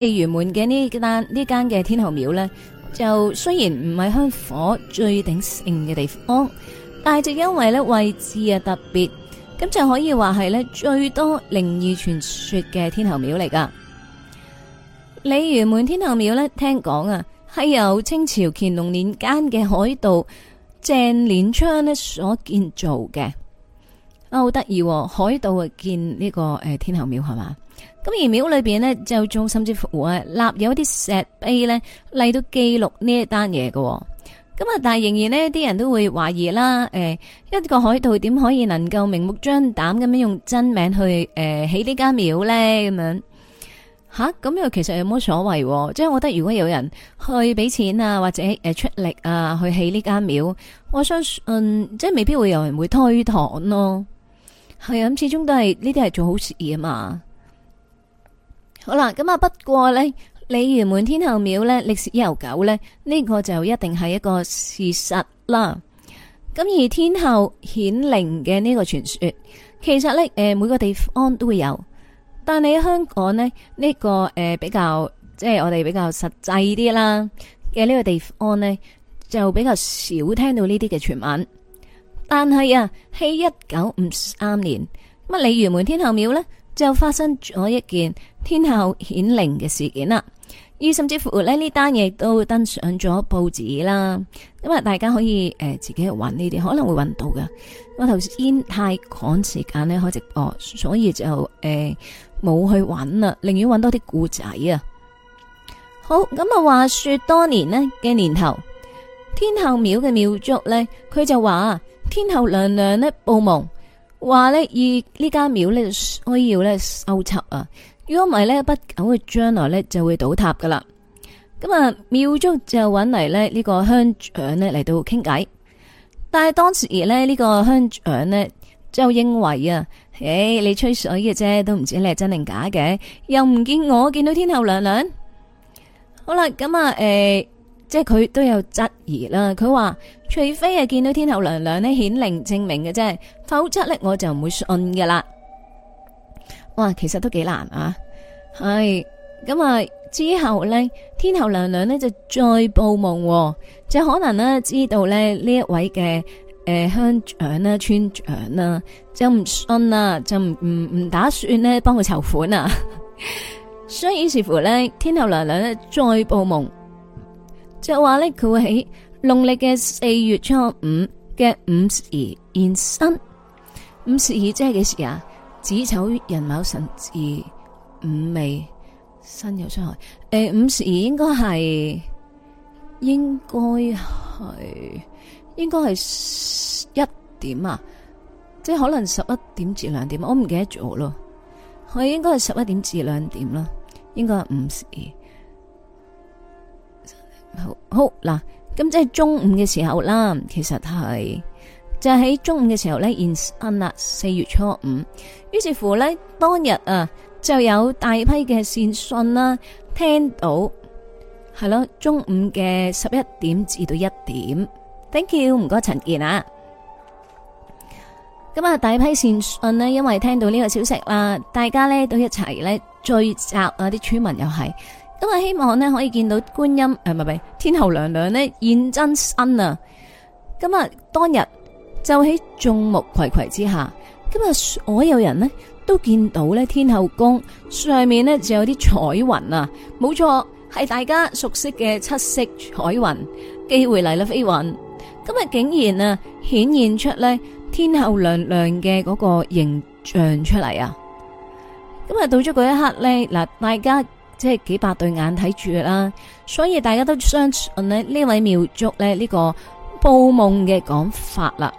鯉魚門嘅呢間呢間嘅天后廟呢，就雖然唔係香火最鼎盛嘅地方，但係就因為位置啊特別，咁就可以話係最多靈異傳說嘅天后廟嚟噶。鯉魚門天后廟呢，聽講啊係由清朝乾隆年間嘅海盜鄭連昌所建造嘅啊，好得意，海盜啊建呢個誒天后廟係嘛？是吧咁而廟裏邊呢，就仲甚至乎啊立有一啲石碑呢，嚟到記錄呢一單嘢嘅，咁啊但係仍然呢啲人都會懷疑啦，誒一個海盜點可以能夠明目張膽咁樣用真名去誒起呢間廟呢？咁、啊、樣吓？咁又其實冇乜所謂。即係我覺得如果有人去俾錢啊或者誒出力啊去起呢間廟，我相信、嗯、即係未必會有人會推搪咯。係、嗯、咁，始終都係呢啲係做好事啊嘛。好啦，咁啊，不過呢鯉魚門天后廟呢歷史悠久呢，呢個就一定係一個事實啦。咁而天后顯靈嘅呢個傳說，其實呢誒，每個地方都會有，但你喺香港呢呢個誒比較即係我哋比較實際啲啦嘅呢個地方呢，就比較少聽到呢啲嘅傳聞。但係啊，喺一九五三年，咁鯉魚門天后廟呢。就發生咗一件天后顯靈嘅事件啦，而甚至乎咧，呢單嘢，都登上咗報紙啦。咁啊，大家可以誒自己去搵呢啲，可能會搵到嘅。我頭先太趕時間咧，開直播，所以就誒冇、呃、去搵啦，寧願搵多啲故仔啊。好，咁啊，話說當年呢嘅年頭，天后廟嘅廟祝呢，佢就話：天后娘娘呢報夢。話呢，而呢間廟咧，需要呢修葺啊。如果唔係呢，不久嘅將來呢就會倒塌噶啦。咁啊，廟祝就揾嚟呢呢個鄉長呢嚟到傾偈。但係當時咧呢個鄉長呢，就認為啊，誒、欸，你吹水嘅啫，都唔知你係真定假嘅，又唔見我見到天后娘娘。好啦，咁啊誒。欸即係佢都有質疑啦，佢話除非係見到天后娘娘呢顯靈證明嘅啫，否則呢我就唔會信㗎啦。哇，其實都幾難啊，係咁啊之後呢，天后娘娘呢就再報夢，就可能呢，知道呢呢一位嘅，誒、鄉長啦、啊、村長啦、啊，就唔信啦、啊，就唔唔打算呢幫佢籌款啊，所以似乎呢，天后娘娘呢再報夢。就話咧，佢會喺農曆嘅四月初五嘅午時現身。午時即係幾時啊？子丑寅卯辰巳午未申酉戌亥。誒、呃，午時應該係應該係應該係一點啊，即係可能十一點至兩點，我唔記得咗咯。佢應該係十一點至兩點咯，應該係午時。好好嗱，咁即係中午嘅時候啦，其實係就喺、是、中午嘅時候呢，現啊四月初五，於是乎呢，當日啊就有大批嘅善信啦，聽到係咯中午嘅十一點至到一點，thank you 唔該陳健啊，咁啊，大批善信呢，因為聽到呢個消息啦，大家呢，都一齊呢，聚集啊啲村民又係。咁啊，希望咧可以見到觀音誒，唔係唔係天后娘娘咧現真身啊！咁啊，當日就喺眾目睽睽之下，今日所有人咧都見到咧天后宮上面咧就有啲彩雲啊，冇錯，係大家熟悉嘅七色彩雲，機會嚟啦，飛雲，今日竟然啊顯現出咧天后娘娘嘅嗰個形象出嚟啊！咁啊，到咗嗰一刻咧嗱，大家。即係幾百對眼睇住啦，所以大家都相信呢位廟祝咧呢個報夢嘅講法啦。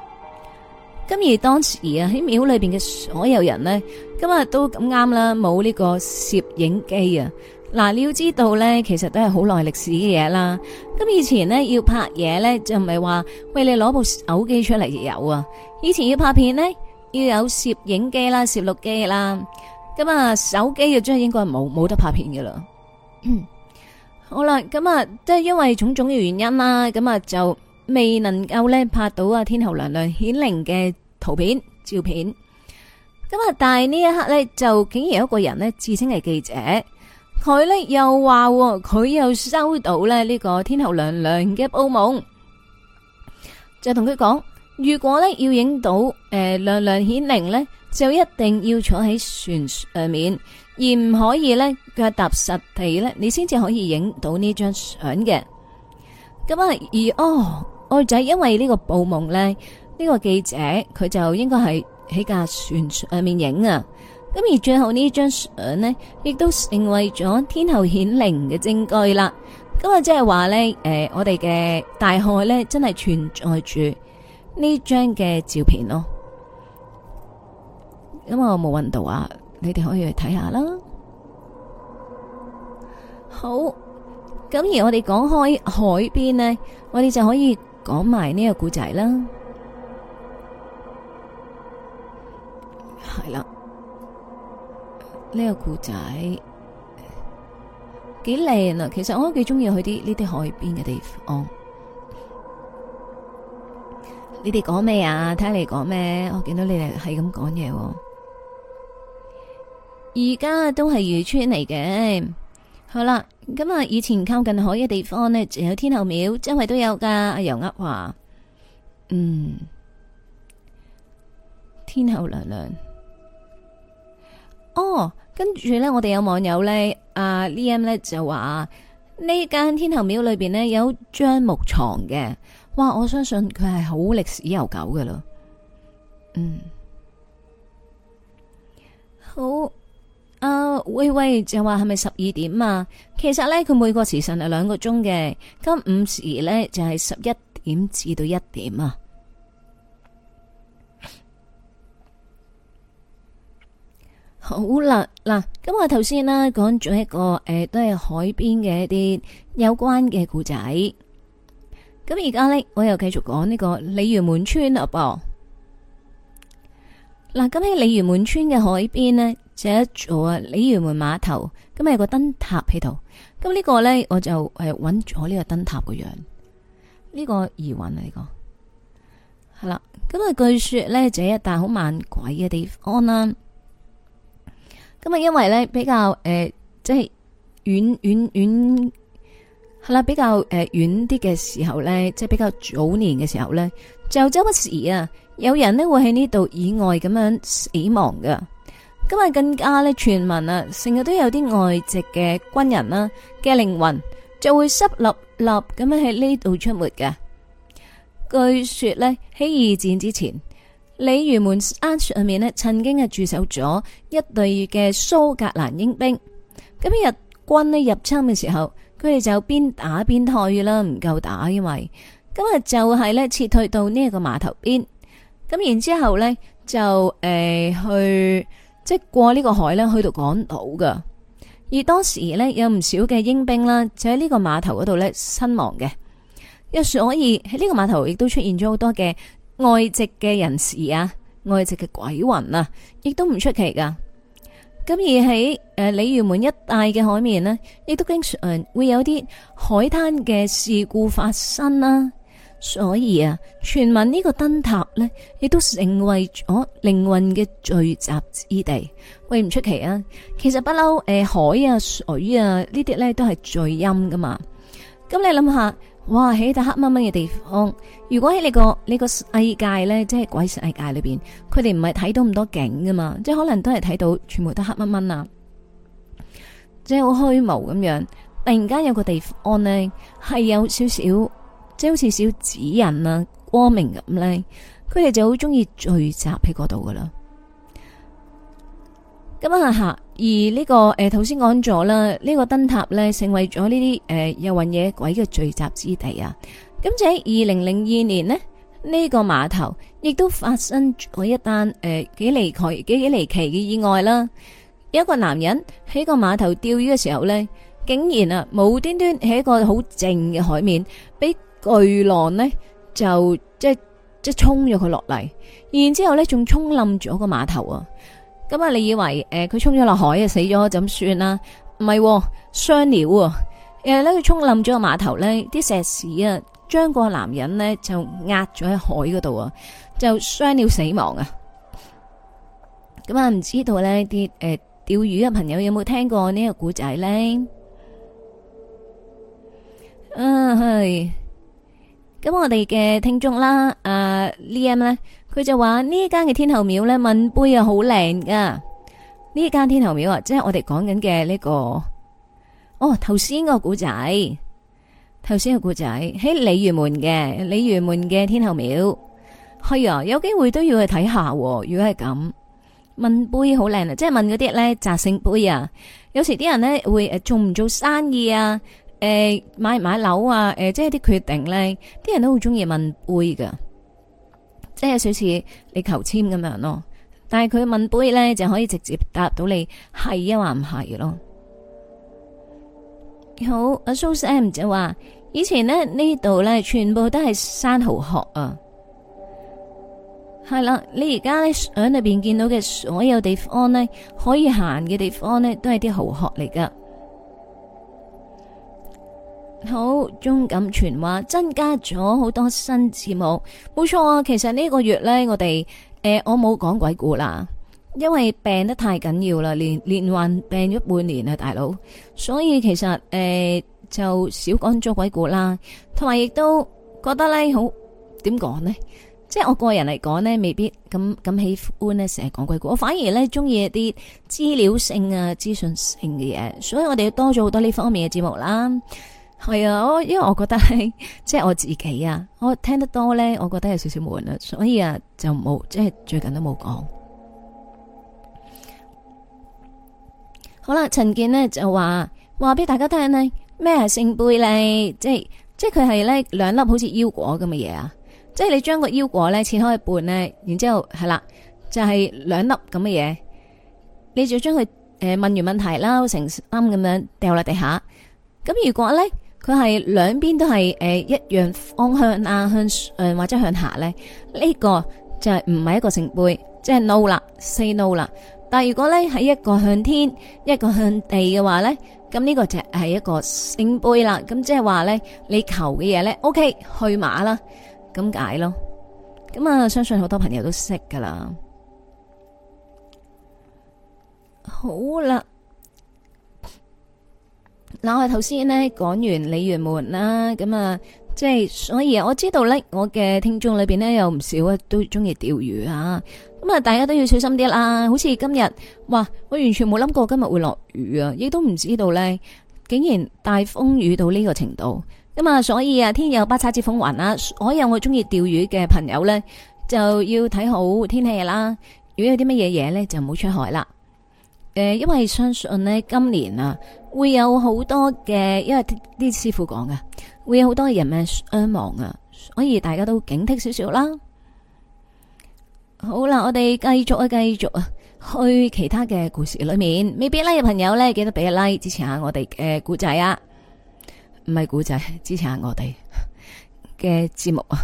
咁而當時啊喺廟裏邊嘅所有人呢，今日都咁啱啦，冇呢個攝影機啊。嗱，你要知道呢，其實都係好耐歷史嘅嘢啦。咁以前呢，要拍嘢呢，就唔係話，喂你攞部手機出嚟就有啊。以前要拍片呢，要有攝影機啦、攝錄機啦。咁啊，手機就真係應該冇冇得拍片嘅啦。 好啦，咁啊，都係因為種種嘅原因啦。咁啊，就未能夠呢，拍到啊天后娘娘顯靈嘅圖片、照片。咁啊，但係呢一刻呢，就竟然有一個人呢，自稱係記者，佢呢又話佢又收到呢呢個天后娘娘嘅報夢，就同佢講。如果要、呃、量量呢要影到誒娘娘顯靈呢就一定要坐喺船上面，而唔可以呢腳踏實地呢你先至可以影到呢張相嘅。咁、嗯、啊，而哦愛仔，因為個部門呢個報夢呢呢個記者佢就應該係喺架船上面影啊。咁、嗯、而最後呢張相呢，亦都成為咗天后顯靈嘅證據啦。咁、嗯、啊，即係話呢，誒、呃，我哋嘅大海呢，真係存在住。呢張嘅照片咯，因為我冇揾到啊，你哋可以去睇下啦。好，咁而我哋講開海邊呢，我哋就可以講埋呢個故仔啦。係啦，呢個故仔幾靚啊！其實我都幾中意去啲呢啲海邊嘅地方。你哋講咩啊？睇你講咩？我見到你哋係咁講嘢。而家都係漁村嚟嘅。好啦，咁啊，以前靠近海嘅地方呢，就有天后廟，周圍都有噶。阿尤話：嗯，天后娘娘。哦，跟住呢，我哋有網友呢，阿、啊、Liam 呢就話呢間天后廟裏邊呢，有張木床嘅。哇！我相信佢係、嗯、好歷史悠久噶喇。嗯，好啊，威威就話係咪十二點啊？其實呢，佢每個時辰係兩個鐘嘅，今午時呢就係十一點至到一點啊。好啦，嗱，咁我頭先呢講咗一個誒、呃，都係海邊嘅一啲有關嘅故仔。咁而家呢我又繼續講呢個鯉魚門村啊！啵、啊、嗱，咁喺鯉魚門村嘅海邊呢就是、一座啊鯉魚門碼頭。咁、嗯、啊有個燈塔喺度。咁、嗯、呢、這個呢我就誒搵咗呢個燈塔個樣。呢、這個易搵啊！呢個係啦。咁、嗯、啊、嗯嗯，據說呢就是、一笪好猛鬼嘅地方啦。咁、嗯、啊、嗯嗯嗯，因為呢比較誒，即係遠遠遠。就是係啦，比較誒遠啲嘅時候呢，即係比較早年嘅時候呢，就周不時啊，有人呢會喺呢度以外咁樣死亡噶今日更加呢，傳聞啊，成日都有啲外籍嘅軍人啦嘅靈魂，就會濕立立咁樣喺呢度出沒㗎。據說呢，喺二戰之前，鯉魚門山上面呢曾經係駐守咗一隊嘅蘇格蘭英兵。咁日軍呢入侵嘅時候，佢哋就邊打邊退啦，唔夠打，因為今日就係呢撤退到呢一個碼頭邊，咁然之後呢就誒、呃、去即過呢個海呢去到港島噶，而當時呢，有唔少嘅英兵啦，就喺呢個碼頭嗰度呢身亡嘅，亦所以喺呢個碼頭亦都出現咗好多嘅外籍嘅人士啊，外籍嘅鬼魂啊，亦都唔出奇噶。咁而喺誒鯉魚門一帶嘅海面呢，亦都經常會有啲海灘嘅事故發生啦。所以啊，傳聞呢個燈塔呢，亦都成為咗靈魂嘅聚集之地，喂唔出奇啊！其實不嬲誒，海啊、水啊呢啲呢，都係最陰噶嘛。咁你諗下。哇！喺啲黑掹掹嘅地方，如果喺你，呢個呢，呢個世界呢，即係鬼世界裏邊，佢哋唔係睇到咁多景噶嘛，即係可能都係睇到全部都黑掹掹啊，即係好虛無咁樣。突然間有個地方呢，係有少少，即係好似少少指引啊光明咁呢。佢哋就好中意聚集喺嗰度噶啦。咁啊吓，而呢、這個誒，頭先講咗啦，呢、這個燈塔呢，成為咗呢啲誒遊魂野鬼嘅聚集之地啊！咁就喺二零零二年呢，呢、這個碼頭亦都發生咗一單誒、呃、幾離奇、幾幾離奇嘅意外啦。有一個男人喺個碼頭釣魚嘅時候呢，竟然啊無端端喺一個好靜嘅海面，俾巨浪呢就即即沖咗佢落嚟，然之後呢仲沖冧咗個碼頭啊！咁啊，你以為誒，佢、呃、衝咗落海了啊，死咗就咁算啦？唔係，傷了啊！誒、啊，咧、呃、佢衝冧咗個碼頭咧，啲石屎啊，將個男人呢就壓咗喺海嗰度啊，就傷了就雙鳥死亡啊！咁啊、 嗯，唔知道呢啲誒、呃、釣魚嘅朋友有冇聽過呢個古仔呢？嗯、啊，係，咁我哋嘅聽眾啦，阿 Liam 咧。佢就話呢間嘅天后廟咧，問杯啊好靚噶呢間天后廟啊，即係我哋講緊嘅呢個哦頭先個古仔，頭先個古仔喺鯉魚門嘅鯉魚門嘅天后廟，係啊，有機會都要去睇下。如果係咁，問杯好靚啊，即係問嗰啲咧擇聖杯啊。有時啲人咧會誒做唔做生意啊，誒、呃、買唔買樓啊，誒、呃、即係啲決定咧，啲人都好中意問杯噶即係類似你求簽咁樣咯，但係佢問杯呢，就可以直接答到你係啊話唔係咯。好，阿蘇 Sam、嗯、就話以前咧呢度呢，全部都係山蠔殼啊，係啦，你而家咧響裏邊見到嘅所有地方呢，可以行嘅地方呢，都係啲蠔殼嚟噶。好，中感傳話增加咗好多新節目，冇錯啊。其實呢個月呢，我哋誒、呃，我冇講鬼故啦，因為病得太緊要啦，連連環病咗半年啊，大佬。所以其實誒、呃、就少講咗鬼故啦，同埋亦都覺得呢，好點講呢？即係我個人嚟講呢，未必咁咁喜歡呢成日講鬼故，我反而呢中意一啲資料性啊、資訊性嘅嘢，所以我哋多咗好多呢方面嘅節目啦。係啊，我因為我覺得咧，即係我自己啊，我聽得多咧，我覺得有少少悶啊，所以啊，就冇即係最近都冇講。好啦，陳健呢就話話俾大家聽呢，咩係聖杯嚟？即係即係佢係咧兩粒好似腰果咁嘅嘢啊！即係你將個腰果咧切開一半咧，然之後係啦，就係、是、兩粒咁嘅嘢，你就將佢誒，問完問題啦，成啱咁樣掉落地下。咁如果咧？佢係兩邊都係誒一樣方向啊，向誒或者向下咧，呢個就係唔係一個聖杯，即係 no 啦，say no 啦。但係如果咧係一個向天，一個向地嘅話咧，咁呢個就係一個聖杯啦。咁即係話咧，你求嘅嘢咧，OK 去馬啦，咁解咯。咁啊，相信好多朋友都識噶啦。好啦。嗱，我哋頭先呢講完鯉魚門啦，咁啊，即係所以我知道呢，我嘅聽眾裏邊呢，有唔少啊都中意釣魚啊，咁啊，大家都要小心啲啦。好似今日，哇，我完全冇諗過今日會落雨啊，亦都唔知道呢，竟然大風雨到呢個程度，咁啊，所以啊，天有不測之風雲啦，所有我中意釣魚嘅朋友呢，就要睇好天氣啦。如果有啲乜嘢嘢呢，就唔好出海啦。誒，因為相信呢，今年啊。會有好多嘅，因為啲師傅講㗎，會有好多人命傷亡啊，所以大家都警惕少少啦。好啦，我哋繼續啊，繼續啊，去其他嘅故事裏面。未必啦、like，朋友呢，記得俾個 like 支持下我哋嘅古仔啊，唔係古仔，支持下我哋嘅節目啊。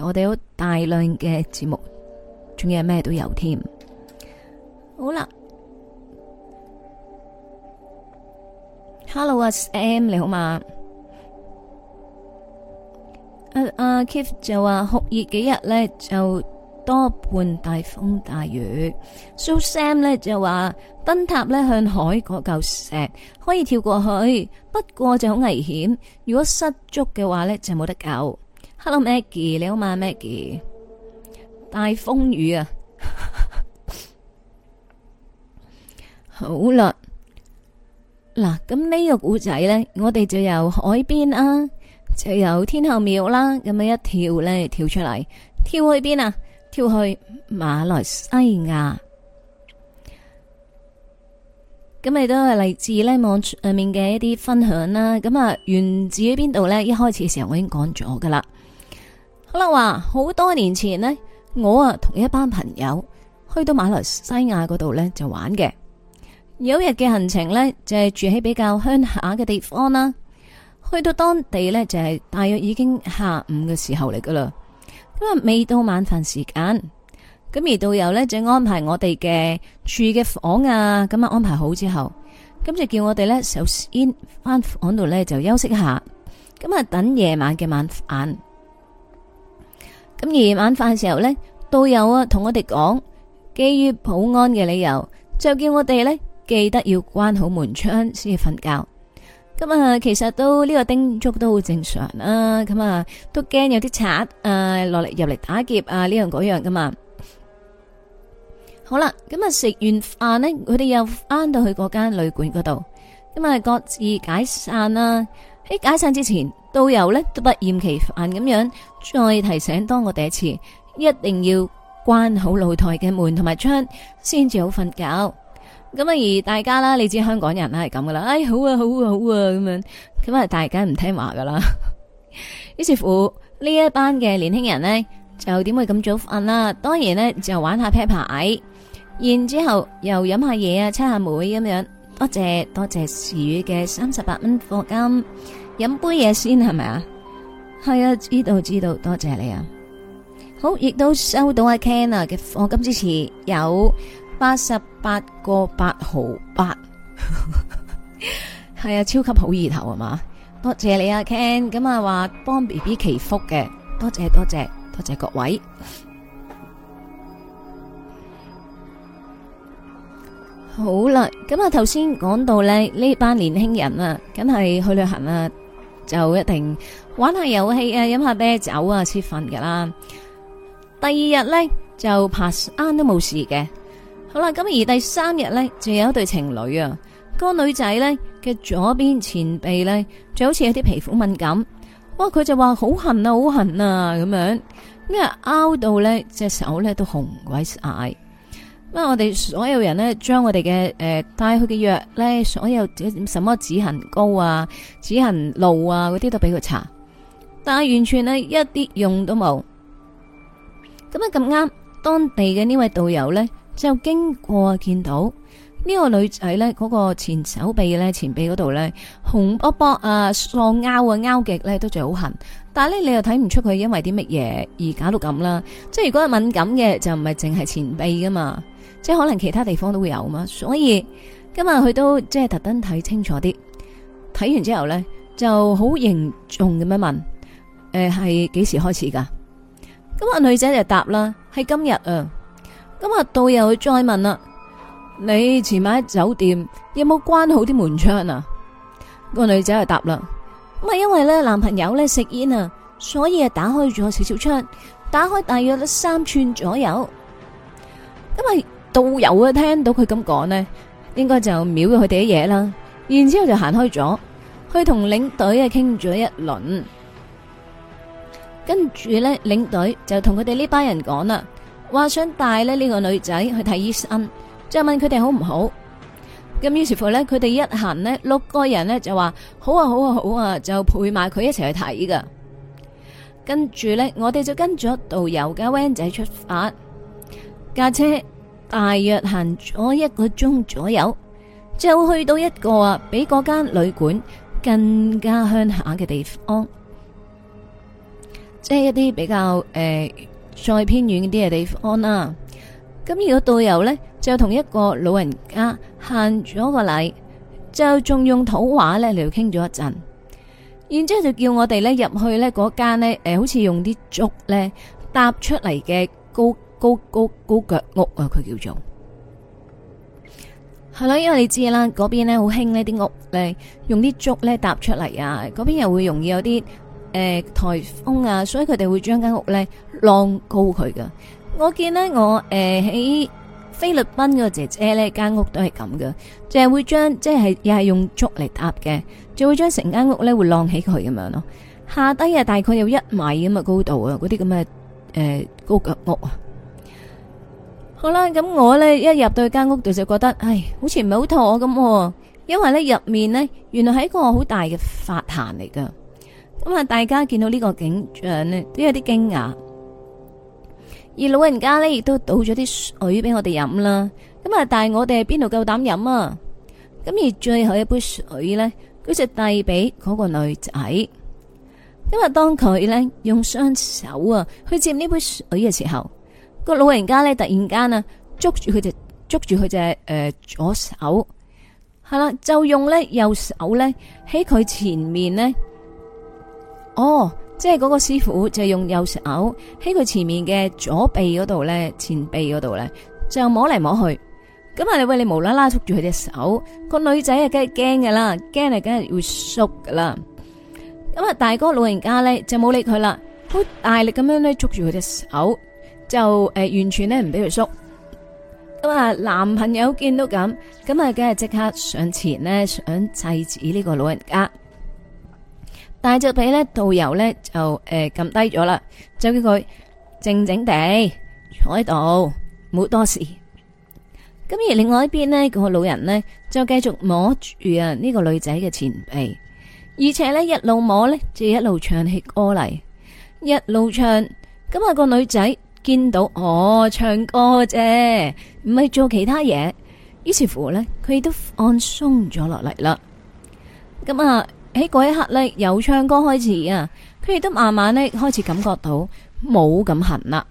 我哋有大量嘅節目，仲要係咩都有添。好啦。Hello，Sam 你好嘛？阿阿 Keith 就話酷熱幾日呢，就多半大風大雨。So Sam 呢，就話燈塔呢，向海嗰嚿石可以跳過去，不過就好危險。如果失足嘅話呢，就冇得救。Hello，Maggie 你好嘛，Maggie？大風雨啊！ 好啦。嗱，咁呢個古仔呢，我哋就由海邊啊，就由天后廟啦，咁樣一跳呢，跳出嚟，跳去邊啊？跳去馬來西亞。咁亦都係嚟自呢網上面嘅一啲分享啦。咁啊，源自於邊度呢？一開始嘅時候我已經講咗噶啦。可能話好多年前呢，我啊同一班朋友去到馬來西亞嗰度呢，就玩嘅。有一日嘅行程呢，就係住喺比較鄉下嘅地方啦。去到當地呢，就係大約已經下午嘅時候嚟噶啦。咁啊，未到晚飯時間，咁而導遊呢，就安排我哋嘅住嘅房啊，咁啊安排好之後，咁就叫我哋呢首先翻房度呢，就休息下，咁啊等夜晚嘅晚飯。咁而晚飯嘅時候呢，導遊啊同我哋講，基於普安嘅理由，就叫我哋呢。記得要關好門窗先至瞓覺。咁啊，其實都呢個叮囑都好正常啦。咁啊，都驚有啲賊誒落嚟入嚟打劫啊，呢樣嗰樣噶嘛。好啦，咁啊食完飯咧，佢哋又翻到去嗰間旅館嗰度，咁啊各自解散啦。喺解散之前，導遊咧都不厭其煩咁樣再提醒，多我哋一次，一定要關好露台嘅門同埋窗，先至好瞓覺。咁啊，而大家啦，你知香港人啦係咁噶啦，哎好啊，好啊，好啊，咁樣，咁啊，大家唔聽話噶啦。於 是乎，呢一班嘅年輕人呢，就點會咁早瞓啦？當然呢，就玩下啤牌，然之後又飲下嘢啊，親下妹咁樣。多謝多謝時雨嘅三十八蚊課金，飲杯嘢先係咪啊？係啊，知道知道，多謝你啊。好，亦都收到阿 Ken 啊嘅課金支持有。八十八個八毫八，係 啊，超級好意頭啊嘛，多謝你啊 Ken。咁、嗯、啊，話幫 B B 祈福嘅，多謝多謝多謝各位。好啦，咁、嗯、啊，頭先講到呢班年輕人啊，梗係去旅行啊，就一定玩一下遊戲啊，飲下啤酒啊，先瞓噶啦。第二日呢，就拍晏都冇事嘅。好啦，咁而第三日呢，就有一對情侶啊，個女仔呢，嘅左邊前臂呢，就好似有啲皮膚敏感，不過佢就話好痕啊，好痕啊咁樣，咁啊拗到呢隻手呢，都紅鬼晒，咁我哋所有人呢，將我哋嘅誒帶去嘅藥呢，所有什麼止痕膏啊、止痕露啊嗰啲都俾佢搽，但係完全呢，一啲用都冇，咁啊咁啱當地嘅呢位導遊呢。就經過見到呢、呢個女仔呢，嗰、嗰個前手臂呢，前臂嗰度呢，紅卜卜啊，喪拗啊拗極呢，都仲好痕，但係呢，你又睇唔出佢因為啲乜嘢而搞到咁啦。即係如果係敏感嘅就唔係淨係前臂噶嘛，即係可能其他地方都會有嘛。所以今日佢都即係特登睇清楚啲，睇完之後呢，就好凝重咁樣問：係、呃、幾時開始噶？咁啊女仔就答啦：係今日啊。咁啊導遊去再問啦，你前晚喺酒店有冇關好啲門窗啊？個女仔就答啦，咪因為咧男朋友咧食煙啊，所以啊打開咗少少窗，打開大約三寸左右。咁啊，導遊啊聽到佢咁講呢，應該就秒咗佢哋啲嘢啦。然之後就行開咗，去同領隊啊傾咗一輪，跟住呢，領隊就同佢哋呢班人講啦。話想帶呢個女仔去睇醫生，就問佢哋好唔好？咁於是乎呢佢哋一行呢六個人呢，就話好啊好啊好啊，就陪埋佢一齊去睇噶。跟住呢，我哋就跟咗導遊嘅 van 仔出發，架車大約行咗一個鐘左右，就去到一個啊比嗰間旅館更加鄉下嘅地方，即係一啲比較誒。呃再偏遠啲嘅地方啦，咁如果導遊呢，就同一個老人家行咗個禮，就仲用土話咧嚟傾咗一陣，然之後就叫我哋呢入去呢嗰間呢，誒，好似用啲竹呢搭出嚟嘅高高高高腳屋啊，佢叫做係啦，因為你知啦，嗰邊呢好興呢啲屋呢，用啲竹呢搭出嚟啊，嗰邊又會容易有啲。誒，颱風啊，所以佢哋會將間屋咧晾高佢噶。我見呢，我誒喺菲律賓個姐姐呢間屋都係咁噶，就係會將即係又係用竹嚟搭嘅，就會將成間屋咧會晾起佢咁樣咯。下低啊，大概有一米咁嘅高度啊，嗰啲咁嘅誒高腳屋啊。好啦，咁我呢一入到去間屋度就覺得，唉，好似唔係好妥咁喎，因為呢入面呢原來係一個好大嘅法壇嚟噶。咁啊，大家見到呢個景象呢都有啲驚訝。而老人家呢亦都倒咗啲水俾我哋飲啦。咁啊，但係我哋邊度夠膽飲啊？咁而最後一杯水呢，佢就遞俾嗰個女仔。因為當佢呢用雙手啊去接呢杯水嘅時候，個老人家呢突然間啊捉住佢隻捉住佢隻誒左手，係啦，就用呢右手呢喺佢前面呢。哦，即係嗰個師傅就用右手喺佢前面嘅左臂嗰度咧，前臂嗰度咧就摸嚟摸去，咁啊你喂你無啦啦捉住佢隻手，個女仔啊梗係驚噶啦，驚啊梗係會縮噶啦，咁啊大哥老人家咧就冇理佢啦，好大力咁樣咧捉住佢隻手，就誒完全咧唔俾佢縮，咁啊男朋友見到咁，咁啊梗係即刻上前咧想制止呢個老人家。大隻俾咧，導遊咧就誒撳低咗啦，就叫佢靜靜地坐喺度，冇多事。咁而另外一邊咧，個老人咧就繼續摸住啊呢個女仔嘅前臂，而且咧一路摸咧就一路唱起歌嚟，一路唱。咁啊個女仔見到我唱歌啫，唔係做其他嘢，於是乎咧佢都放鬆咗落嚟啦。咁啊。喺嗰一刻呢，有唱歌開始啊，佢亦都慢慢呢開始感覺到冇咁痕啦。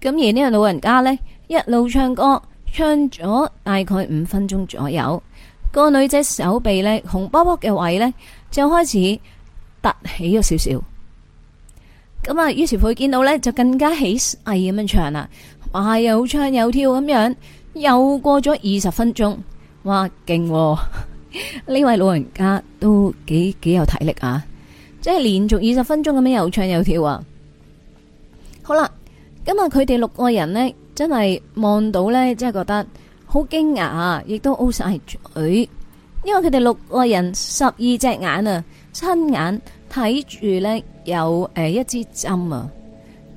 咁而呢個老人家呢，一路唱歌唱咗大概五分鐘左右，個女仔手臂呢，紅卜卜嘅位呢，就開始凸起咗少少。咁啊，於是佢見到呢，就更加起勢咁樣唱啦，哇，又唱又跳咁樣，又過咗二十分鐘，哇，勁！呢 位老人家都幾幾有體力啊！即係連續二十分鐘咁樣又唱又跳啊！好啦，咁啊，佢哋六個人呢，真係望到呢，即係覺得好驚訝啊！亦都 O 晒嘴，因為佢哋六個人十二隻眼啊，親眼睇住呢，有誒一支針啊，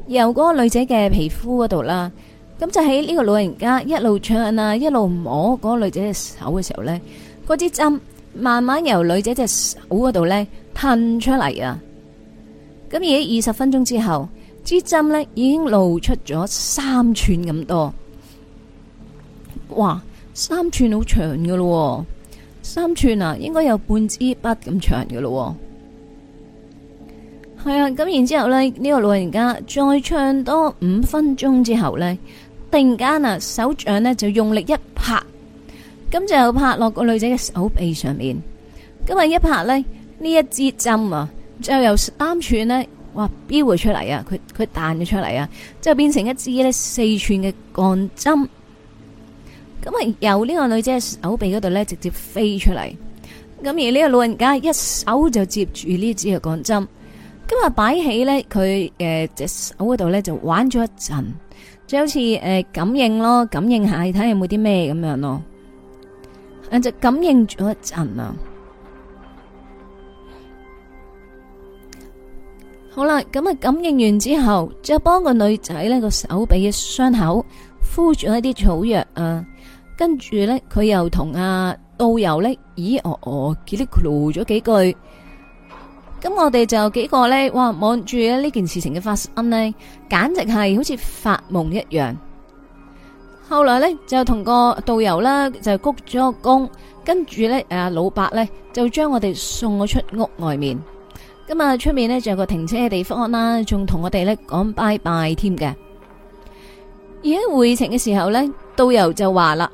由嗰個女仔嘅皮膚嗰度啦，咁就喺呢個老人家一路唱啊，一路摸嗰個女仔嘅手嘅時候呢。嗰支針慢慢由女仔隻手嗰度呢噴出嚟啊！咁而喺二十分鐘之後，支針呢已經露出咗三寸咁多。哇，三寸好長噶咯，三寸啊，應該有半支筆咁長噶咯。係啊，咁然之後呢，呢個老人家再唱多五分鐘之後呢，突然間啊，手掌呢就用力一拍。咁就拍落個女仔嘅手臂上面，咁啊一拍呢，呢一支針啊，就由三寸呢，哇飆回出嚟啊！佢佢彈咗出嚟啊，就變成一支呢四寸嘅鋼針。咁啊由呢個女仔嘅手臂嗰度呢，直接飛出嚟，咁而呢個老人家一手就接住呢支嘅鋼針，咁就擺起呢，佢嘅隻手嗰度呢，就玩咗一陣，就好似誒感應咯，感應下睇下有冇啲咩咁樣咯。就感應咗一陣啊！好啦，咁啊，感應完之後，就幫個女仔呢個手臂嘅傷口敷住一啲草藥啊，跟住呢，佢又同阿導遊呢咦、哦哦、嘰里咕嚕咗幾句。咁我哋就幾個呢哇，望住呢件事情嘅發生呢，簡直係好似發夢一樣。後來呢，就同個導遊啦，就鞠咗個躬，跟住呢，誒，老伯呢，就將我哋送咗出屋外面。咁、嗯、啊，出面呢，就有個停車嘅地方啦，仲同我哋呢講拜拜添嘅。而喺回程嘅時候呢，導遊就話啦，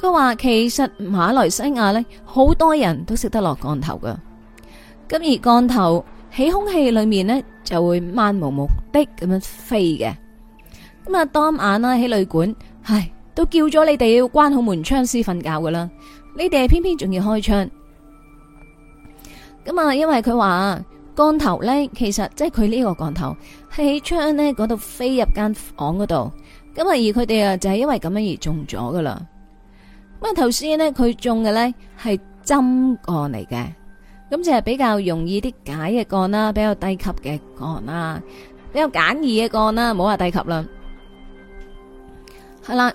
佢話其實馬來西亞呢，好多人都識得落降頭㗎。咁、嗯、而降頭喺空氣裏面呢，就會漫無目的咁樣飛嘅。咁、嗯、啊，當晚啦喺旅館。唉，都叫咗你哋要關好門窗先瞓覺噶啦，你哋偏偏仲要開窗。咁啊，因為佢話降頭呢，其實即係佢呢個降頭係喺窗呢嗰度飛入間房嗰度，咁啊而佢哋啊就係、是、因為咁樣而中咗噶啦。咁啊頭先呢，佢中嘅呢係針降嚟嘅，咁就係比較容易啲解嘅降啦，比較低級嘅降啦，比較簡易嘅降啦，唔好話低級啦。係啦，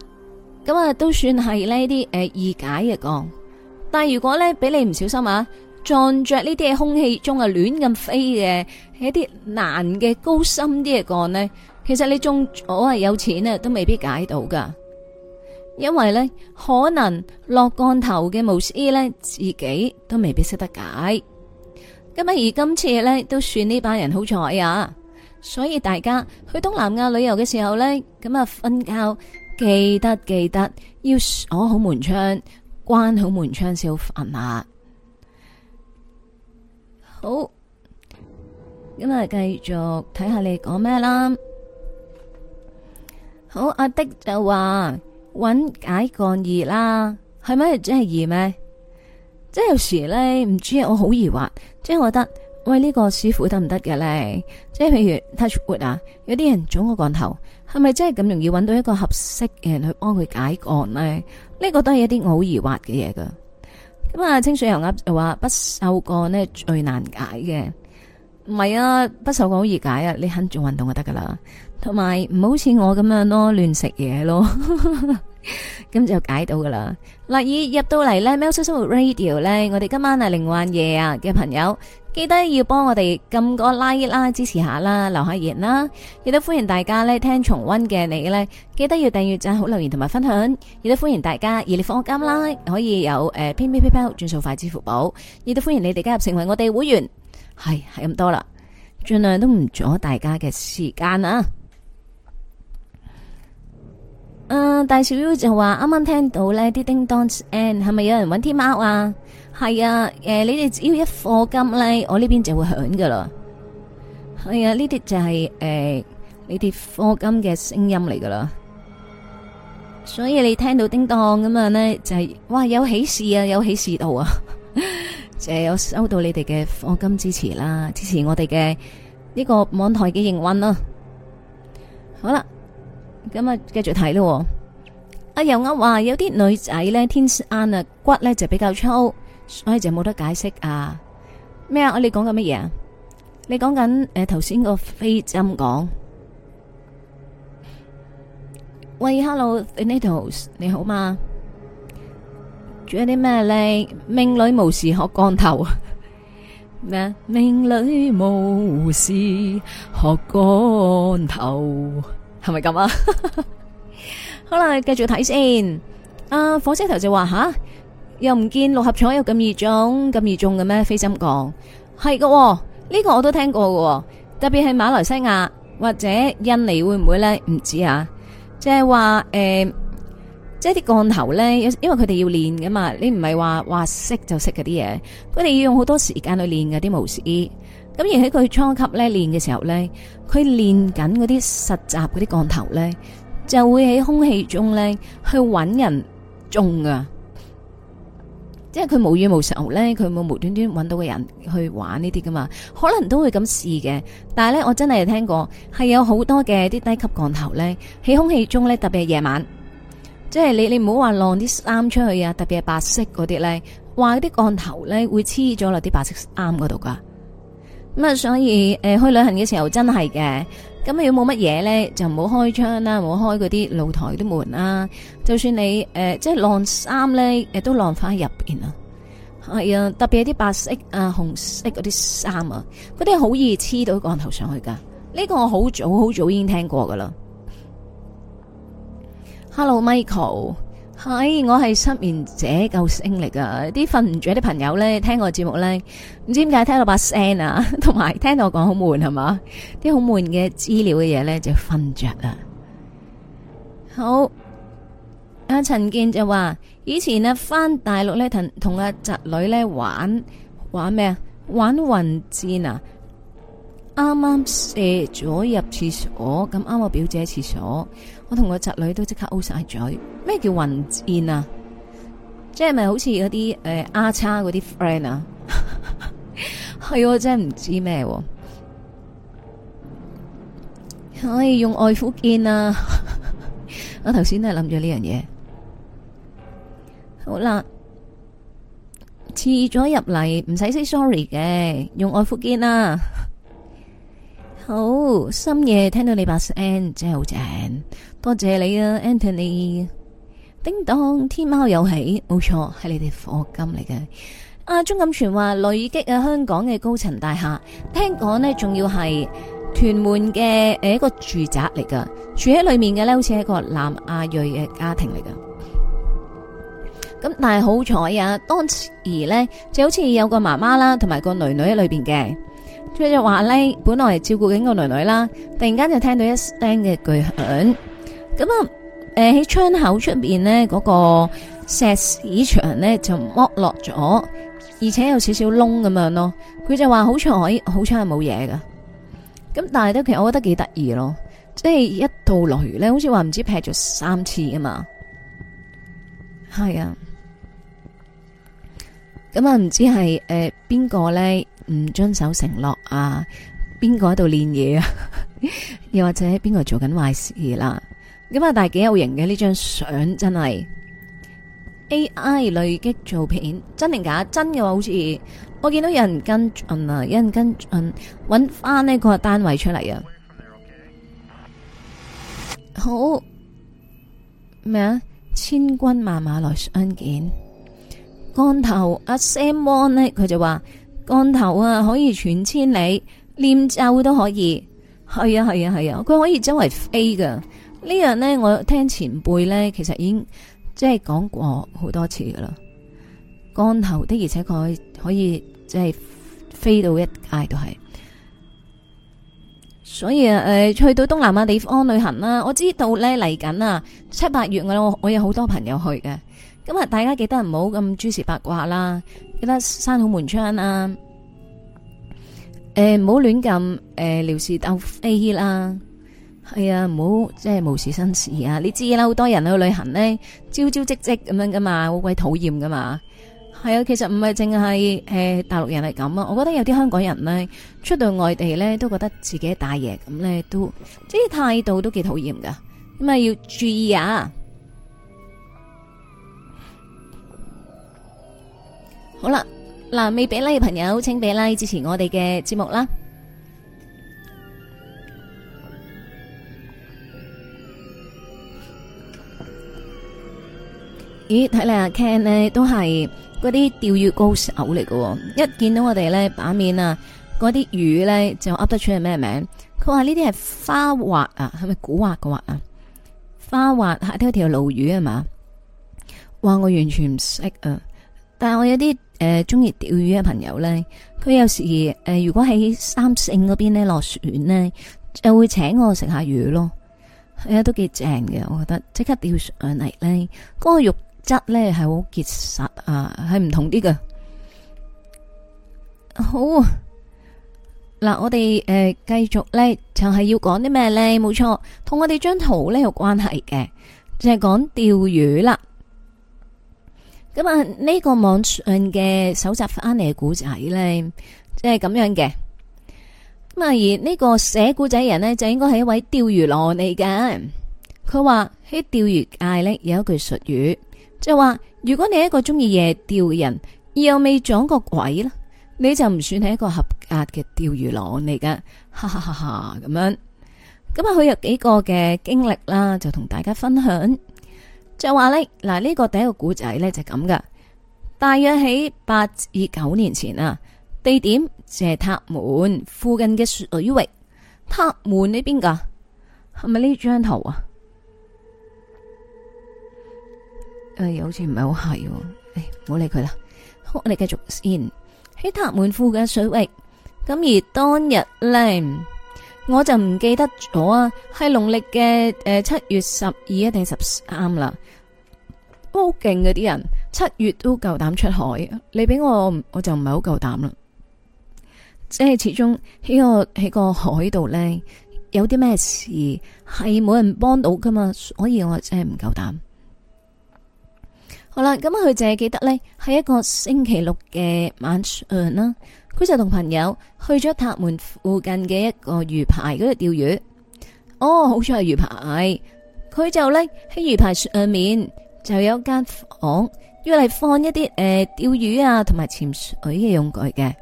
咁啊都算係呢啲誒易解嘅降，但係如果呢，俾你唔小心啊撞着呢啲嘅空氣中啊亂咁飛嘅，係一啲難嘅高深啲嘅降呢。其實你中咗係有錢啊都未必解到噶，因為呢，可能落降頭嘅巫師呢，自己都未必識得解，咁啊而今次呢，都算呢班人好彩啊，所以大家去東南亞旅遊嘅時候呢，咁啊瞓覺。記得記得要鎖好門窗，關好門窗先好瞓下。好，咁啊，繼續睇下你講咩啦。好，阿的就話搵解降二啦，係咪？真係二咩？即係有時咧，唔知我好疑惑，即係我覺得，喂呢、這個師傅得唔得嘅咧？即係譬如 touch wood 啊，有啲人總個降頭。係咪真係咁容易揾到一個合適嘅人去幫佢解干呢？呢、呢個都係一啲好疑惑嘅嘢噶。咁啊，清水油鴨就話不瘦個呢最難解嘅，唔係啊，不瘦個好易解啊，你肯做運動就得噶啦。同埋唔好似我咁樣咯，亂食嘢咯。 咁就解到噶啦！嗱，已入到嚟呢咧，喵式生活 radio 呢，我哋今晚係，靈幻夜啊嘅朋友，記得要幫我哋撳個 like 啦，支持下啦，留下言啦，亦都歡迎大家呢聽重溫嘅你呢，記得要訂閱讚好，留言同埋分享，亦都歡迎大家而你放我金啦，可以有誒，p p p p 轉數快支付寶，亦都歡迎你哋加入成為我哋會員，係係咁多啦，盡量都唔阻大家嘅時間啊！啊、大小 U 就話，啱啱聽到呢啲叮噹聲，係咪有人搵天貓啊？係啊，誒、呃，你哋只要一課金呢，我呢邊就會響噶啦。係啊，呢啲就係誒你啲課金嘅聲音嚟噶啦。所以你聽到叮噹咁樣呢，就係、是、哇有喜事啊，有喜事到啊！誒， 有收到你哋嘅課金支持啦，支持我哋嘅呢個網台嘅營運啦。好啦。咁啊，繼續睇咯。阿又啱話有啲女仔咧，天生啊骨咧就比較粗，所以就冇得解釋啊。咩啊？我哋講緊乜嘢啊？你講緊誒頭先個飛針講。喂，Hello，Anatols，你好嘛？仲有啲咩咧？命裏無時學降頭。咩？命裏無時學降頭。係咪咁啊？ 好啦，繼續睇先。啊，火車頭就話吓，又唔見六合彩有咁易中，咁易中嘅咩？飛針降係嘅，呢、哦，這個我都聽過喎、哦。特別係馬來西亞或者印尼會唔會呢？唔知啊。即係話誒，即係啲降頭呢，因為佢哋要練㗎嘛。你唔係話，話識就識嗰啲嘢，佢哋要用好多時間去練嗰啲模式。咁而喺佢初級咧練嘅時候咧，佢練緊嗰啲實習嗰啲降頭咧，就會喺空氣中咧去搵人中㗎。即係佢無語無仇咧，佢冇無端端搵到個人去玩呢啲㗎嘛，可能都會咁試嘅。但係咧，我真係聽過係有好多嘅啲低級降頭咧，喺空氣中咧，特別係夜晚，即係你你唔好話晾啲衫出去啊。特別係白色嗰啲咧，話啲降頭咧會黐咗落啲白色衫嗰度㗎。咁啊、嗯，所以誒、呃、去旅行嘅時候真係嘅，咁啊要冇乜嘢咧，就唔好開窗啦、啊，唔好開嗰啲露台啲門啦、啊。就算你誒、呃、即係晾衫咧，誒都晾翻喺入邊啊。係啊，特別係啲白色啊、紅色嗰啲衫啊，嗰啲好易黐到個人頭上去噶。呢、這個我好早好早已經聽過噶啦。Hello，Michael。係、哎，我係失眠者救星嚟噶啲瞓唔着啲朋友呢，聽我節目呢，唔知點解聽到把聲啊，同埋聽到我講好悶係嘛，啲好悶嘅資料嘅嘢呢，就瞓着啦。好，阿陳健就話，以前咧翻大陸呢，同同阿侄女呢玩玩咩啊，玩雲戰啊，啱啱射咗入廁所，咁啱我表姐廁所。我同個侄女都即刻 o 晒嘴。咩叫混戰啊？即係咪好似嗰啲阿差嗰啲 friend 啊？係我真係唔知咩。可以用愛福見啊！我頭先都係諗住呢樣嘢。好啦，遲咗入嚟唔使 say sorry 嘅，用愛福見啊！好深夜聽到你把聲，真係好正。多謝你啊，Anthony！叮當天貓有喜，冇錯，係你哋課金嚟嘅。阿鍾錦全話累積啊，香港嘅高層大廈，聽講呢，仲要係屯門嘅誒一個住宅嚟噶，住喺裏面嘅呢，好似係一個南亞裔嘅家庭嚟噶。咁但係好彩啊，當時呢就好似有個媽媽啦，同埋個女女喺裏邊嘅，佢就話、是、呢，本來照顧緊個女女啦，突然間就聽到一聲嘅巨響。咁啊，誒喺、呃、窗口出邊呢，嗰、那個石屎牆呢就剝落咗，而且有少少窿咁樣咯。佢就話好彩，好彩係冇嘢噶。咁但係都其實我覺得幾得意咯，即、就、係、是、一到落雨呢好似話唔知劈咗三次啊嘛。係啊，咁啊唔知係誒邊個呢唔遵守承諾啊？邊個喺度練嘢啊？又或者邊個做緊壞事啦、啊？咁啊！大係幾有型嘅，呢張相真係 A. I. 累積做片真定假？真嘅話，好似我見到有人跟啊，有人跟進搵翻呢個單位出嚟啊。好咩啊？千軍萬馬來相見。降頭阿 Samon 呢，佢就話降頭啊，可以傳千里，念咒都可以。係啊，係啊，係啊，佢可以周圍飛噶。呢樣呢，我聽前輩呢，其實已經即係講過好多次噶啦。降頭的，而且佢可以即係飛到一街都係。所以誒，去到東南亞地方旅行啦，我知道呢，嚟緊啊七八月我我有好多朋友去嘅。咁啊，大家記得唔好咁諸事八卦啦，記得閂好門窗啊。誒，唔好亂咁誒，撩事鬥非啦。係啊，唔好即係無事生事啊！你知啦，好多人去旅行呢，招招積積咁樣噶嘛，好鬼討厭噶嘛。係啊，其實唔係淨係誒大陸人係咁啊，我覺得有啲香港人呢，出到外地呢，都覺得自己大爺咁呢，都即係態度都幾討厭噶，咁啊要注意啊。好啦，嗱未俾 like 嘅朋友，請俾 like、like、支持我哋嘅節目啦。咦，睇嚟阿 Ken 呢都係嗰啲釣魚高手嚟嘅，哦，一見到我哋呢把面那些呢些啊，嗰啲魚呢就噏得出係咩名？佢話呢啲係花畫啊，係咪古畫嘅畫啊？花畫啊，呢條鱸魚係嘛？話我完全唔識啊，但係我有啲誒中意釣魚嘅朋友呢，佢有時誒、呃、如果喺三聖嗰邊咧落船呢，就會請我食下魚咯，啊、哎，都幾正嘅，我覺得即刻釣上嚟呢。嗰、那個、肉～質咧係好結實啊，係唔同啲㗎。好，嗱，我哋誒繼續咧，就係要講啲咩咧？冇錯，同我哋張圖咧有關係嘅，就係講釣魚啦。咁啊，呢個網上嘅搜集翻嚟嘅古仔咧，即係咁樣嘅。咁啊，而呢個寫古仔人咧，就應該係一位釣魚郎嚟嘅。佢話喺釣魚界咧有一句術語，就話如果你一個中意夜釣嘅人，又未撞過鬼，你就唔算係一個合格嘅釣魚郎嚟噶哈哈哈咁樣。咁啊，佢有幾個嘅經歷啦，就同大家分享。就話呢，嗱，呢個第一個古仔呢，就咁噶。大約喺八至九年前啊，地點係塔門附近嘅水域，塔門呢邊噶係咪呢張圖啊？哎、好似唔係好係，誒，唔好理佢啦，好，我哋繼續先。喺塔門庫嘅水域，咁而當日咧，我就唔記得咗啊，係農曆嘅誒七月十二定十三啦。都好勁嗰啲人，七月都夠膽出海，你俾我，我就唔係好夠膽啦。即係始終喺、個喺個海度咧，有啲咩事係冇人幫到噶嘛，所以我真係唔夠膽。好啦，咁啊，佢淨係記得呢係一個星期六嘅晚上啦。佢就同朋友去咗塔門附近嘅一個魚排嗰度釣魚。哦，好在係魚排，佢就呢喺魚排上面就有一間房，要嚟放一啲誒、呃、釣魚啊同埋潛水嘅用具嘅。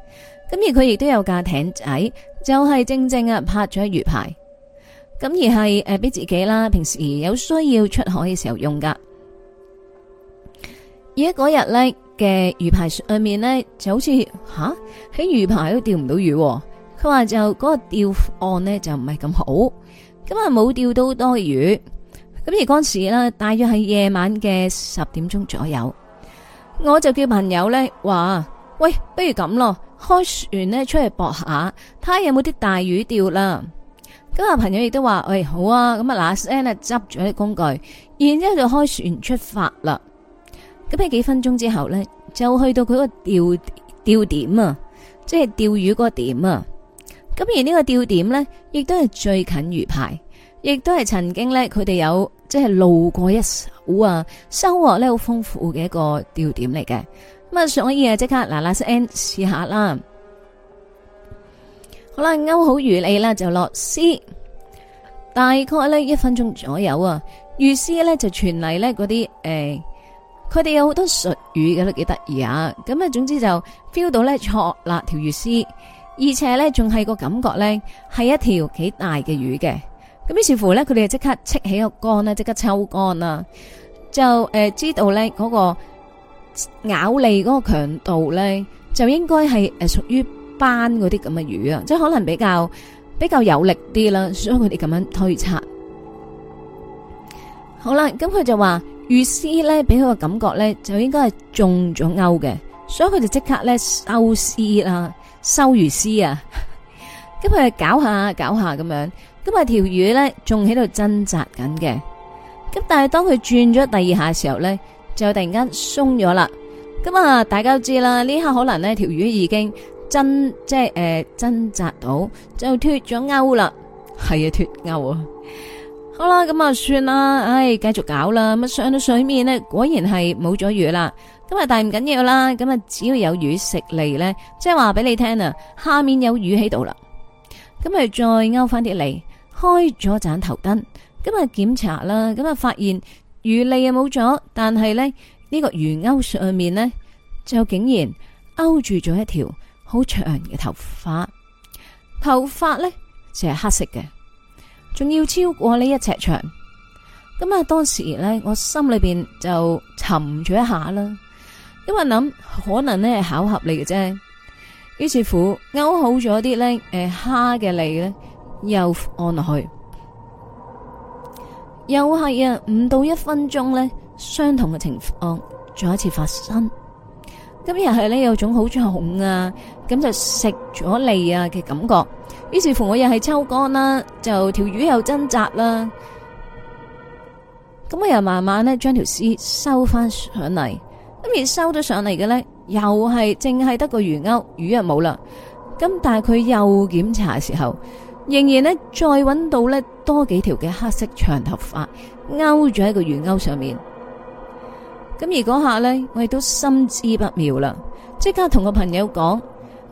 咁而佢亦都有架艇仔，就係、是、正正啊拍咗魚排。咁而係誒俾自己啦，平時有需要出海嘅時候用噶。而家嗰日咧嘅魚排上面咧，就好似吓喺魚排都釣唔到魚。佢話就嗰、嗰個釣案呢，就唔係咁好，咁啊冇釣到多魚。咁而嗰時呢，大約係夜晚嘅十點鐘左右，我就叫朋友呢話：喂，不如咁咯，開船呢出去博下，睇下有冇啲大魚釣啦。咁啊、嗯，朋友亦都話：喂，好啊。咁啊，嗱聲呢執咗啲工具，然之後就開船出發啦。咁喺幾分鐘之後呢，就去到佢個釣釣點啊，即係釣魚嗰個點啊。咁而呢個釣點呢，亦都係最近魚排，亦都係曾經呢，佢哋有即係路過一手啊，收穫呢好豐富嘅一個釣點嚟嘅。咁啊，所以啊即刻嗱嗱聲 n 試下啦。好啦，勾好魚餌啦，就落絲。大概呢一分鐘左右啊，魚絲呢，就傳嚟呢嗰啲誒。欸佢哋有好多術語嘅都幾得意啊！咁啊，總之就 feel 到咧錯啦條魚絲，而且咧仲係個感覺咧係一條幾大嘅魚嘅。咁於是乎咧，佢哋即刻戚起個竿咧，即刻抽竿啦，就誒、呃、知道咧嗰個咬脷嗰個強度咧就應該係誒屬於斑嗰啲咁嘅魚啊，即係可能比較比較有力啲啦，所以佢哋咁樣推測。好啦，咁佢就話。魚絲咧，俾佢個感覺咧，就應該係中咗鈎嘅，所以佢就即刻咧收絲啦，收絲 魚絲啊，咁佢係搞下搞下咁樣，咁啊條魚咧仲喺度掙扎緊嘅，咁但係當佢轉咗第二下嘅時候咧，就突然間鬆咗啦，咁啊大家都知啦，呢刻可能呢條魚已經掙即係誒掙扎到就脫咗鈎啦，係啊脫鈎啊！脫好啦，咁啊算啦，唉，繼續搞啦，咁啊上到水面呢，果然係冇咗魚啦。咁啊但係唔緊要啦，咁啊只要有魚食嚟，呢即係話俾你聽啊，下面有魚喺度啦。咁啊再勾翻啲嚟，開咗盞頭燈，咁啊檢查啦，咁啊發現魚脷啊冇咗，但係呢呢個魚鈎上面呢就竟然勾住咗一條好長嘅頭髮，頭髮呢就係黑色嘅。仲要超過呢一尺長，咁啊當時咧，我心裏邊就沉咗一下啦，因為諗可能呢係巧合嚟嘅啫。於是乎，勾好咗啲咧，誒蝦嘅脷咧又放落去，又係啊，唔到一分鐘呢，相同嘅情況再一次發生。今日係呢，有種好痛啊，咁就食咗脷啊嘅感覺。於是乎，我又係抽干啦，就條魚又掙扎啦，咁我又慢慢呢將條絲收翻上嚟，咁而收咗上嚟嘅呢，又係淨係得個魚鈎，魚又冇啦，咁但係佢又檢查時候，仍然呢再搵到呢多幾條嘅黑色長頭髮勾咗喺個魚鈎上面，咁而嗰下呢，我亦都心知不妙啦，即刻同個朋友講。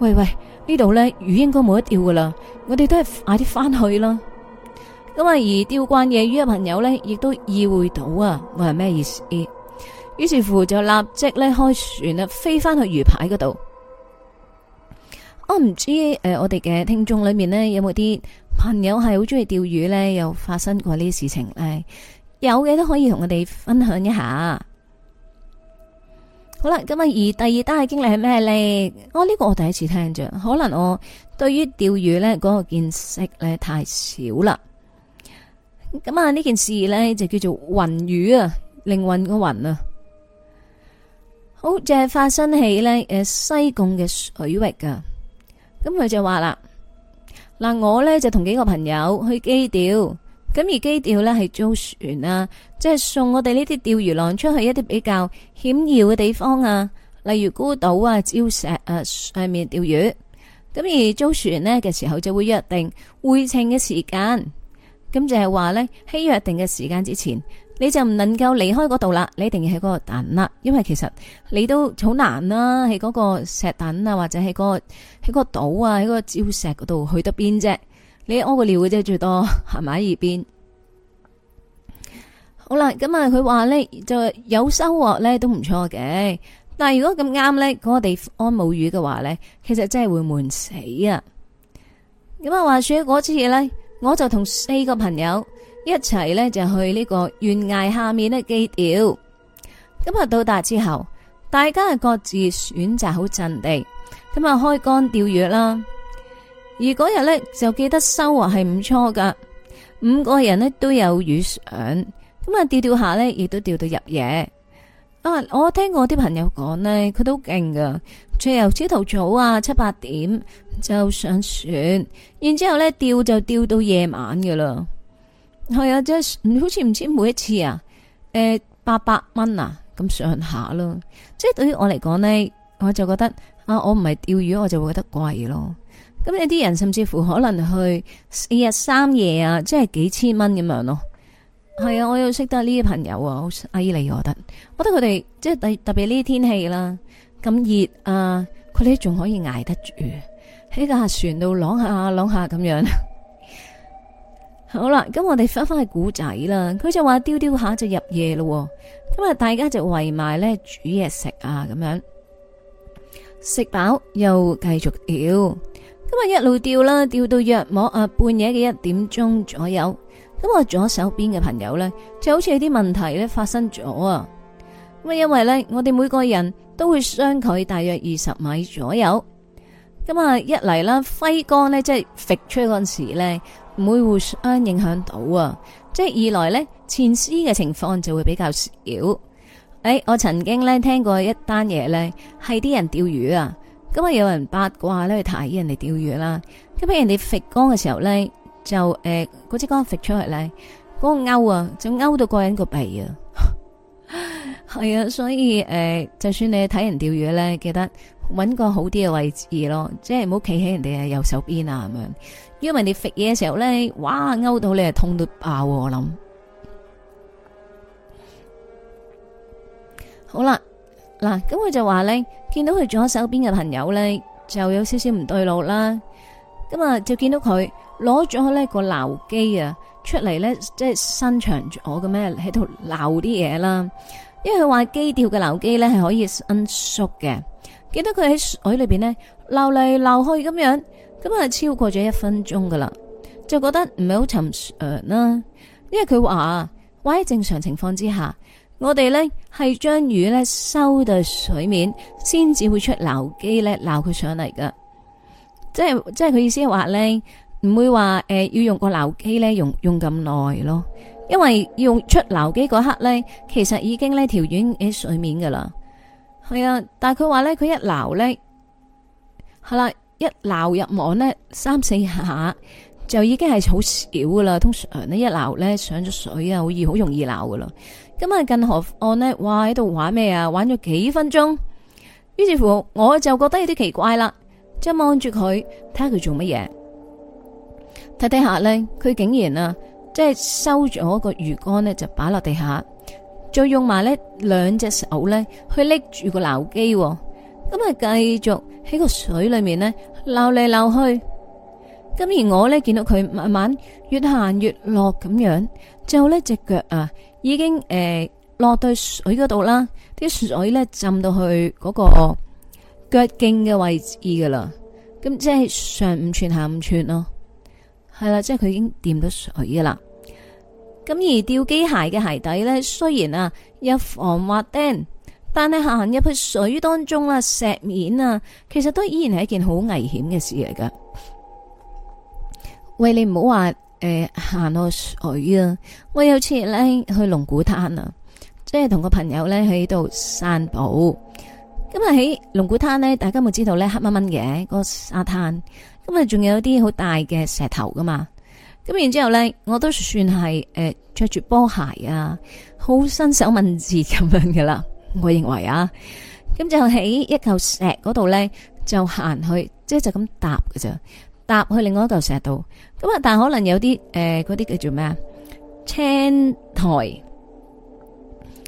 喂喂，呢度呢魚應該冇得釣噶啦，我哋都係快啲翻去啦。咁啊，而釣慣夜魚嘅朋友呢，亦都意會到啊，我係咩意思，於是乎就立即呢開船啦，飛翻去魚排嗰度。我唔知誒，我哋嘅聽眾裏面呢，有冇啲朋友係好中意釣魚呢？有發生過呢啲事情呢？有嘅都可以同我哋分享一下。好啦，咁啊，而第二單嘅經歷係咩呢？我呢、哦呢個我第一次聽着，可能我對於釣魚呢嗰個見識呢太少啦。咁啊，呢件事呢就叫做雲魚啊，靈魂個雲啊。好就係、是、發生喺呢誒西貢嘅水域啊。咁佢就話啦嗱，我呢就同幾個朋友去基釣。咁而磯釣呢係租船啊，即係送我哋呢啲釣魚郎出去一啲比較險要嘅地方啊，例如孤島啊、礁石啊上面釣魚。咁而租船呢嘅時候就會約定回程嘅時間，咁就係話呢，喺約定嘅時間之前，你就唔能夠離開嗰度啦，你一定要喺嗰個躉啦，因為其實你都好難啦，喺嗰個石躉啊，或者喺個喺個島啊，喺個礁石嗰度去得邊啫。你屙個尿嘅啫，最多係埋喺一邊。好啦，咁啊，佢話呢，就有收穫呢都唔錯嘅。但係如果咁啱呢，嗰、那個地方冇魚嘅話呢，其實真係會悶死啊！咁啊，話說嗰次呢，我就同四個朋友一齊呢，就去呢個懸崖下面呢磯釣。咁啊到達之後，大家係各自選擇好陣地，咁啊開竿釣魚啦。而嗰日咧就記得收穫係唔錯噶，五個人呢都有魚上，咁啊釣釣下呢，亦都釣到入夜。啊，我聽我啲朋友講呢，佢都勁噶，最係由朝頭早啊七八點就上船，然之後呢釣就釣到夜晚㗎啦。係啊，即係好似唔知每一次啊，誒八百蚊啊咁上下咯。即係對於我嚟講呢，我就覺得啊，我唔係釣魚，我就會覺得貴咯。咁有啲人甚至乎可能去四日三夜啊，即係幾千蚊咁樣咯，啊。係、嗯、啊，我又識得呢啲朋友啊，好犀利啊，我覺得，我覺得佢哋即係特特別呢啲天氣啦，咁熱啊，佢哋仲可以挨得住喺架船度朗下朗下咁樣。好啦，咁我哋翻翻去古仔啦。佢就話釣釣下就入夜咯。咁啊，大家就圍埋咧煮嘢食啊，咁樣食飽又繼續釣。咁啊，一路釣啦，釣到約摸啊半夜嘅一點鐘左右。咁啊，左手邊嘅朋友呢，就好似有啲問題呢發生咗啊。咁啊，因為呢，我哋每個人都會相距大約二十米左右。咁啊，一嚟啦，揮杆呢即係甩出嗰陣時呢，唔會互相影響到啊。即係二來呢，纏絲嘅情況就會比較少。誒，我曾經呢，聽過一單嘢呢，係啲人釣魚啊。因為，有人八卦咧，去睇人哋釣魚啦，咁俾人哋甩光嘅時候咧，就，誒嗰支光甩出去咧，嗰、嗰個勾啊，就勾到個人個鼻啊，係 啊！所以誒、欸，就算你睇人釣魚咧，記得搵個好啲嘅位置咯，即係唔好企喺人哋嘅右手邊啊咁樣，因為人哋甩嘢嘅時候咧，哇，勾到你係痛到爆我諗。好啦。嗱，咁佢就話咧，見到佢左手邊嘅朋友咧，就有少少唔對路啦。咁啊，就見到佢攞咗呢個撈機啊出嚟咧，即係伸長咗我嘅咩，喺度撈啲嘢啦。因為佢話基調嘅撈機咧係可以伸縮嘅。見到佢喺水裏邊咧撈嚟撈去咁樣，咁啊超過咗一分鐘噶啦，就覺得唔係好尋常啦。因為佢話，話喺正常情況之下。我哋呢係將魚呢收到水面，先至會出撈機呢撈佢上嚟噶。即係即係佢意思係話呢，唔會話誒、呃、要用個撈機呢用用咁耐咯，因為用出撈機嗰刻呢，其實已經呢條魚喺水面噶啦。係啊，但係佢話呢，佢一撈呢，係啦，一撈入網呢三四下就已經係好少噶啦。通常呢，一撈呢上咗水啊，好易好容易撈噶啦。今日近河岸呢？話喺度玩咩啊？玩咗幾分鐘，於是乎我就覺得有啲奇怪啦，即係望住佢，睇下佢做乜嘢。睇睇下呢，佢竟然啊，即係收咗個魚竿呢，就擺落地下，再用埋呢兩隻手呢，去拎住個撈機，啊，咁啊繼續喺個水裏面呢撈嚟撈去。咁，嗯、而我呢，見到佢慢慢越行越落咁樣。之後呢隻腳啊，已經誒、呃、落到水嗰度啦，啲水呢浸到去嗰個腳徑嘅位置噶啦，咁即係上五寸下五寸咯，係啦，即係佢已經掂到水噶啦。咁而吊機鞋嘅鞋底呢，雖然啊有防滑釘，但係行入去水當中啦，啊，石面啊，其實都依然係一件好危險嘅事嚟噶。喂，你唔好話。誒，行落、呃、水啊！我有次咧去龍古灘啊，即係同個朋友咧喺度散步。咁啊喺龍鼓灘咧，大家冇知道咧黑蚊蚊嘅個沙灘，咁啊仲有啲好大嘅石頭噶嘛。咁然之後咧，我都算係誒着住波鞋啊，好伸手文字咁樣噶啦。我認為啊，咁就喺一嚿石嗰度咧就行去，即係就咁、是、搭噶咋。搭去另外一嚿石度，咁啊，但可能有啲誒，嗰、呃、啲叫做咩啊？青苔，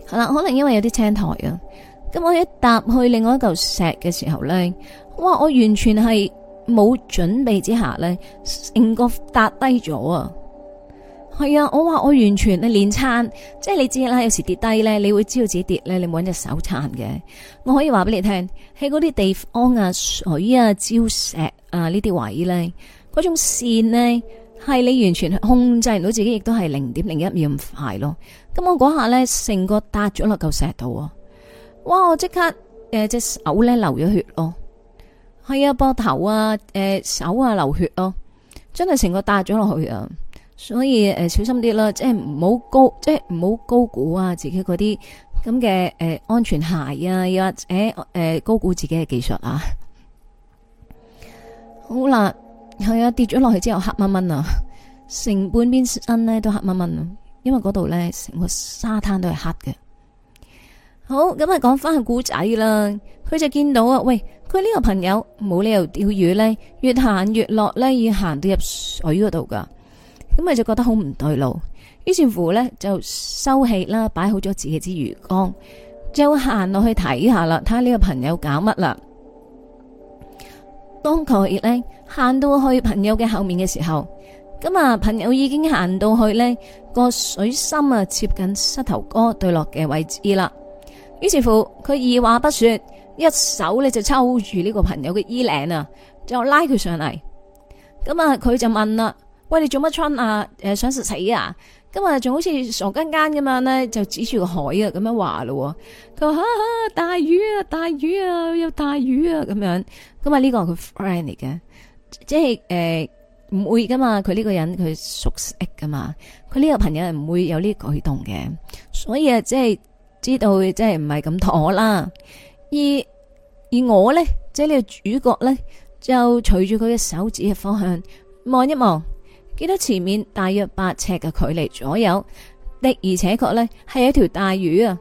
係啦，可能因為有啲青苔啊。咁我一搭去另外一嚿石嘅時候咧，哇！我完全係冇準備之下咧，成個搭低咗啊！係啊，我話我完全係練撐，即係你知啦。有時跌低咧，你會知道自己跌咧，你冇隻隻手撐嘅。我可以話俾你聽，喺嗰啲地方啊、水啊、礁石啊呢啲位咧，嗰種線呢，係你完全控制唔到自己，亦都係零點零一秒咁快咯。咁我嗰下咧，成個搭咗落嚿石度，哇！我即刻誒隻、呃、手咧流咗血咯，係啊，膊頭啊、誒、呃、手啊流血咯，真係成個搭咗落去啊！所以誒、呃，小心啲啦，即係唔好高，即係唔好高估啊自己嗰啲咁嘅誒安全鞋啊，又或者誒高估自己嘅技術啊。好啦，係啊，跌咗落去之後黑掹掹啊，成半邊身呢都黑掹掹啊，因為嗰度呢成個沙灘都係黑嘅。好咁啊，講翻個古仔啦，佢就見到啊，喂，佢呢個朋友冇理由釣魚呢，越行越落呢，越行到入水嗰度噶。咁咪就覺得好唔對路，於是乎呢，就收氣啦，擺好咗自己支魚缸，就行落去睇下啦，睇下呢個朋友搞乜啦。當佢呢行到去朋友嘅後面嘅時候，咁啊朋友已經行到去呢個水深啊接近膝頭哥對落嘅位置啦。於是乎，佢二話不說，一手呢就抽住呢個朋友嘅衣領啊，就拉佢上嚟。咁啊，佢就問啦。喂，你做乜春啊？誒，想食死啊？今日仲好似傻更更咁樣咧，就指住個海啊，咁樣話咯。佢話：哈哈，大魚啊，大魚啊，有大魚啊，咁樣。咁啊，呢個係佢 friend 嚟嘅，即係誒唔會噶嘛。佢呢個人佢熟悉噶嘛。佢呢個朋友唔會有呢個舉動嘅，所以啊，即係知道，即係唔係咁妥啦。而而我咧，即係呢個主角咧，就隨住佢嘅手指嘅方向望一望。見到前面大約八尺嘅距離左右，的而且確咧係一條大魚啊，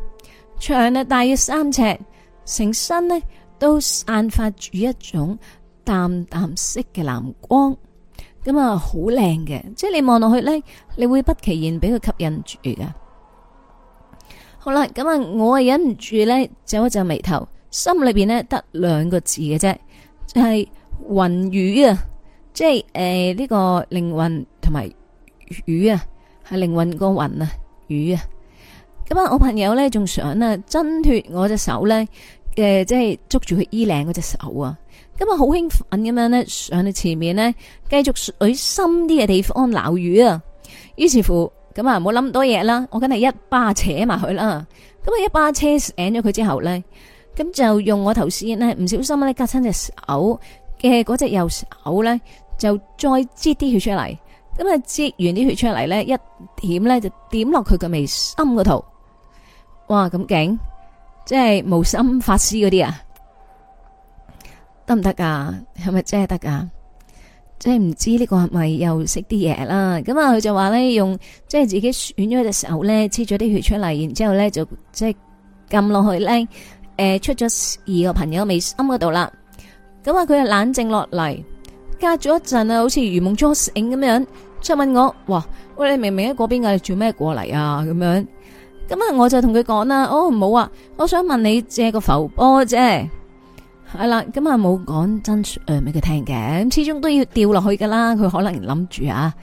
長啊大約三尺，成身咧都散發住一種淡淡色嘅藍光，咁啊好靚嘅，即係你望落去呢，你會不其然俾佢吸引住嘅。好啦，咁啊，我啊忍唔住呢，皺一皺眉頭，心裏邊呢，得兩個字嘅啫，就係、是、魂魚啊，即係誒呢個靈魂。同埋魚啊，係靈魂個魂啊，魚啊。咁啊，我朋友咧仲想啊，掙脫我隻手咧，誒、呃，即係捉住佢衣領嗰隻手啊。咁啊，好興奮咁樣咧，上到前面咧，繼續水深啲嘅地方撈魚啊。於是乎，咁啊，冇諗咁多嘢啦，我梗係一巴扯埋佢啦。咁啊，一巴車醒咗佢之後咧，咁就用我頭先咧唔小心咧夾親隻手嘅嗰隻右手咧，就再擠啲血出嚟。咁啊！擠完啲血出嚟咧，一點咧就點落佢個眉心個度。哇！咁勁，即係無心法師嗰啲啊，得唔得噶？係咪真係得噶？即係唔知呢個係咪又識啲嘢啦？咁啊，佢就話咧用即係自己選咗隻手咧，抽咗啲血出嚟，然之後咧就即係撳落去咧，誒出咗二個朋友眉心嗰度啦。咁啊，佢就冷靜落嚟，隔咗一陣啊，好似如夢初醒咁樣。就問我，哇，喂，你明明喺嗰邊啊，做咩過嚟啊？咁樣，咁啊，我就同佢講啦，哦，唔好啊，我想問你借個浮波啫，係啦，咁啊，冇講真誒俾佢聽嘅，始終都要掉落去噶啦，佢可能諗住啊，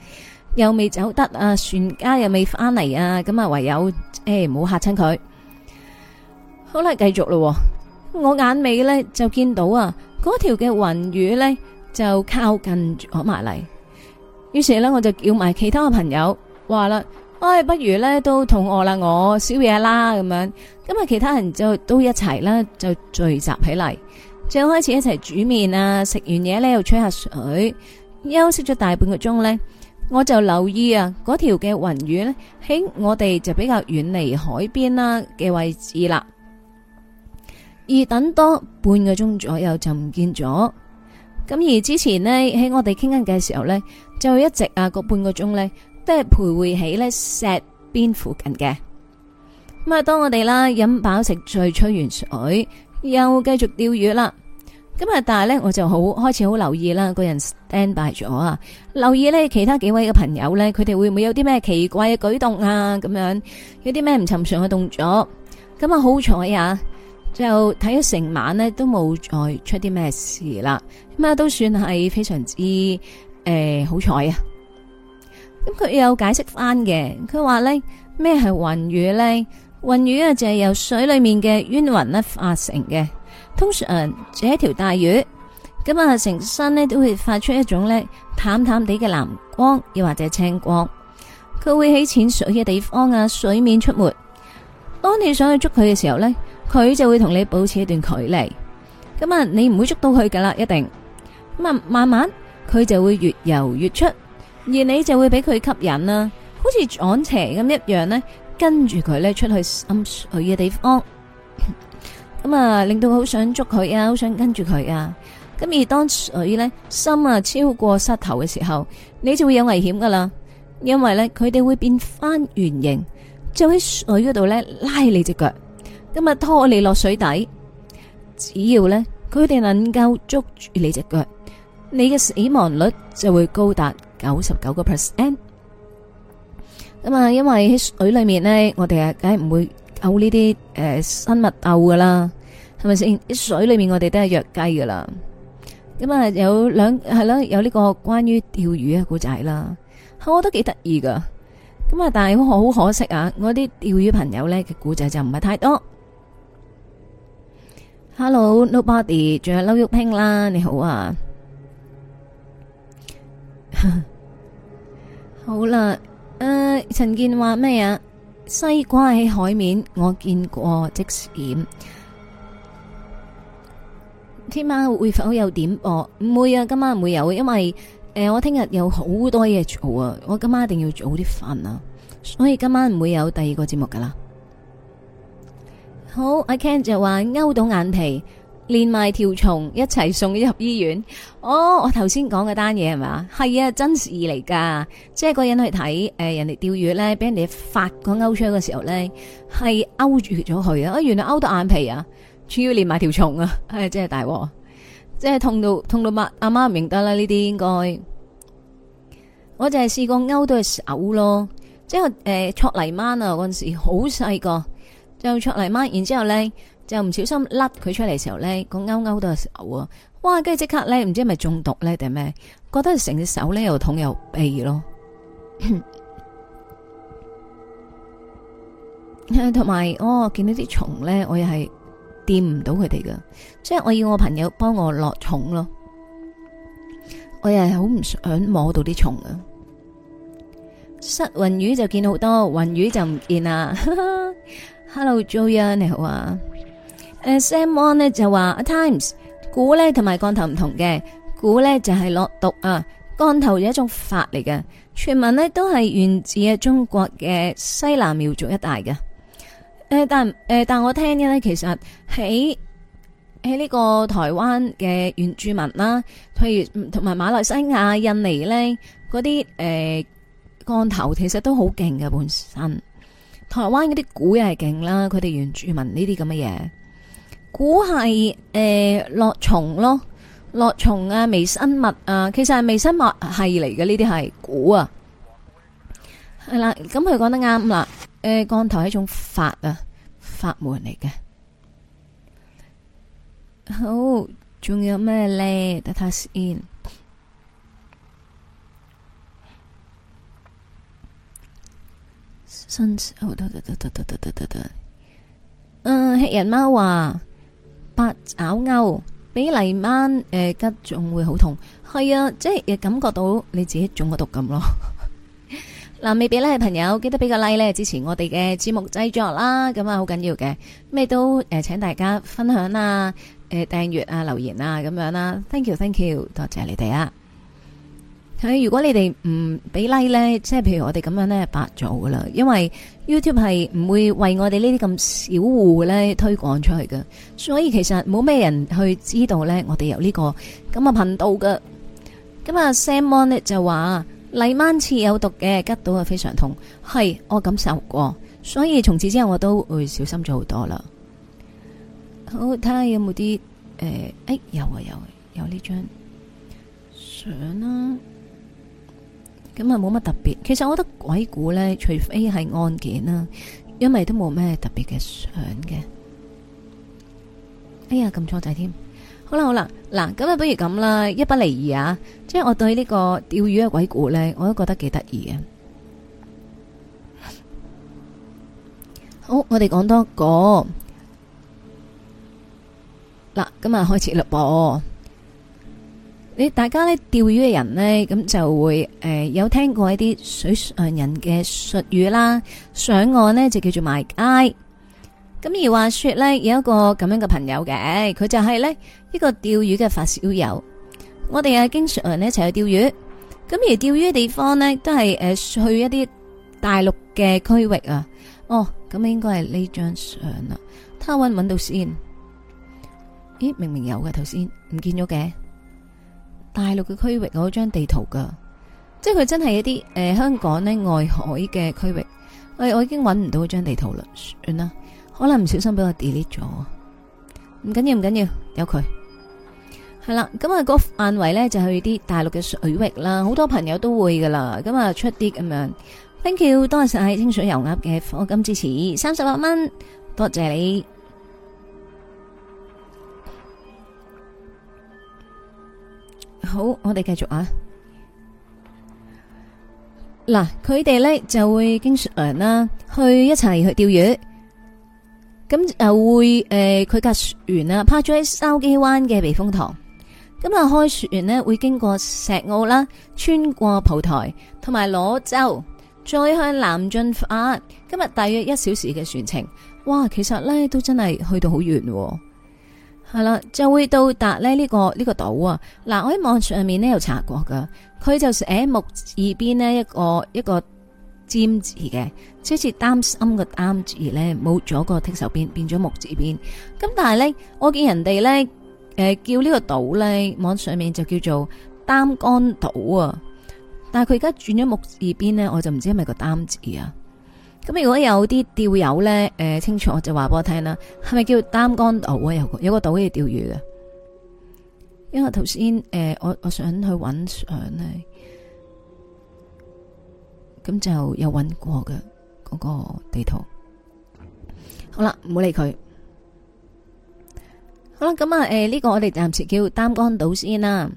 又未走得啊，船家又未翻嚟啊，咁啊，唯有誒，唔好吓親佢。好啦，繼續咯，啊，我眼尾咧就見到啊，嗰條嘅雲魚咧就靠近住我埋嚟。於是呢，我就叫埋其他嘅朋友話啦，唉，不如呢都肚餓啦，我宵夜啦，咁樣咁啊。其他人就都一齊啦，就聚集起嚟，就開始一齊煮麵啊。食完嘢呢，又吹下水，休息咗大半個鐘呢，我就留意啊，嗰條嘅雲雨呢，喺我哋就比較遠離海邊啦嘅位置啦。而等多半個鐘左右就唔見咗。咁而之前呢，喺我哋傾緊嘅時候呢。就一直啊，個半個鐘呢，都係徘徊喺呢石邊附近嘅。咁啊，當我哋啦飲飽食醉，吹完水，又繼續釣魚啦。咁啊，但係呢，我就好開始好留意啦，個人 stand by 咗啊，留意呢其他幾位嘅朋友呢，佢哋會唔會有啲咩奇怪嘅舉動啊？咁樣有啲咩唔尋常嘅動作？咁、嗯、啊，好彩啊，就睇咗成晚呢，都冇再出啲咩事啦。咁啊，都算係非常之。誒，好彩啊！咁佢又有解釋翻嘅。佢話呢，咩係雲魚呢？雲魚啊，雨就係由水裏面嘅冤魂咧化成嘅。通常係一條大魚，咁啊成身咧都會發出一種咧淡淡地嘅藍光，又或者青光。佢會喺淺水嘅地方啊水面出沒。當你想去捉佢嘅時候呢，佢就會同你保持一段距離。咁啊，你唔會捉到佢噶啦，一定咁啊，慢慢。佢就會越游越出，而你就會俾佢吸引啦，好似撞邪咁一樣呢跟住佢呢出去深水嘅地方，咁啊令到佢好想捉佢啊，好想跟住佢啊，咁而當水呢，心啊超過膝頭嘅時候，你就會有危險噶啦，因為呢，佢哋會變翻原形，就喺水嗰度呢拉你隻腳，咁啊拖你落水底，只要呢，佢哋能夠捉住你隻腳。你嘅死亡率就會高達九十九個 percent，咁啊，因為喺水裏面咧，我哋啊梗係唔會鬥呢啲誒生物鬥噶啦，係咪先？啲水裏面我哋都係弱雞噶啦。咁啊，有兩係啦，有呢個關於釣魚嘅古仔啦，我都幾得意噶。咁啊，但係好可惜啊，我啲釣魚朋友咧嘅古仔就唔係太多。Hello nobody，仲有劉玉平啦，你好啊。 好啦，誒、呃，陳健話咩啊？西瓜喺海面，我見過即閃。天喵會否有點播？唔會啊，今晚唔會有，因為誒、呃，我聽日有好多嘢做啊，我今晚一定要早啲瞓啊，所以今晚唔會有第二個節目噶啦。好，I can 就、ja、話勾到眼皮。連埋條蟲一齊送咗入醫院。哦，我頭先講嘅單嘢，係咪啊？係啊，真事嚟噶，即係個人去睇，誒、呃，人哋釣魚咧，俾人哋發個勾出嘅時候咧，係勾住咗佢啊！啊、哎，原來勾到眼皮啊，仲要連埋條蟲啊，係、哎、真係大鑊，即係痛到痛到阿媽唔認得啦！呢啲應該，我就係試過勾到手咯，即係誒，卓、呃、泥媽啊，嗰陣時好細個就卓泥媽，然之後咧。就唔小心甩佢出嚟嘅時候呢，個勾勾都係手啊！哇，跟住即刻呢，唔知係咪中毒呢？定係咩？覺得成隻手呢，又痛又痹咯。同埋， 哦，見到啲蟲呢，我又係掂唔到佢哋噶，即係我要我朋友幫我落蟲咯。我又係好唔想摸到啲蟲啊。失云魚就見到好多，云魚就唔見啦。 Hello，Joey，你好啊！誒、uh,，Sam On 咧就話 At Times 蠱咧同埋降頭唔同嘅，蠱咧就係落毒啊，降頭有一種法嚟嘅，傳聞呢都係源自喺中國嘅西南苗族一帶嘅。誒、啊，但誒、啊，但我聽呢其實喺喺呢個台灣嘅原住民啦，譬如同埋馬來西亞、印尼呢嗰啲誒降頭，其實都好勁嘅本身。台灣嗰啲蠱又係勁啦，佢哋原住民呢啲咁嘅嘢。蠱係誒，落蟲咯，落蟲啊，微生物啊，其實係微生物係嚟嘅。呢啲係蠱啊，係啦，咁佢講得啱啦，誒，降頭係一種法啊，法門嚟嘅。好，仲有咩咧？睇睇先。新好得得得得得得得得得，嗯，黑人貓話。八咬勾，比泥晚，誒、呃，吉仲會好痛，係啊，即係感覺到你自己中個毒咁咯。嗱、 啊，未俾呢，朋友記得俾個 like 咧支持我哋嘅節目製作啦，咁啊好緊要嘅，咩都誒、呃，請大家分享啊，誒訂閱啊，留言啊，咁樣啦、啊，thank you，thank you，多謝你哋啊。佢如果你哋唔俾 like 咧，即係譬如我哋咁樣咧，白做噶啦。因為 YouTube 係唔會為我哋呢啲咁小戶咧推廣出去噶，所以其實冇咩人去知道咧，我哋有呢個咁啊頻道噶。咁啊 Samon 咧就話，禮曼次有毒嘅，吉到啊非常痛。係我感受過，所以從此之後我都會小心咗好多啦。好，睇下有冇啲誒，哎、欸、有啊有啊有呢張相啦。咁啊，冇乜特別。其實我覺得鬼故呢，除非係案件啦，因為都冇咩特別嘅相嘅。哎呀，咁錯仔添。好啦好啦，嗱，咁啊，不如咁啦，一不離二啊，即係我對呢個釣魚嘅鬼故呢，我都覺得幾得意嘅。好，我哋講多一個。嗱，今日開始錄播。你大家咧釣魚嘅人呢，咁就會誒有聽過一啲水上人嘅術語啦。上岸呢，就叫做埋街。咁而話説呢，有一個咁樣嘅朋友嘅，佢就係呢一個釣魚嘅發燒友。我哋啊經常咧一齊去釣魚。咁而釣魚嘅地方呢，都係誒去一啲大陸嘅區域啊。哦，咁應該係呢張相啦。睇下揾唔揾到先。咦，明明有㗎，頭先唔見咗嘅。大陸嘅區域嗰張地圖噶，即係佢真係一啲誒、呃、香港呢外海嘅區域，誒我,我已經揾唔到嗰張地圖啦，算啦，可能唔小心俾我 delete 咗，唔緊要唔緊要，有佢係啦，咁啊、那個範圍呢就係啲大陸嘅水域啦，好多朋友都會噶啦，咁啊出啲咁樣，thank you 多謝晒清水油鴨嘅火金支持，三十八蚊，多謝你。好，我哋繼續啊！嗱，佢哋呢就會經常啦，去一齊去釣魚，咁就會誒佢架船啦，泊咗喺筲箕灣嘅避風塘，咁啊開船呢會經過石澳啦，穿過蒲台同埋螺洲，再向南進發。今日大約一小時嘅船程，哇，其實呢都真係去到好遠喎。係啦，就會到達呢、這、呢個呢、這個島啊！嗱，我喺網上面呢有查過噶，佢就寫木字邊呢一個一個尖字嘅，即似擔心嘅擔字呢，冇咗個剔手邊，變咗木字邊。咁但係呢，我見人哋呢誒、呃、叫呢個島呢網上面就叫做擔杆島啊！但係佢而家轉咗木字邊呢，我就唔知係咪個擔字啊。咁如果有啲釣友呢，誒，清楚我就話俾我聽啦，係咪叫擔桿島啊？有個有個島可以釣魚嘅。因為頭先誒，我我想去搵相呢，咁就有搵過嘅嗰、那個地圖。好啦，唔好理佢。好啦，咁啊，誒，呢、這個我哋暫時叫擔桿島先啦。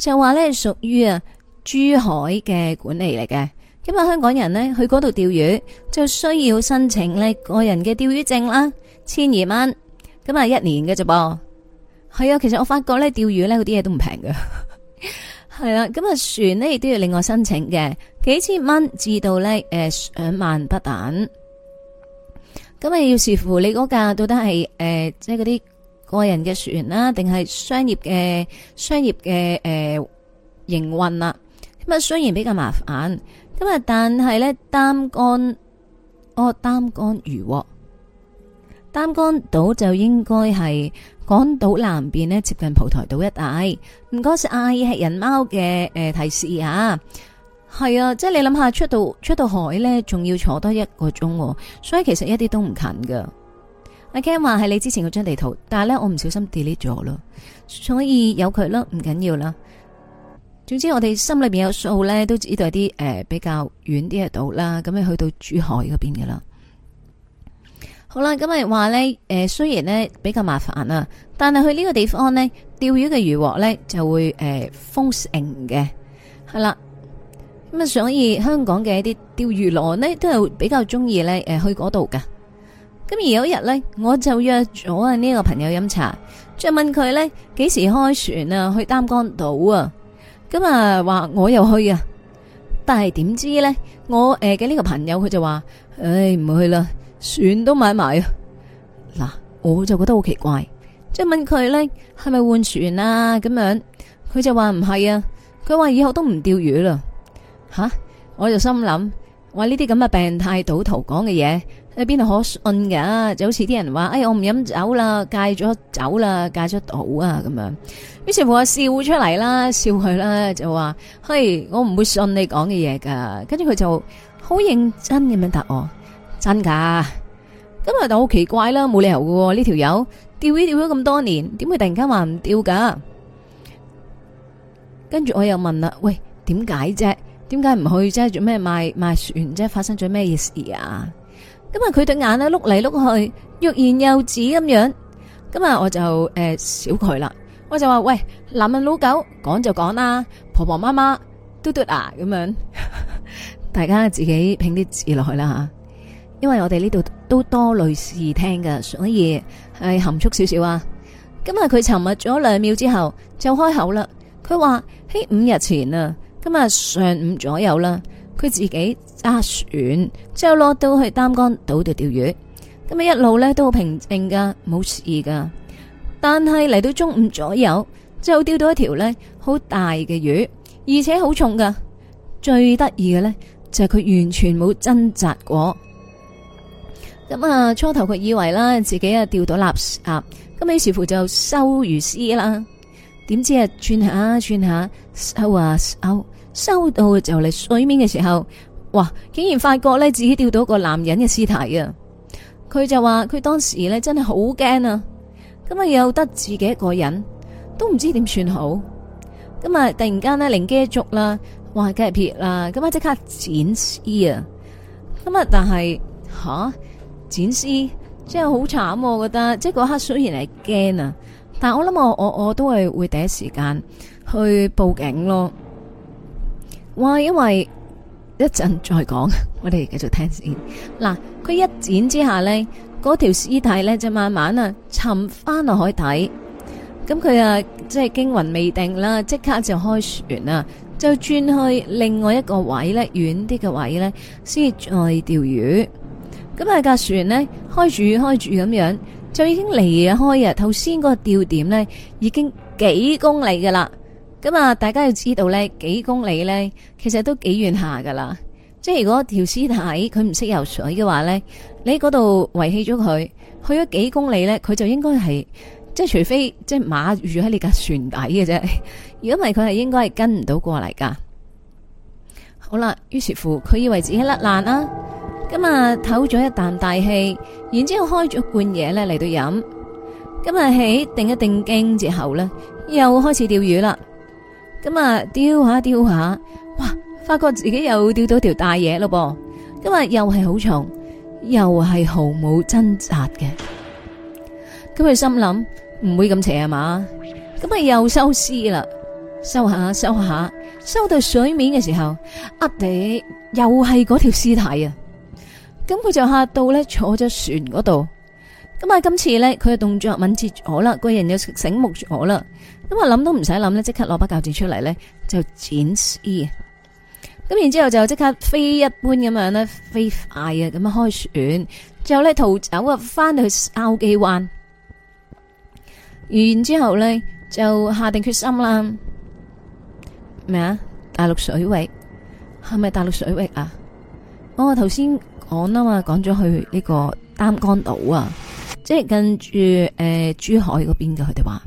就話呢屬於啊珠海嘅管理嚟嘅。今日香港人呢，去嗰度釣魚就需要申請呢個人嘅釣魚證啦，千二蚊咁啊，一年嘅啫噃。係啊，其實我發覺呢釣魚呢嗰啲嘢都唔平㗎。係 啦。咁啊，船呢亦都要另外申請嘅，幾千蚊至到呢誒兩萬不等。咁啊，要視乎你嗰架到底係誒即係嗰啲個人嘅船啦，定係商業嘅商業嘅誒營運啦。咁、呃、啊，雖然比較麻煩。咁啊！但係呢，擔杆哦，擔杆漁獲，擔杆島就應該係港島南邊呢，接近蒲台島一帶。唔該、哎，是阿姨係人貓嘅誒、呃、提示下係啊，啊，即係你諗下出到出到海呢，仲要坐多一個鐘、哦，所以其實一啲都唔近噶。阿 Ken 話係你之前嗰張地圖，但係呢，我唔小心 delete 咗咯，所以有佢咯，唔緊要啦。總之我哋心裏邊有數呢，都知道啲誒、呃、比較遠啲嘅島啦，咁啊去到珠海嗰邊嘅啦。好啦，咁啊話呢，誒、呃、雖然呢比較麻煩啊，但係去呢個地方呢，釣魚嘅魚獲呢就會誒豐盛嘅，係、呃、啦。咁啊，所以香港嘅一啲釣魚佬呢，都係比較中意呢誒去嗰度㗎。咁而有一日呢，我就約咗啊呢個朋友飲茶，就問佢呢幾時開船啊去擔桿島啊？咁啊，話我又去啊，但係點知呢？我誒嘅呢個朋友佢就話：，唉，唔去啦，船都買埋啊。嗱，我就覺得好奇怪，即係問佢呢係咪換船啊？咁樣，佢就話唔係啊，佢話以後都唔釣魚啦。吓、啊，我就心諗，話呢啲咁嘅病態賭徒講嘅嘢。喺邊度可信噶？就好似啲人話，哎，我唔飲酒啦，戒咗酒啦，戒咗賭啊，咁樣。於是乎，我笑出嚟啦，笑佢啦，就話，嘿，我唔會信你講嘅嘢噶。跟住佢就好認真咁樣答我，真噶。咁我就好奇怪啦，冇理由噶。呢條友釣魚釣咗咁多年，點會突然間話唔釣噶？跟住我又問啦，喂，點解啫？點解唔去啫？做咩賣賣船啫？發生咗咩事啊？因為佢對眼啊碌嚟碌去，欲言又止咁樣。今日我就誒少佢啦，我就話、欸、喂，男人老狗講就講啦，婆婆媽媽嘟嘟啊咁樣， 大家自己拼啲字落去啦吓。因為我哋呢度都多女士聽㗎，所以係含蓄少少啊。今日佢沉默咗兩秒之後就開口啦。佢話喺五日前啊，今日上午左右啦。佢自己揸船，之後落到去擔杆島度釣魚，咁啊一路咧都好平靜噶，冇事噶。但係嚟到中午左右，之後就釣到一條咧好大嘅魚，而且好重噶。最得意嘅咧就係佢完全冇掙扎過。咁啊初頭佢以為啦自己啊釣到垃圾，咁尾似乎就收魚絲啦。點知啊轉下轉下收啊收！收到就嚟水面嘅時候，哇！竟然發覺咧自己釣到個男人嘅屍體啊。佢就話佢當時咧真係好驚啊。咁啊，又得自己一個人，都唔知點算好。咁啊，突然間咧靈機一觸啦，哇！梗係撇啦，咁啊即刻剪屍啊。咁啊，但係吓剪屍真係好慘，我覺得即係嗰刻雖然係驚啊，但係我諗我我我都係會第一時間去報警咯。哇，因為一陣再講，我哋繼續聽先。嗱，佢一剪之下呢，嗰條屍體呢就慢慢啊沉翻落海底。咁佢啊，即係驚魂未定啦，即刻就開船啦，就轉去另外一個位呢，遠啲嘅位呢，先再釣魚。咁啊架船呢，開住開住咁樣，就已經離開啊，頭先嗰個釣點呢，已經幾公里噶啦。咁啊，大家要知道呢，幾公里呢，其實都幾遠下噶啦。即係如果條屍體佢唔識游水嘅話呢，你嗰度遺棄咗佢，去咗幾公里呢，佢就應該係即係，除非即係孖住喺你架船底嘅啫。如果唔係，佢係應該係跟唔到過嚟噶。好啦，於是乎，佢以為自己甩爛啦，咁啊透咗一啖大氣，然之後開咗罐嘢呢嚟到飲。今日，嗯，起定一定經之後呢，又開始釣魚啦。咁啊，釣下釣下，哇！發覺自己又釣到條大嘢咯噃！今日又係好重，又係毫無掙扎嘅。咁佢心諗唔會咁邪呀嘛？咁啊，又收屍啦，收下收下，收到水面嘅時候，壓地又係嗰條屍體啊！咁佢就吓到咧，坐咗船嗰度。咁啊，今次咧，佢嘅動作敏捷咗啦，個人又醒目咗啦。咁啊諗都唔使諗，即刻攞把鉸剪出嚟，呢就剪絲，咁然之後就即刻飛一般咁樣呢，飛快啊咁樣開船，之後呢逃走啊，翻到去筲箕灣，然之後呢就下定決心啦。咩啊？大陸水域係咪大陸水域啊、哦？我頭先講啊嘛，講咗去呢個擔桿島啊，即係近住誒、呃、珠海嗰邊嘅佢哋話。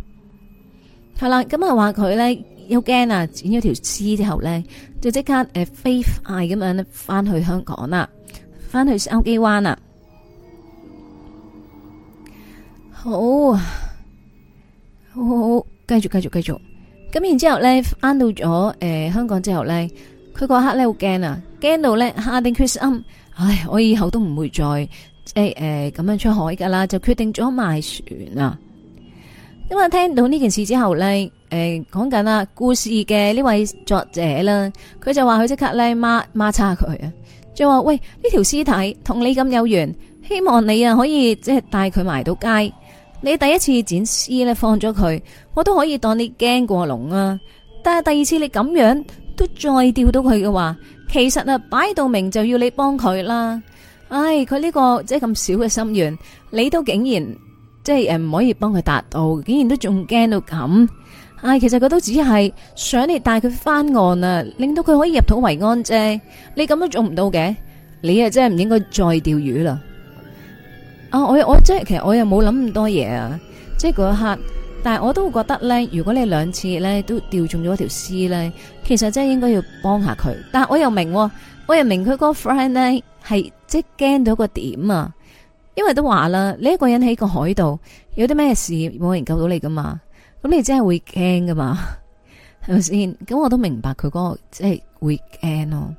係啦，咁啊話佢咧好驚啊，剪咗條屍之後咧，就即刻誒飛快咁樣翻去香港啦，翻去筲箕灣啊，好啊，好好好，繼續，繼續，繼續，咁然之後咧，翻到咗誒香港之後咧，佢嗰刻咧好驚啊，驚到咧下定決心，唉，我以後都唔會再即係誒咁樣出海噶啦，就決定咗賣船啊。因為聽到呢件事之後呢誒，講緊啊故事嘅呢位作者啦，佢就話佢即刻咧抹抹擦佢啊，就話喂，呢條屍體同你咁有緣，希望你啊可以即係帶佢埋到街。你第一次剪屍咧放咗佢，我都可以當你驚過龍啊。但係第二次你咁樣都再釣到佢嘅話，其實啊擺到明，明就要你幫佢啦。唉、哎，佢呢、呢個即係咁少嘅心願，你都竟然。即係誒，唔可以幫佢達到，竟然都仲驚到咁！唉、哎，其實佢都只係想你帶佢翻岸啊，令到佢可以入土為安啫。你咁都做唔到嘅，你啊真係唔應該再釣魚啦！啊，我我即係其實我又冇諗咁多嘢啊，即係嗰一刻，但係我都會覺得咧，如果你兩次咧都釣中咗一條屍咧，其實真係應該要幫下佢。但我又明、哦，我又明佢個 friend 咧係即係驚到個點啊！因為都話啦，你一個人喺個海度有啲咩事冇人救到你噶嘛，咁你真係會驚噶嘛，係咪先？咁我都明白佢嗰、嗰個即係會驚咯。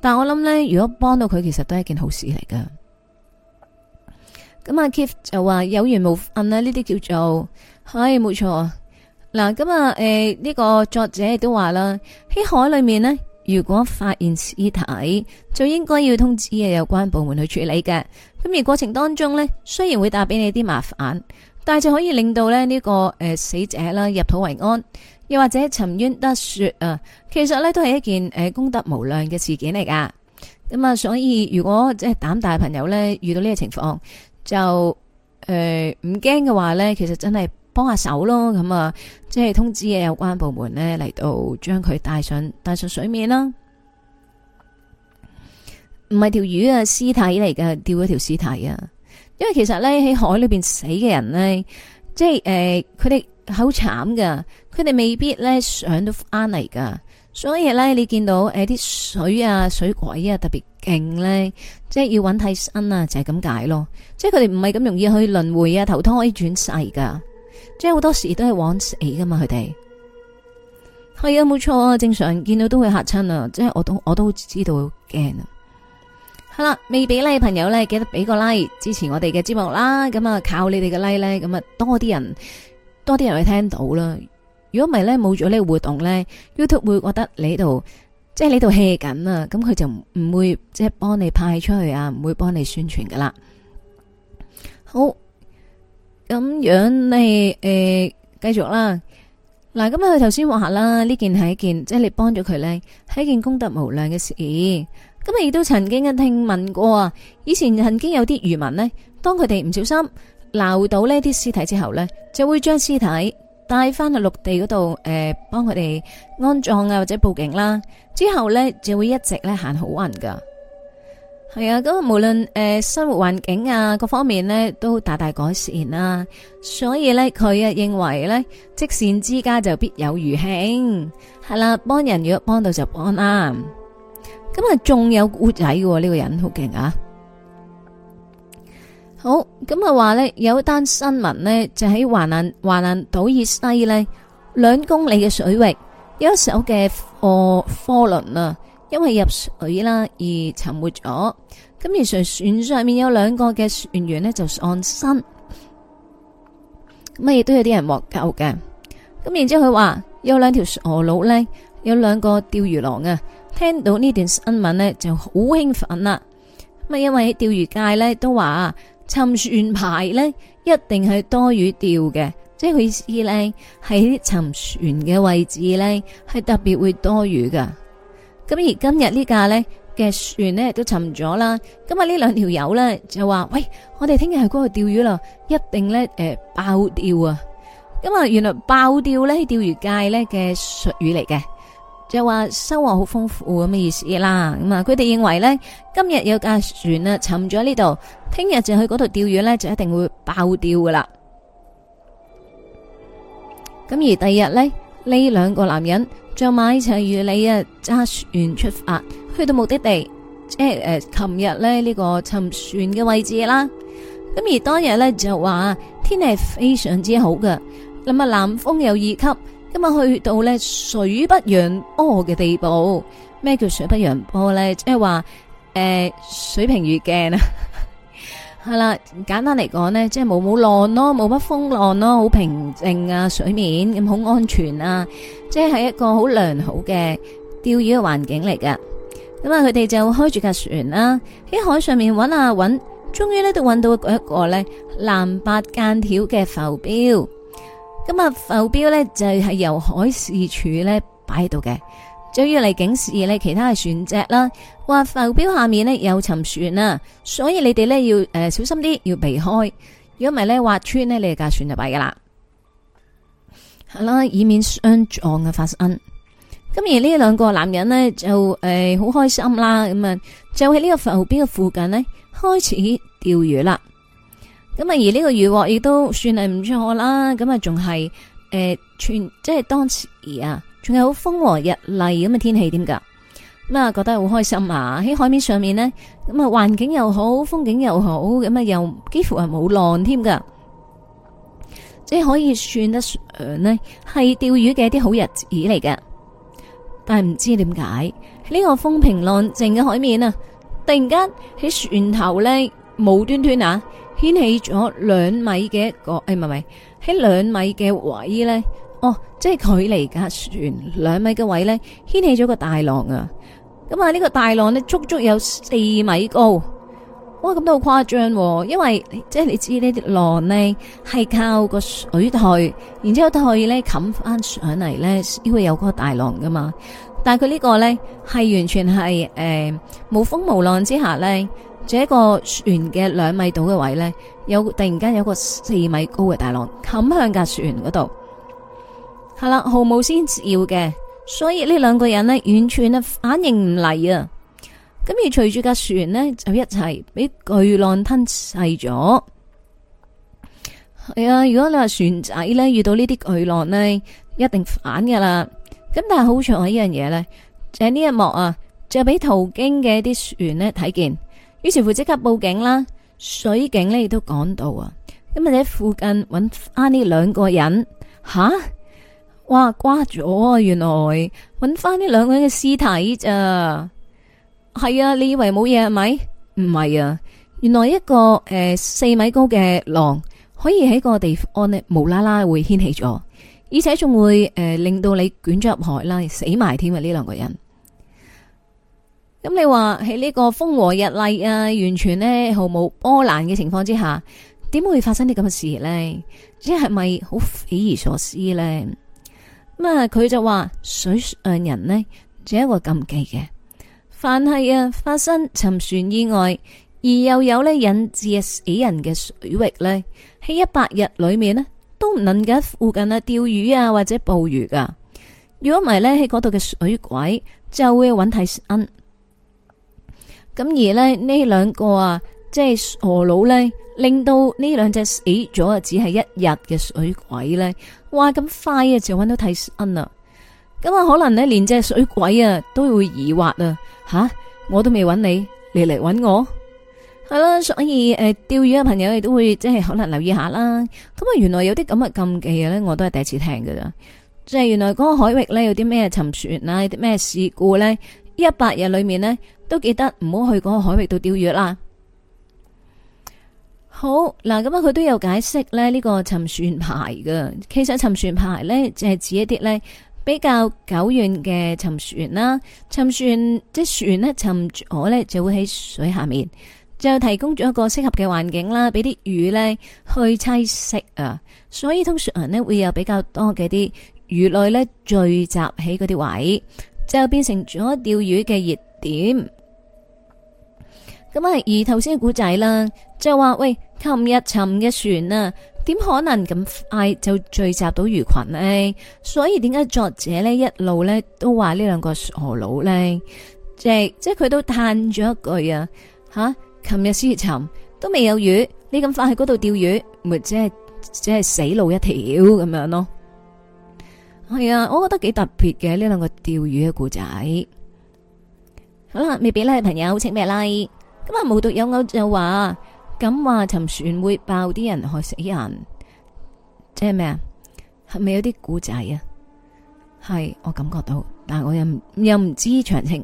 但係我諗呢，如果幫到佢，其實都係一件好事嚟噶。咁啊，Kip 就話有緣無份啦。呢啲叫做係，冇錯嗱。咁啊，誒呢、欸呢個作者亦都話啦，喺海裏面呢，如果發現屍體，就應該要通知有關部門去處理嘅。咁而過程當中呢，雖然會帶俾你啲麻煩，但係就可以令到咧呢個誒死者啦入土為安，又或者沉冤得雪啊！其實呢，都係一件誒功德無量嘅事件嚟㗎。咁啊，所以如果即係膽大朋友呢，遇到呢個情況，就誒唔驚嘅話呢，其實真係幫下手咯。咁啊，即係通知有關部門呢，嚟到將佢帶上帶上水面啦。唔係條魚啊，屍體嚟噶，掉咗條屍體啊。因為其實咧喺海裏邊死嘅人咧，即係誒，佢哋好慘噶，佢哋未必咧上到翻嚟噶。所以咧，你見到誒啲、呃、水啊、水鬼啊特別勁咧，即係要揾替身啊，就係、是、咁解咯。即係佢哋唔係咁容易去輪迴啊、投胎可以轉世噶，即係好多時都係枉死噶嘛。佢哋係啊，冇錯啊，正常見到都會嚇親啊。即係我都我都知道好驚啊。好啦，未俾咧朋友咧，記得俾個 like 支持我哋嘅節目啦。咁、嗯、啊，靠你哋嘅 like 咧，咁、嗯、啊多啲人，多啲人去聽到啦。如果唔係咧，冇咗呢個活動咧，YouTube 會覺得你度即係你度 hea 緊啊，咁佢就唔會即係幫你派出去啊，唔會幫你宣傳噶啦。好，咁樣你誒繼、呃、續啦。嗱，咁啊頭先話下啦，呢件係一件，即係你幫咗佢咧，係一件功德無量嘅事。咁亦都曾經啊聽聞過啊，以前曾經有啲漁民呢，當佢哋唔小心撈到呢啲屍體之後呢，就會將屍體帶翻去陸地嗰度誒，幫佢哋安葬啊或者報警啦。之後呢，就會一直咧行好運噶。係啊，咁無論誒生活環境啊各方面呢，都大大改善啦。所以呢，佢啊認為呢積善之家就必有餘慶，係啦，幫人如果幫到就幫啱。咁啊，仲有烏仔嘅呢個人好勁啊！好，咁啊話呢，有一單新聞呢，就喺華南、華南島以西呢兩公里嘅水域，有一艘嘅貨貨輪啊，因為入水啦而沉沒咗。咁而上船上面有兩個嘅船員呢，就喪生，乜嘢都有啲人獲救嘅。咁然之後佢話有兩條河佬呢。有兩個釣魚郎啊，聽到呢段新聞呢就好興奮啦。咁啊，因為喺釣魚界呢，都話沉船牌呢一定係多魚釣嘅，即係佢意思呢喺沉船嘅位置呢係特別會多魚噶咁而今日呢架呢嘅船呢都沉咗啦。咁日呢兩條友呢，就話：喂，我哋聽日去嗰度釣魚啦，一定呢誒爆釣啊！咁啊，原來爆釣呢喺釣魚界呢嘅術語嚟嘅。就話收穫好豐富咁嘅意思啦，咁啊佢哋認為呢，今日有架船呀沉咗喺呢度，聽日就去嗰度釣魚呢，就一定會爆釣噶啦。咁而第二日呢，呢兩個男人就買齊漁具啊，揸船出發去到目的地，即係誒琴日呢，呢、呢個沉船嘅位置啦。咁而當日呢，就話天氣非常之好㗎。咁啊南風有二級。今日去到咧水不揚波嘅地步，咩叫水不揚波咧？即係話誒，水平如鏡啊，係啦。簡單嚟講咧，即係冇冇浪咯，冇乜風浪咯，好平靜啊，水面咁好安全啊，即係一個好良好嘅釣魚嘅環境嚟噶。咁啊，佢哋就開住架船啦，喺海上面揾啊揾，終於咧都揾到一個咧藍白間條嘅浮標。咁啊，浮標咧就係、是、由海事處咧擺喺度嘅，就要嚟，警示咧其他嘅船隻啦。話浮標下面呢有沉船啊，所以你哋呢要誒、呃、小心啲，要避開，如果唔係呢，劃穿呢你架船就擺噶啦，係啦，以免相撞嘅發生。咁而呢兩個男人呢，就誒好、呃、開心啦，咁啊就喺呢個浮標嘅附近呢，開始釣魚啦。咁啊，而呢個漁獲亦都算係唔錯啦。咁啊，仲係誒，全即係當時啊，仲有好風和日麗咁嘅天氣，點噶咁啊？覺得好開心啊！喺海面上面呢，咁啊，環境又好，風景又好，咁啊，又幾乎係冇浪添噶，即係可以算得上呢係釣魚嘅一啲好日子嚟嘅。但係唔知點解呢個風平浪靜嘅海面啊，突然間喺船頭咧冇端端啊～掀起咗兩米嘅一個，誒唔係唔係喺兩米嘅位咧，哦，即係距離架船兩米嘅位咧，掀起咗個大浪啊！咁啊，呢個大浪咧足足有四米高，哇！咁都好誇張，因為即係你知呢啲浪咧係靠個水退，然之後都可以咧冚翻上嚟咧，因為有個大浪噶嘛。但係佢呢個咧係完全係誒冇風無浪之下咧。這個船嘅兩米度嘅位呢，有突然間有個四米高嘅大浪，冚向架船嗰度，係啦，毫無先兆嘅，所以呢兩個人呢，完全呢反應唔嚟啊，咁而隨住架船呢，就一齊俾巨浪吞噬咗，係啊。如果你話船仔呢，遇到呢啲巨浪呢，一定反噶啦。咁但係好在係一樣嘢呢，就係呢一幕啊，就俾途經嘅啲船呢睇見。於是乎即刻報警啦，水警呢亦都趕到啊，咁啊喺附近搵翻呢兩個人吓，哇瓜咗，原來搵翻呢兩個人嘅屍體咋？係啊，你以為冇嘢係咪？唔係啊，原來一個誒、呃、四米高嘅浪可以喺個地方咧無啦啦會掀起咗，而且仲會誒、呃、令到你捲咗入海啦，死埋添啊呢兩個人。咁你話喺呢個風和日麗啊，完全呢，毫無波瀾嘅情況之下，點會發生啲咁嘅事呢？即係咪好匪夷所思呢？咁、嗯、啊，佢就話水上人呢，就係一個禁忌嘅，凡係啊發生沉船意外而又有呢引致死人嘅水域呢，喺一百日裏面呢都唔能夠附近啊釣魚啊或者捕魚噶。如果唔係呢，喺嗰度嘅水鬼就會搵替身。咁而呢呢兩個啊，即係傻佬呢，令到呢兩隻死咗啊，只係一日嘅水鬼呢。哇咁快啊就揾到替身啦！咁、嗯、啊可能呢連隻水鬼啊都會疑惑啊吓，我都未搵你你嚟搵我，係啦，所以誒、呃、釣魚嘅朋友亦都會即係可能留意下啦。咁、嗯、啊原來有啲咁嘅禁忌呢我都係第一次聽噶咋。即、就、係、是、原來嗰個海域呢，有啲咩沉船啊，啲咩事故呢？一百日裏面呢。都記得唔好去嗰個海域度釣魚啦。好嗱，咁佢都有解釋咧呢個沉船牌噶。其實沉船牌呢，就係指一啲呢比較久遠嘅沉船啦。沉船即船呢，沉咗呢就會喺水下面，就提供咗一個適合嘅環境啦，俾啲魚呢去棲息啊。所以通常呢，會有比較多嘅啲魚類呢聚集喺嗰啲位，就變成咗釣魚嘅熱點。咁啊，而頭先嘅古仔啦，就話喂，琴日沉嘅船啊，點可能咁快就聚集到魚群呢？」所以點解作者呢一路呢都話呢兩個傻佬呢？即係即係佢都嘆咗一句啊吓，琴日先沉，都未有魚，你咁快去嗰度釣魚，咪即係即係死路一條咁樣咯？係啊，我覺得幾特別嘅呢兩個釣魚嘅故仔。好啦，未俾咧，朋友請咩咧、like？咁啊！無獨有偶就話咁話沉船會爆啲人害死人，即係咩啊？係咪有啲古仔啊？係我感覺到，但係我又又唔知詳情。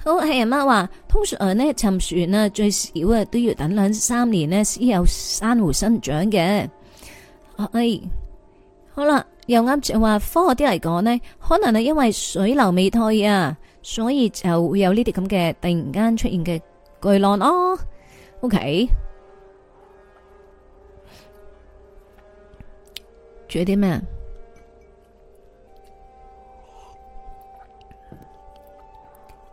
好係人媽話，通常呢沉船啊最少啊都要等兩三年呢先有珊瑚生長嘅。哎，好啦，又啱就話，科學啲嚟講呢，可能係因為水流未退啊，所以就會有呢啲咁嘅突然間出現嘅。巨浪咯，哦，OK。仲有啲咩？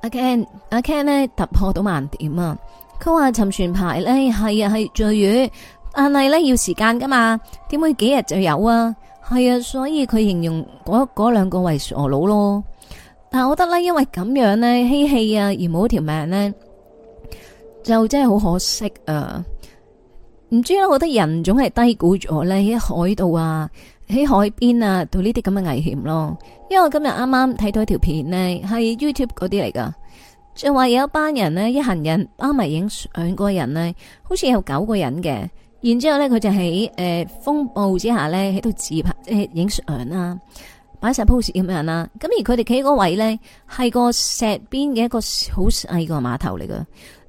阿 Ken，阿 Ken 呢突破到萬點啊！佢話沉船牌呢係啊係在月，但係呢要時間噶嘛，點會幾日就有啊？係啊，所以佢形容嗰嗰兩個為傻佬咯。但係我覺得呢，因為咁樣呢，嬉戲啊，而冇條命呢。就真係好可惜啊！唔知咧，我覺得人總係低估咗咧喺海度啊，喺海邊啊，到呢啲咁嘅危險咯。因為我今日啱啱睇到一條片呢，係 YouTube 嗰啲嚟噶就話有一班人呢，一行人包埋影相，嗰個人呢，好似有九個人嘅。然之後呢，佢就喺誒，風暴之下呢，喺度自拍，即係影相啦，擺晒 pose 咁樣啦。咁而佢哋企嗰位呢，係個石邊嘅一個好細個碼頭嚟噶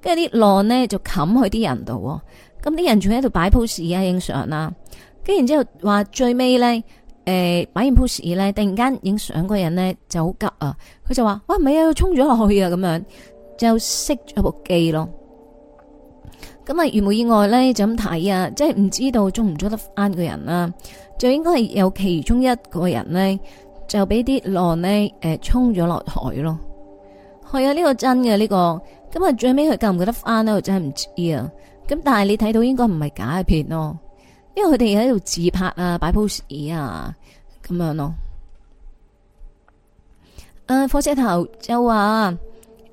因為啲浪呢，就冚去啲人度，咁啲人仲喺度擺 pose 啊，影相啦。跟然之後話最尾呢，誒擺完 pose 呢，突然間影相嗰個人呢，就好急啊，佢就話：，哇，唔係啊，衝咗落去啊，咁樣就熄咗部機咯。咁啊，如無意外呢，就咁睇啊，即係唔知道捉唔捉得翻個人啦。就應該係有其中一個人呢，就俾啲浪呢誒衝咗落海咯。係、哎、啊，呢、呢個真嘅呢、呢個。咁啊，最尾佢夾唔夾得翻呢，我真係唔知啊！咁但係你睇到應該唔係假嘅片咯，因為佢哋喺度自拍啊，擺 pose 啊，咁樣咯、啊。誒、啊，火車頭就話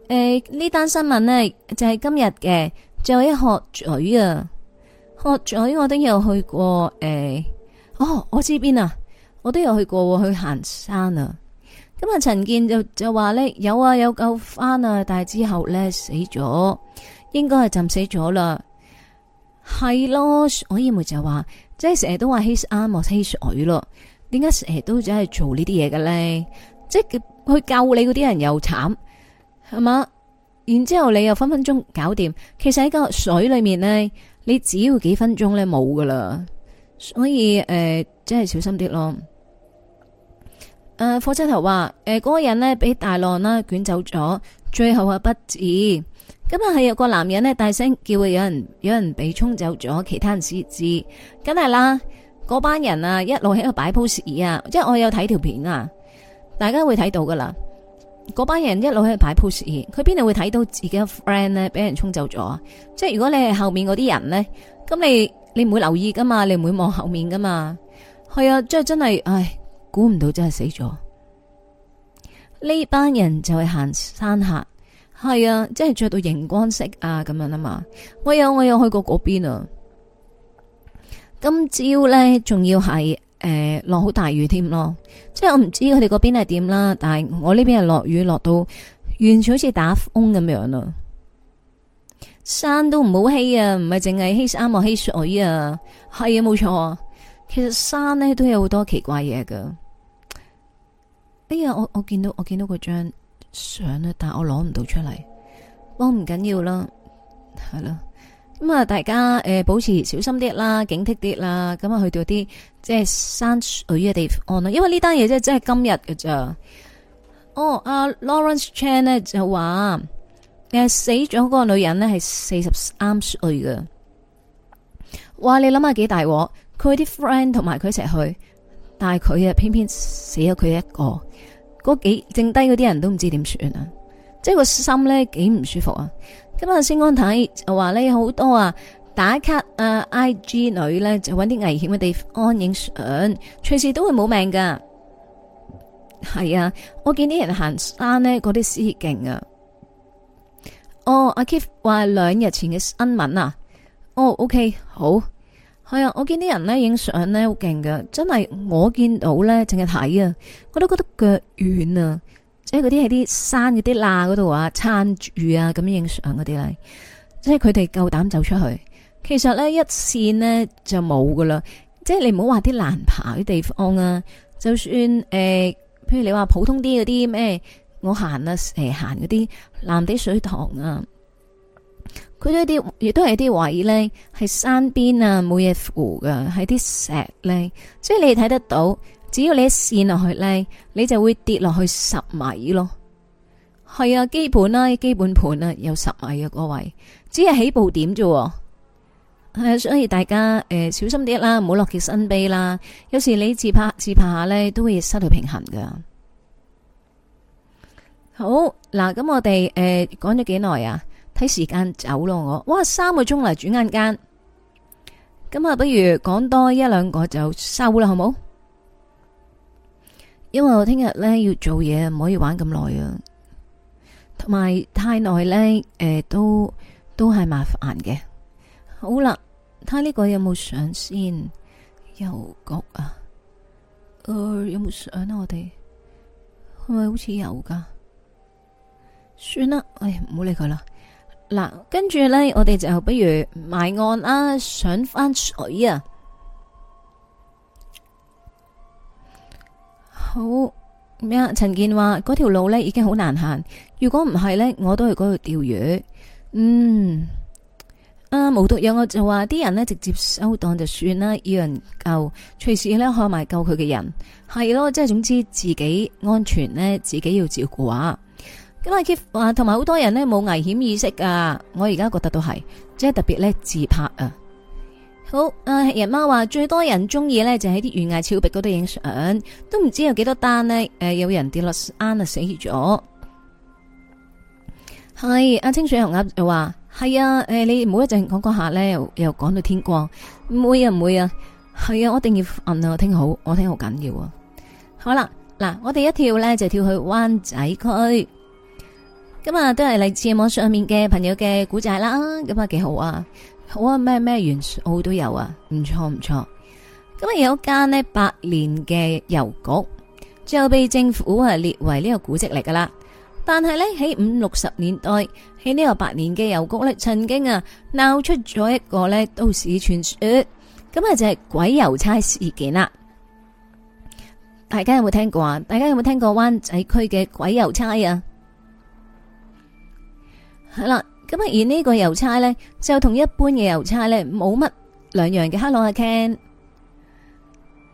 誒呢單新聞呢，就係、是、今日嘅，就一鶴咀啊，鶴咀我都有去過誒、欸，哦，我知邊啊，我都有去過去行山啊。咁啊，陳建就就話咧有啊，有救翻啊，但係之後咧死咗，應該係浸死咗啦，係咯，所以咪就話，即係成日都話欺山莫欺水咯，點解成日都只係做呢啲嘢嘅咧？即係佢救你嗰啲人又慘係嘛，然之後你又分分鐘搞掂，其實喺個水裏面呢，你只要幾分鐘咧冇噶啦，所以誒、呃，即係小心啲咯。誒，火、uh, 車頭話：誒、呃，嗰、那個人呢，俾大浪啦捲走咗，最後啊不治。今日係有個男人呢，大聲叫有人，有人有人被沖走咗，其他人先知。梗係啦，嗰班人啊一路喺度擺 pose 啊，即係我有睇條片啊，大家會睇到噶啦。嗰班人一路喺度擺 pose，佢邊度會睇到自己個 friend 呢？俾人沖走咗？即係如果你係後面嗰啲人呢，咁你你唔會留意噶嘛，你唔會望後面噶嘛。係啊，即係真係，唉。估唔到真係死咗，呢班人就係行山客，係啊，即係着到熒光色啊咁樣啊嘛。我有我有去過嗰邊啊，今朝呢，仲要係誒落好大雨添咯，即係我唔知佢哋嗰邊係點啦，但係我呢邊係落雨落到完全好似打風咁樣啊。山都唔好欺啊，唔係淨係欺山莫欺水啊，係啊冇錯啊，其實山呢都有好多奇怪嘢㗎。哎呀，我我見到我見到嗰張相咧，但我攞唔到出嚟。我唔緊要啦，係啦。咁啊，大家誒、呃、保持小心啲啦，警惕啲啦。咁、嗯、啊，去到啲即係山水嘅地方哦。因為呢單嘢即係即係今日嘅咋。哦，阿、啊、Lawrence Chan 咧就話誒死咗個女人咧係四十三歲嘅。哇，你諗下幾大鑊？佢啲 friend 同埋佢一齊去。但係佢啊，偏偏死咗佢一個，嗰幾剩低嗰啲人都唔知點算啊！即係個心咧幾唔舒服啊！今日先安睇就話呢好多啊打卡啊 IG 女咧就揾啲危險嘅地方影相，隨時都會冇命噶。係啊，我見啲人行山咧，嗰啲屍血勁啊！哦，阿 Keith 話兩日前嘅新聞啊，哦，OK 好。係啊，我見啲人咧影相咧好勁㗎。真係我見到咧淨係睇啊，我都覺得腳軟啊，即係嗰啲喺啲山嗰啲罅嗰度啊，撐住啊咁影相嗰啲咧，即係佢哋夠膽走出去。其實咧一線呢就冇噶啦，即係你唔好話啲難爬啲地方啊，就算誒、呃，譬如你話普通啲嗰啲咩，我行啊誒行嗰啲藍地水塘啊。佢啲啲亦都係啲位呢係山邊啊，冇嘢扶噶，係啲石呢，所以你睇得到，只要你一跣落去呢，你就會跌落去十米咯。係啊，基本啦，基本盤啊，有十米啊，各位，只係起步點啫。係啊，所以大家誒、呃、小心啲啦，唔好落腳身碑啦。有時你自拍自拍下呢，都會失去平衡噶。好，嗱，咁我哋誒講咗幾耐啊？睇時間走咯，我哇三個鐘嚟，轉眼間咁啊，不如講多一兩個就收啦，好冇？因為我聽日呢要做嘢，唔可以玩咁耐、呃、啊。同埋太耐呢，誒，都都係麻煩嘅。好啦，睇呢個有冇上先？右角啊，誒，有冇上啊？我哋係咪好似有噶？算啦，唉，唔好理佢啦。嗱，跟住呢，我哋就不如埋岸啦、啊，上翻水啊！好咩啊？陳健話：嗰條路呢已經好難行，如果唔係呢，我都去嗰度釣魚。嗯，啊，無獨有我就話啲人呢直接收檔就算啦，要人救，隨時呢，看埋救佢嘅人，係咯，即係總之自己安全呢，自己要照顧啊！咁啊！佢話同埋好多人呢，冇危險意識㗎。我而家覺得都係即係特別呢自拍啊。好啊，人媽話最多人中意呢，就喺啲懸崖峭壁嗰度影相，都唔知有幾多單呢，誒，有人跌落山啊，死咗。係阿清水紅鴨又話係啊。誒，你唔好一陣講講下呢，又又講到天光，唔會啊，唔會啊，係啊，我一定要嗯，啊。聽好，我聽好緊要啊。好啦，嗱，我哋一跳呢，就跳去灣仔區。咁啊，都係嚟自網上面嘅朋友嘅古仔啦，咁啊幾好啊，好啊，咩咩元素都有啊，唔錯唔錯。咁啊有間呢百年嘅郵局，最後被政府啊列為呢個古蹟嚟噶啦。但係呢，喺五六十年代，喺呢個百年嘅郵局呢曾經啊鬧出咗一個呢都市傳說，咁啊就係鬼郵差事件啦。大家有冇聽過？啊？大家有冇聽過灣仔區嘅鬼郵差啊？係啦，咁啊、嗯、而呢個郵差呢，就同一般嘅郵差呢冇乜兩樣嘅。Hello，阿 Ken，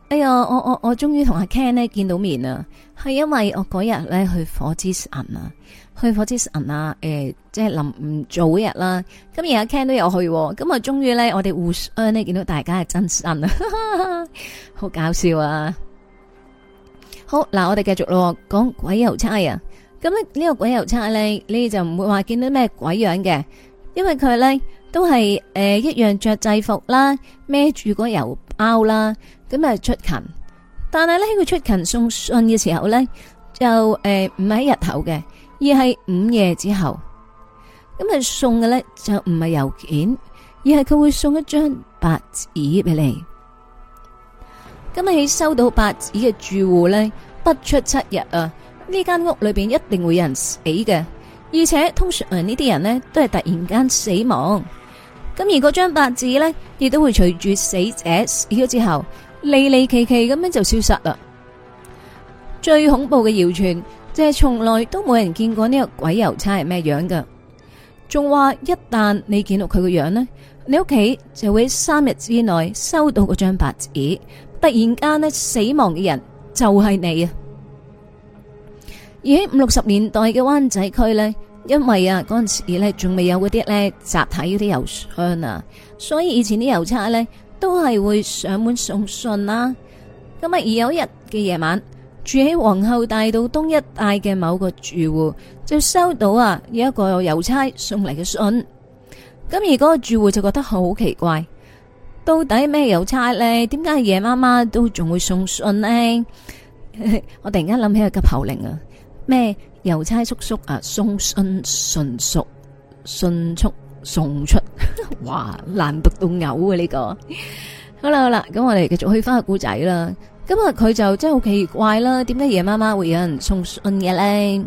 哎呀，我我我終於同阿 Ken 呢見到面啦。係因為我嗰日呢去火之神啊，去火之神，去火之神，呃、去啊，誒，即係唔早日啦。咁而阿 Ken 都有去，咁啊，終於呢，我哋互相呢見到大家係真身啊， 好搞笑啊！好，嗱，我哋繼續咯，講鬼郵差啊！咁咧呢個鬼郵差咧，你就唔會話見到咩鬼樣嘅，因為佢咧都係誒一樣着制服啦，孭住個郵包啦，咁啊出勤。但係咧佢出勤送信嘅時候咧，就誒唔係喺日頭嘅，而係午夜之後。咁啊送嘅咧就唔係郵件，而係佢會送一張白紙俾你。咁你收到白紙嘅住戶咧，不出七日啊！呢間屋裏邊一定會有人死嘅，而且通常呢啲人呢都係突然間死亡。咁而嗰張白紙呢，亦都會隨住死者死咗之後，離離奇奇咁樣就消失啦。最恐怖嘅謠傳就係、是，從來都冇人見過呢個鬼郵差係咩樣㗎。仲話一旦你見到佢個樣呢，你屋企就會三日之內收到嗰張白紙，突然間呢死亡嘅人就係你啊！而喺五六十年代嘅灣仔區呢，因為啊嗰陣時呢仲未有嗰啲呢集體嗰啲郵箱啊，所以以前啲郵差呢都係會上門送信啦。咁啊，而有一日嘅夜晚，住喺皇后大道東一帶嘅某個住戶就收到啊一個郵差送嚟嘅信。咁而嗰個住戶就覺得好奇怪，到底咩郵差呢？點解夜媽媽都仲會送信呢？ 」我突然間諗起個急口令啊！.咩郵差叔叔啊，送信迅速、迅速送出， 哇，難讀到嘔啊！呢、這個 好啦好啦，咁我哋繼續去翻個古仔啦。今日佢就真係好奇怪啦，點解夜媽媽會有人送信嘅咧？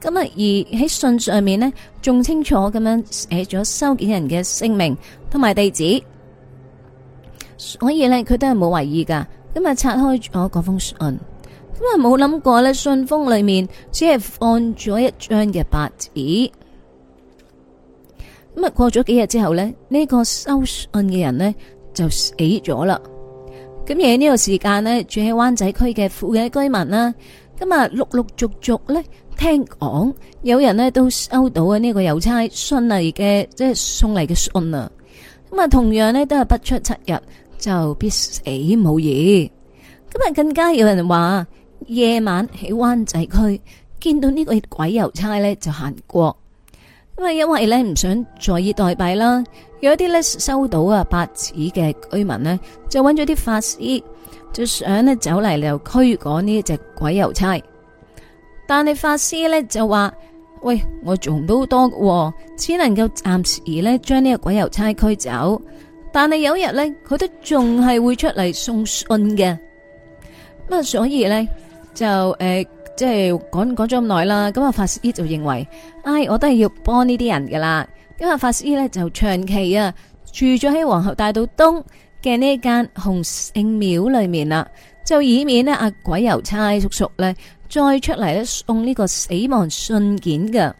今日而喺信上面呢，仲清楚咁樣寫咗收件人嘅姓名同埋地址，所以呢，佢都係冇為意噶。今日拆開咗嗰封信。因為冇諗過呢，信封裏面只係放咗一張嘅白紙。咁啊，過咗幾日之後呢呢、呢個收信嘅人呢就死咗啦。咁而喺呢個時間呢，住喺灣仔區嘅附近居民啦，咁日陸陸續續聽聽講，有人呢都收到啊呢個郵差信嚟嘅，即係送嚟嘅信啊。咁啊，同樣呢，都係不出七日就必死無疑。咁啊，更加有人話，夜晚喺灣仔區見到呢個鬼郵差呢，就行過，因為因為呢，唔想坐以待斃啦，有啲呢收到啊八紙嘅居民呢，就揾咗啲法師就想呢走嚟就驅趕呢隻鬼郵差，但係法師呢，就話：喂，我做唔到好多嘅，只能夠暫時呢將呢個鬼郵差驅走，但係有日呢，佢都仲係會出嚟送信嘅，咁所以呢。就誒、呃，即係講講咗咁耐啦。咁啊，法師呢就認為，哎，我都係要幫呢啲人噶啦。咁啊，法師呢就長期啊，住咗喺皇后大道東嘅呢一間洪聖廟裏面啦。就以免呢阿鬼郵差叔叔咧再出嚟咧送呢個死亡信件噶。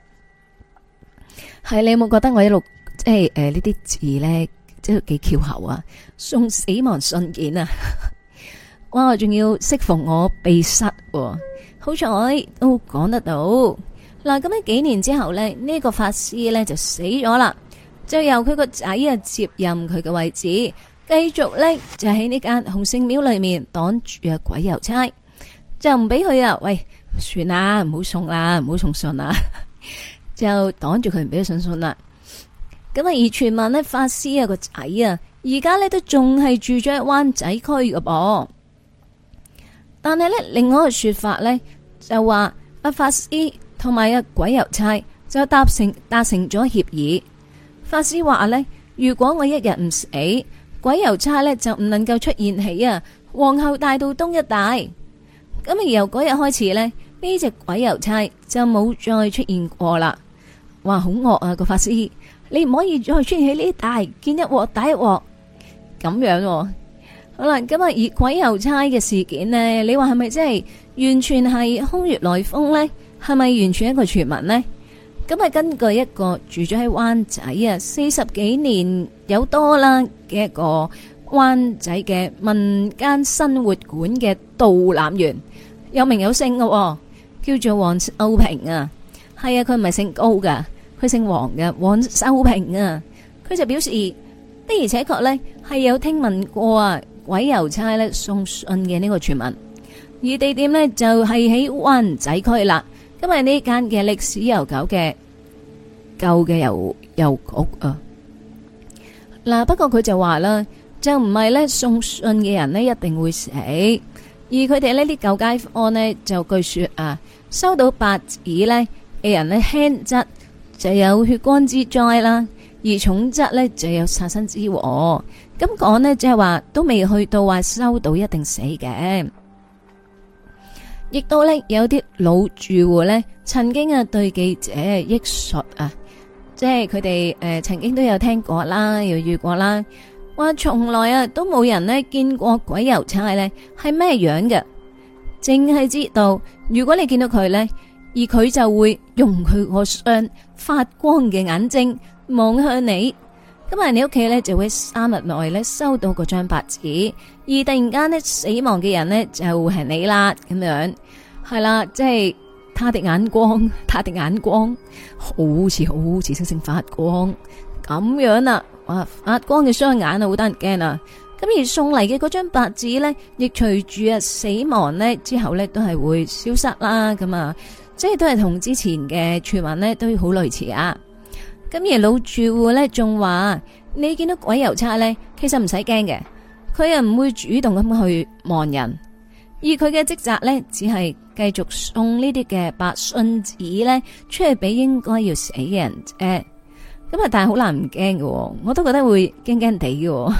係你有冇覺得我一路即係誒呢啲字咧，即係幾巧合啊？送死亡信件啊！哇！仲要馴服我鼻喎，哦，好彩都講得到。嗱，咁喺幾年之後呢，呢、呢個法師呢就死咗啦，就由佢個仔啊接任佢嘅位置，繼續呢就喺呢間紅聖廟裏面擋住鬼郵差，就唔俾佢啊！喂，算啦，唔好送啦，唔好送信啦， 就擋住佢唔俾佢送信啦。咁啊，而傳聞呢，法師啊個仔啊，而家呢都仲係住咗喺灣仔區嘅噃。但係咧，另外一個說法咧，就話阿法師同埋阿鬼郵差就達成達成咗協議。法師話呢，如果我一日唔死，鬼郵差呢就唔能夠出現起啊皇后大道東一帶。咁啊由嗰日開始呢，呢隻鬼郵差就冇再出現過啦。哇，好惡啊個法師，你唔可以再出現喺呢一帶，見一鑊打一鑊咁樣，哦。好啦，咁啊，熱鬼郵差嘅事件咧，你話係咪真係完全係空穴來風咧？係咪完全一個傳聞咧？咁啊，根據一個住咗喺灣仔啊四十幾年有多啦嘅一個灣仔嘅民間生活館嘅導覽員，有名有姓嘅，叫做黃修平啊。係啊，佢唔係姓高嘅，佢姓黃嘅，黃修平啊。佢就表示的而且確咧，係有聽聞過啊。鬼郵差呢送信嘅呢個傳聞，而地點呢就係喺灣仔區啦。今日呢間嘅歷史悠久嘅舊嘅郵郵局啊，嗱、啊，不過佢就話啦，就唔係呢送信嘅人呢一定會死，而佢哋呢啲舊街坊呢，就據說啊，收到白紙呢，嘅人呢輕則就有血光之災啦，而重則呢就有殺身之禍。咁講呢，即係話都未去到話收到一定死嘅。亦都呢，有啲老住戶呢曾經啊對記者憶述啊，即係佢哋誒曾經都有聽過啦，又遇過啦，話從來啊都冇人呢見過鬼郵差呢係咩樣嘅，淨係知道如果你見到佢呢，而佢就會用佢個雙發光嘅眼睛望向你。今日你屋企咧就會三日內咧收到嗰張白紙，而突然間咧死亡嘅人呢，就係你啦，咁樣係啦，即係他的眼光，他的眼光好似好似星星發光咁樣啦，啊，哇，發光嘅雙眼啊，好得人驚啊！咁而送嚟嘅嗰張白紙呢，亦隨住啊死亡呢之後呢，都係會消失啦，咁啊，即係都係同之前嘅傳聞呢，都好類似啊。咁而老住戶咧仲話：你見到鬼郵差咧，其實唔使驚嘅，佢又唔會主動咁去望人，而佢嘅職責咧只係繼續送呢啲嘅白信紙咧，出去俾應該要死嘅人。誒，咁啊，但係好難唔驚嘅，我都覺得會驚驚地喎！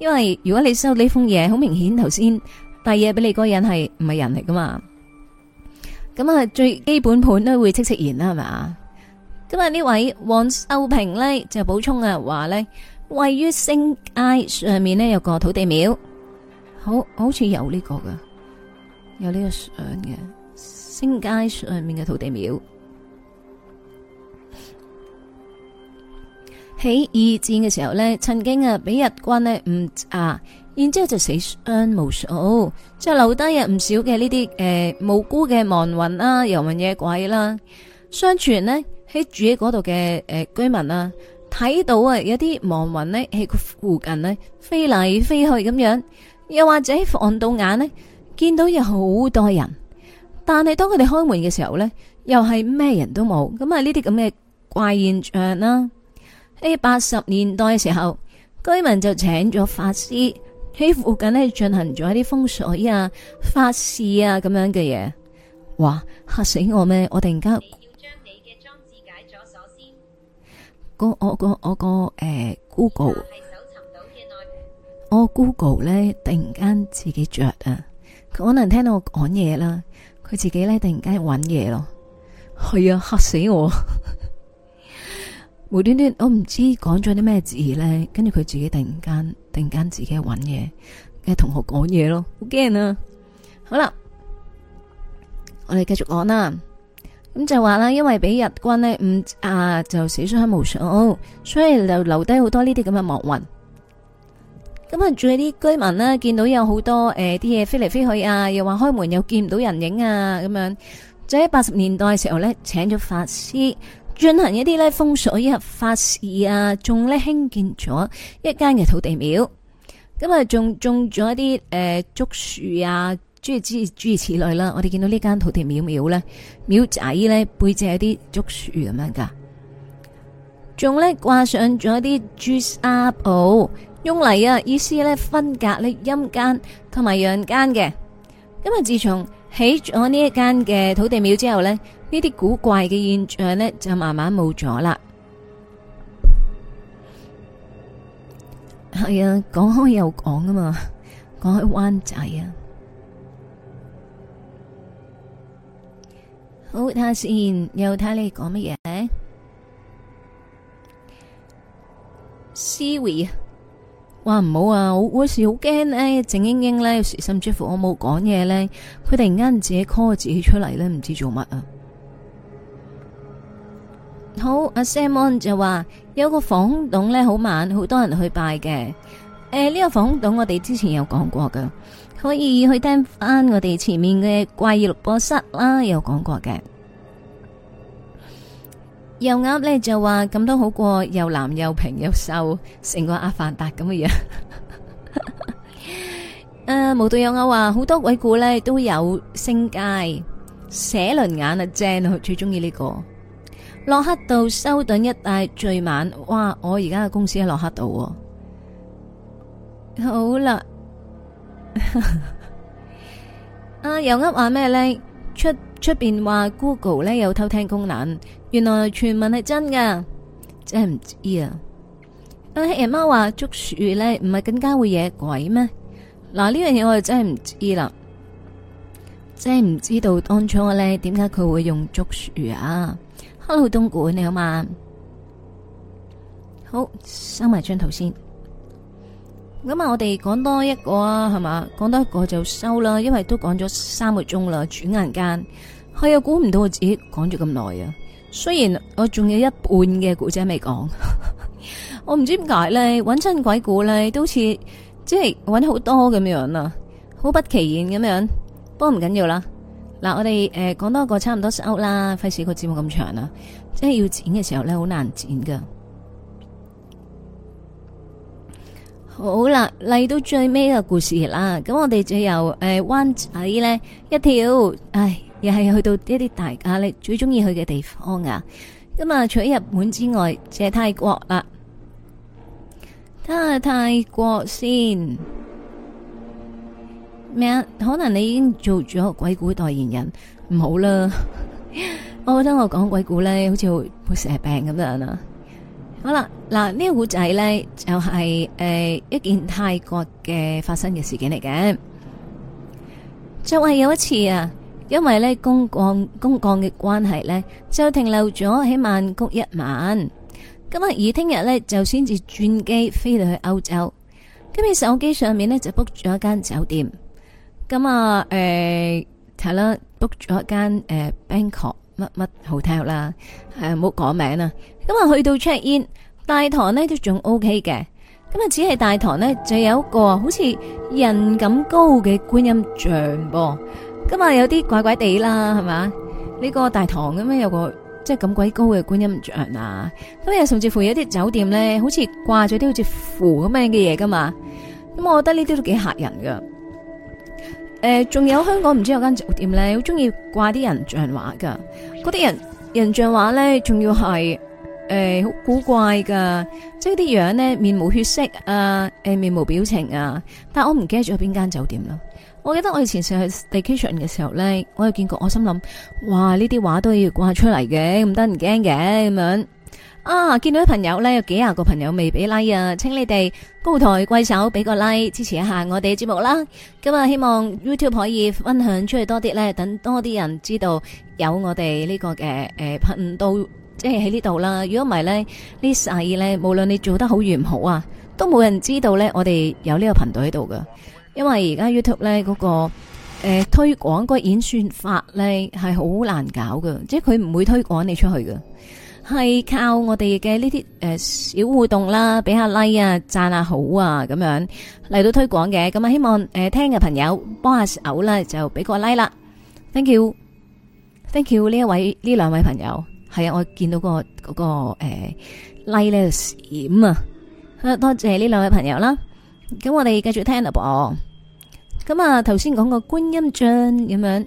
因為如果你收到呢封嘢，好明顯頭先遞嘢俾你嗰個人係唔係人嚟噶嘛？咁啊，最基本盤都會戚戚然啦，係嘛？因為！呢位黃秀平呢，就補充啊，話呢位於星街上面呢，有個土地廟，好好似有呢個嘅，有呢個相嘅。星街上面嘅土地廟喺 二戰嘅時候呢，曾經啊俾日軍呢，誤炸，然之後就死傷無數，就留低嘅唔少嘅呢啲誒無辜嘅亡魂啦、遊魂野鬼啦、啊，相傳呢。喺住喺嗰度嘅誒居民啊，睇到啊有啲亡魂呢喺附近呢飛嚟飛去咁樣，又或者喺防盜眼呢見到有好多人，但係當佢哋開門嘅時候呢，又係咩人都冇，咁啊呢啲咁嘅怪現象啦、啊。喺八十年代嘅時候，居民就請咗法師喺附近呢進行咗一啲風水啊、法事啊咁樣嘅嘢，哇，嚇死我咩？我突然間。我我個我個誒、欸、Google，搜到我 Google 咧，突然間自己着啊！佢可能聽到我講嘢啦，佢自己咧突然間揾嘢咯，係 啊吓死我！ 無端端我唔知講咗啲咩字咧，跟住佢自己突然間突然間自己揾嘢，跟同學講嘢咯，好驚啊！好啦，我哋繼續講啦。咁就話啦，因為俾日軍呢，唔啊，就死傷喺無數，所以留留低好多呢啲咁嘅亡魂。咁啊，仲有啲居民呢，見到有好多誒啲嘢飛嚟飛去啊，又話開門又見唔到人影啊咁樣。就喺八十年代嘅時候呢，請咗法師進行一啲呢風水啊法事啊，仲呢興建咗一間嘅土地廟。咁、呃、啊，仲種咗一啲誒竹樹啊。諸如此諸如此類啦，我哋見到呢間土地廟廟咧，廟仔咧，背脊有啲竹樹咁樣噶，仲咧掛上咗有啲朱砂布，用嚟啊意思咧分隔呢陰間同埋陽間嘅。因為自從起咗呢一間嘅土地廟之後呢，呢啲古怪嘅現象呢就慢慢冇咗啦。係啊、哎，講開又講啊嘛，講開灣仔啊。好睇下先看看，又睇你講乜嘢？Siri 啊，哇唔好啊，我有時好驚呢、啊。靜英英呢，有時甚至乎我冇講嘢呢。佢突然間自己 call 自己出嚟呢，唔知做乜啊！好，阿 Simon 就話有個防空洞呢，好晚，好多人去拜嘅。誒、呃、呢、這個防空洞我哋之前有講過嘅。可以去聽翻我哋前面嘅怪異錄播室啦，有講過嘅。有鴨咧就話咁都好過又藍又平又瘦，成個阿凡達咁嘅樣。誒，無對有鴨話好多鬼故咧都有升階，寫輪眼啊，正，最中意呢個。洛克道、修頓一帶最晚，哇！我而家嘅公司喺洛克道。好啦。 啊！又噏話咩呢？出出邊話 Google 呢有偷聽功能，原來傳聞係真㗎，真唔知啊！啊！黑人貓話竹樹呢唔係更加會惹鬼咩？嗱、啊，呢樣嘢我就真係唔知啦，真係唔知道當初呢點解佢會用竹樹啊？Hello，東莞你好嘛？好，收埋張圖先。咁啊，我哋講多一個啊，係嘛？講多一個就收啦，因為都講咗三個鐘啦，轉眼間，我又估唔到我自己講咗咁耐啊。雖然我仲有一半嘅古仔未講， 我唔知點解咧，揾親鬼古咧，都似即係揾好多咁樣啊，好不期然咁樣。不過唔緊要啦，嗱，我哋誒講多一個差唔多收啦，費事個節目咁長啦，即係要剪嘅時候咧，好難剪噶。好啦，嚟到最尾嘅故事啦，咁我哋就由誒灣仔咧一條，唉，又係去到一啲大家咧最中意去嘅地方啊。今日除咗日本之外，就係泰國啦。睇下泰國先咩啊？可能你已經做咗鬼故代言人，唔好啦。我覺得我講鬼故咧，好似會成日病咁樣啊。好啦，嗱呢個古仔咧就係誒一件泰國嘅發生嘅事件嚟嘅。就係有一次啊，因為咧公幹公幹嘅關係咧，就停留咗喺曼谷一晚。今日而聽日咧就先至轉機飛去歐洲。今日手機上面咧就 book 咗一間酒店。咁啊誒睇啦，book 咗一間誒 Bangkok。乜乜好聽啦，唔好講名啦。咁啊，去到 check in 大堂咧都仲 O K 嘅。咁啊，只係大堂咧就有一個好似人咁高嘅觀音像噃。咁啊，有啲怪怪地啦，係嘛？呢個大堂咁樣有個即係咁鬼高嘅觀音像啊。咁啊，甚至乎有啲酒店咧，好似掛咗啲好似符咁樣嘅嘢噶嘛。咁我覺得呢啲都幾吓人噶。誒，仲、呃、有香港唔知有間酒店咧，好中意掛啲人像畫噶，嗰啲人人像畫咧，仲要係誒好古怪噶，即係啲樣咧面冇血色啊，誒、呃、面無表情啊，但我唔記得咗邊間酒店啦。我記得我以前成日去 Staycation 嘅時候咧，我又見過，我心諗，哇呢啲畫都要掛出嚟嘅，咁得唔驚嘅咁樣。啊！見到啲朋友呢，有幾廿個朋友未俾 like 啊！請你哋高抬貴手，俾個 like 支持一下我哋節目啦。咁啊，希望 YouTube 可以分享出去多啲呢。等多啲人知道有我哋呢個嘅誒、呃、頻道，即係喺呢度啦。如果唔係呢，呢世呢，無論你做得好與唔好啊，都冇人知道呢。我哋有呢個頻道喺度噶。因為而家 YouTube 呢嗰個、那個、呃、推廣個演算法呢係好難搞㗎，即係佢唔會推廣你出去㗎。係靠我哋嘅呢啲誒小互動啦，俾下 like 啊，讚下好啊，咁樣嚟到推廣嘅。咁啊，希望誒聽嘅朋友幫下手啦，就俾個 like 啦。thank you，thank you 呢一位呢兩位朋友，係啊，我見到個嗰個誒 like 咧閃啊，多謝呢兩位朋友啦。咁我哋繼續聽啦噃，咁啊頭先講個觀音像咁樣。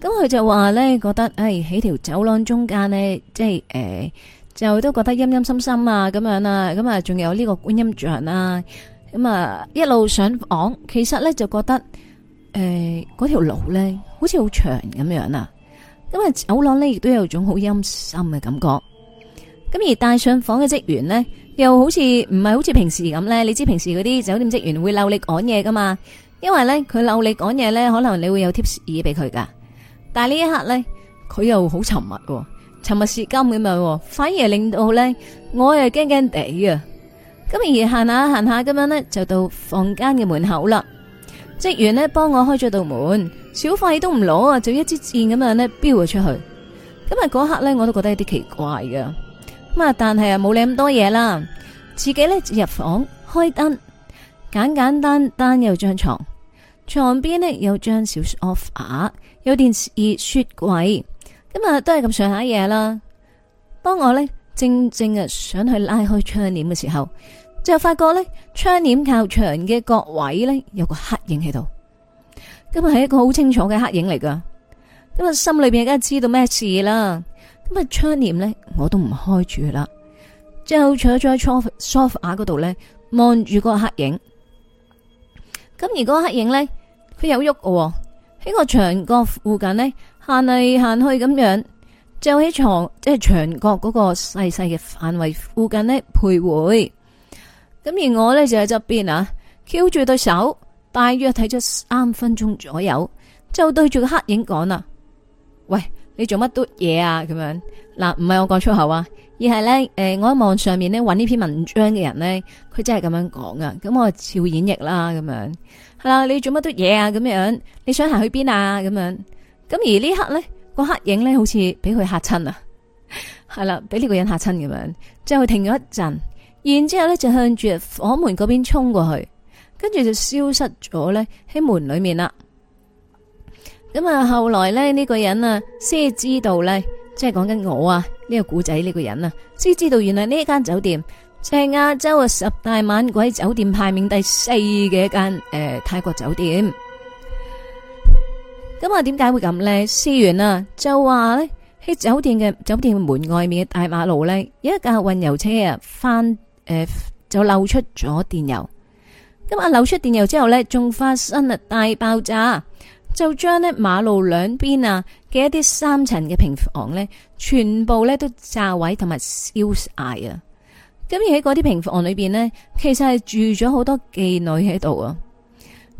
咁佢就話呢，覺得誒喺條走廊中間呢，即係誒、呃、就都覺得陰陰心心啊，咁樣啦，咁啊，仲有呢個觀音像啦、啊，咁啊一路上房，其實呢，就覺得誒嗰條路呢好似好長咁樣啊，咁啊走廊呢亦都有種好陰心嘅感覺。咁而帶上房嘅職員呢，又好似唔係好似平時咁呢。你知平時嗰啲酒店職員會留你講嘢噶嘛？因為呢，佢留你講嘢呢，可能你會有貼 i p 俾佢噶。但係呢一刻咧，佢又好沉默喎。沉默是金咁樣，反而令到咧我又驚驚地啊。咁而行下行下咁樣咧，就到房間嘅門口啦。職員咧幫我開咗道門，小費都唔攞啊，就一支箭咁樣咧飆咗出去。咁啊，嗰刻咧我都覺得有啲奇怪㗎。咁啊，但係啊冇理咁多嘢啦，自己咧入房開燈，簡簡單單有張床，床邊呢，有張小梳化。有電視，雪櫃，咁啊都係咁上下嘢啦。當我呢正正啊想去拉開窗簾嘅時候，就發覺呢窗簾靠牆嘅角位呢有個黑影喺度。咁啊係一個好清楚嘅黑影嚟噶。咁啊心裏邊梗係知道咩事啦。咁啊窗簾呢我都唔開住啦，之後坐咗喺梳化嗰度呢，望住嗰個黑影。咁、so so、而個黑影呢，佢有喐喎。喺個牆角附近呢，行嚟行去咁樣，就喺床即係牆角嗰個細細嘅範圍附近呢，徘徊。咁而我呢，就喺側邊啊，翹住對手，大約睇咗三分鐘左右，就對住個黑影講啊：喂，你做乜都嘢啊？咁樣嗱，唔係我講粗口啊，而係呢，誒、呃，我喺網上面呢，搵呢篇文章嘅人呢，佢真係咁樣講啊。咁我照演繹啦，咁樣。係啦、啊，你做乜都嘢啊？咁樣，你想行去邊啊？咁樣。咁而呢刻呢個黑影、 嗯、個呢，好似俾佢嚇親啊，係啦，俾呢個人嚇親咁樣，之後佢停咗一陣，然之後呢就向住房門嗰邊衝過去，跟住就消失咗呢喺門裏面啦。咁、嗯、啊，後來呢、這個人啊，先知道呢，即係講緊我啊呢、這個古仔呢個人啊，先知道原來呢間酒店，係亞洲啊，十大猛鬼酒店排名第四嘅一間誒、呃、泰國酒店。咁啊，點解會咁呢？思源啊，就話呢喺酒店嘅酒店門外面嘅大馬路呢，有一架運油車啊，翻誒、呃、就漏出咗電油。咁啊，漏出電油之後呢，仲發生啊大爆炸，就將呢馬路兩邊啊嘅一啲三層嘅平房呢，全部呢都炸毀同埋燒晒啊！咁而喺嗰啲平房案裏邊咧，其實係住咗好多妓女喺度啊！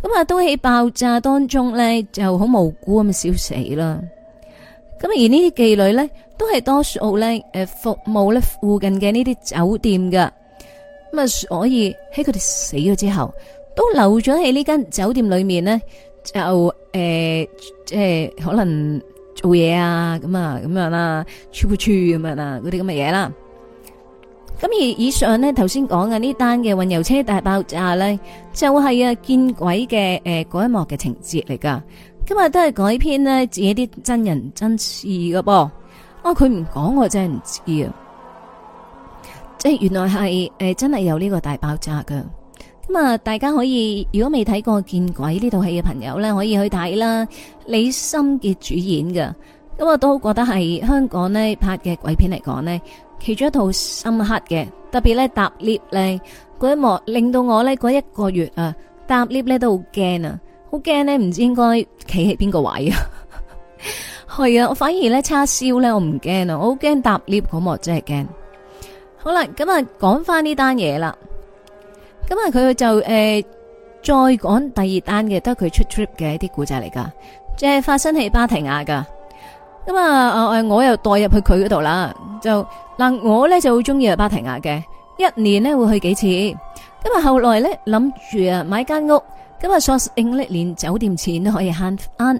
咁啊，都喺爆炸當中咧，就好無辜咁樣燒死啦。咁而呢啲妓女咧，都係多數咧誒服務咧附近嘅呢啲酒店噶。咁啊，所以喺佢哋死咗之後，都留咗喺呢間酒店裏面咧，就誒即係可能做嘢啊，咁啊，咁樣啦、啊，吹布咁樣啦，嗰啲咁嘅嘢啦。咁而以上呢，頭先講嘅呢單嘅運油車大爆炸呢，就係、是、啊見鬼嘅誒嗰一幕嘅情節嚟噶。今日都係改編呢，自己啲真人真事噶噃。啊，佢唔講我真係唔知啊。即係原來係誒、呃、真係有呢個大爆炸噶。咁啊，大家可以如果未睇過見鬼呢套戲嘅朋友呢，可以去睇啦。李心潔主演噶，咁、嗯、我都覺得係香港呢拍嘅鬼片嚟講呢。其中一套深刻嘅，特別咧搭 lift 咧嗰一幕，令到我咧嗰一個月啊搭 lift 咧都好驚啊，好驚咧唔知應該企喺邊個位啊。係 啊，我反而咧叉燒咧我唔驚啊，我好驚搭 lift 嗰幕真係驚。好啦，咁啊講翻呢單嘢啦，咁啊佢就誒、呃、再講第二單嘅，都係佢出 trip 嘅一啲故仔嚟噶，即、就、係、是、發生喺芭堤雅噶。咁啊，誒誒、嗯，我又代入去佢嗰度啦。就嗱，我咧就好中意去芭提雅嘅，一年呢會去幾次。咁、嗯、啊，後來咧諗住啊買間屋，咁啊索性連酒店錢都可以慳翻。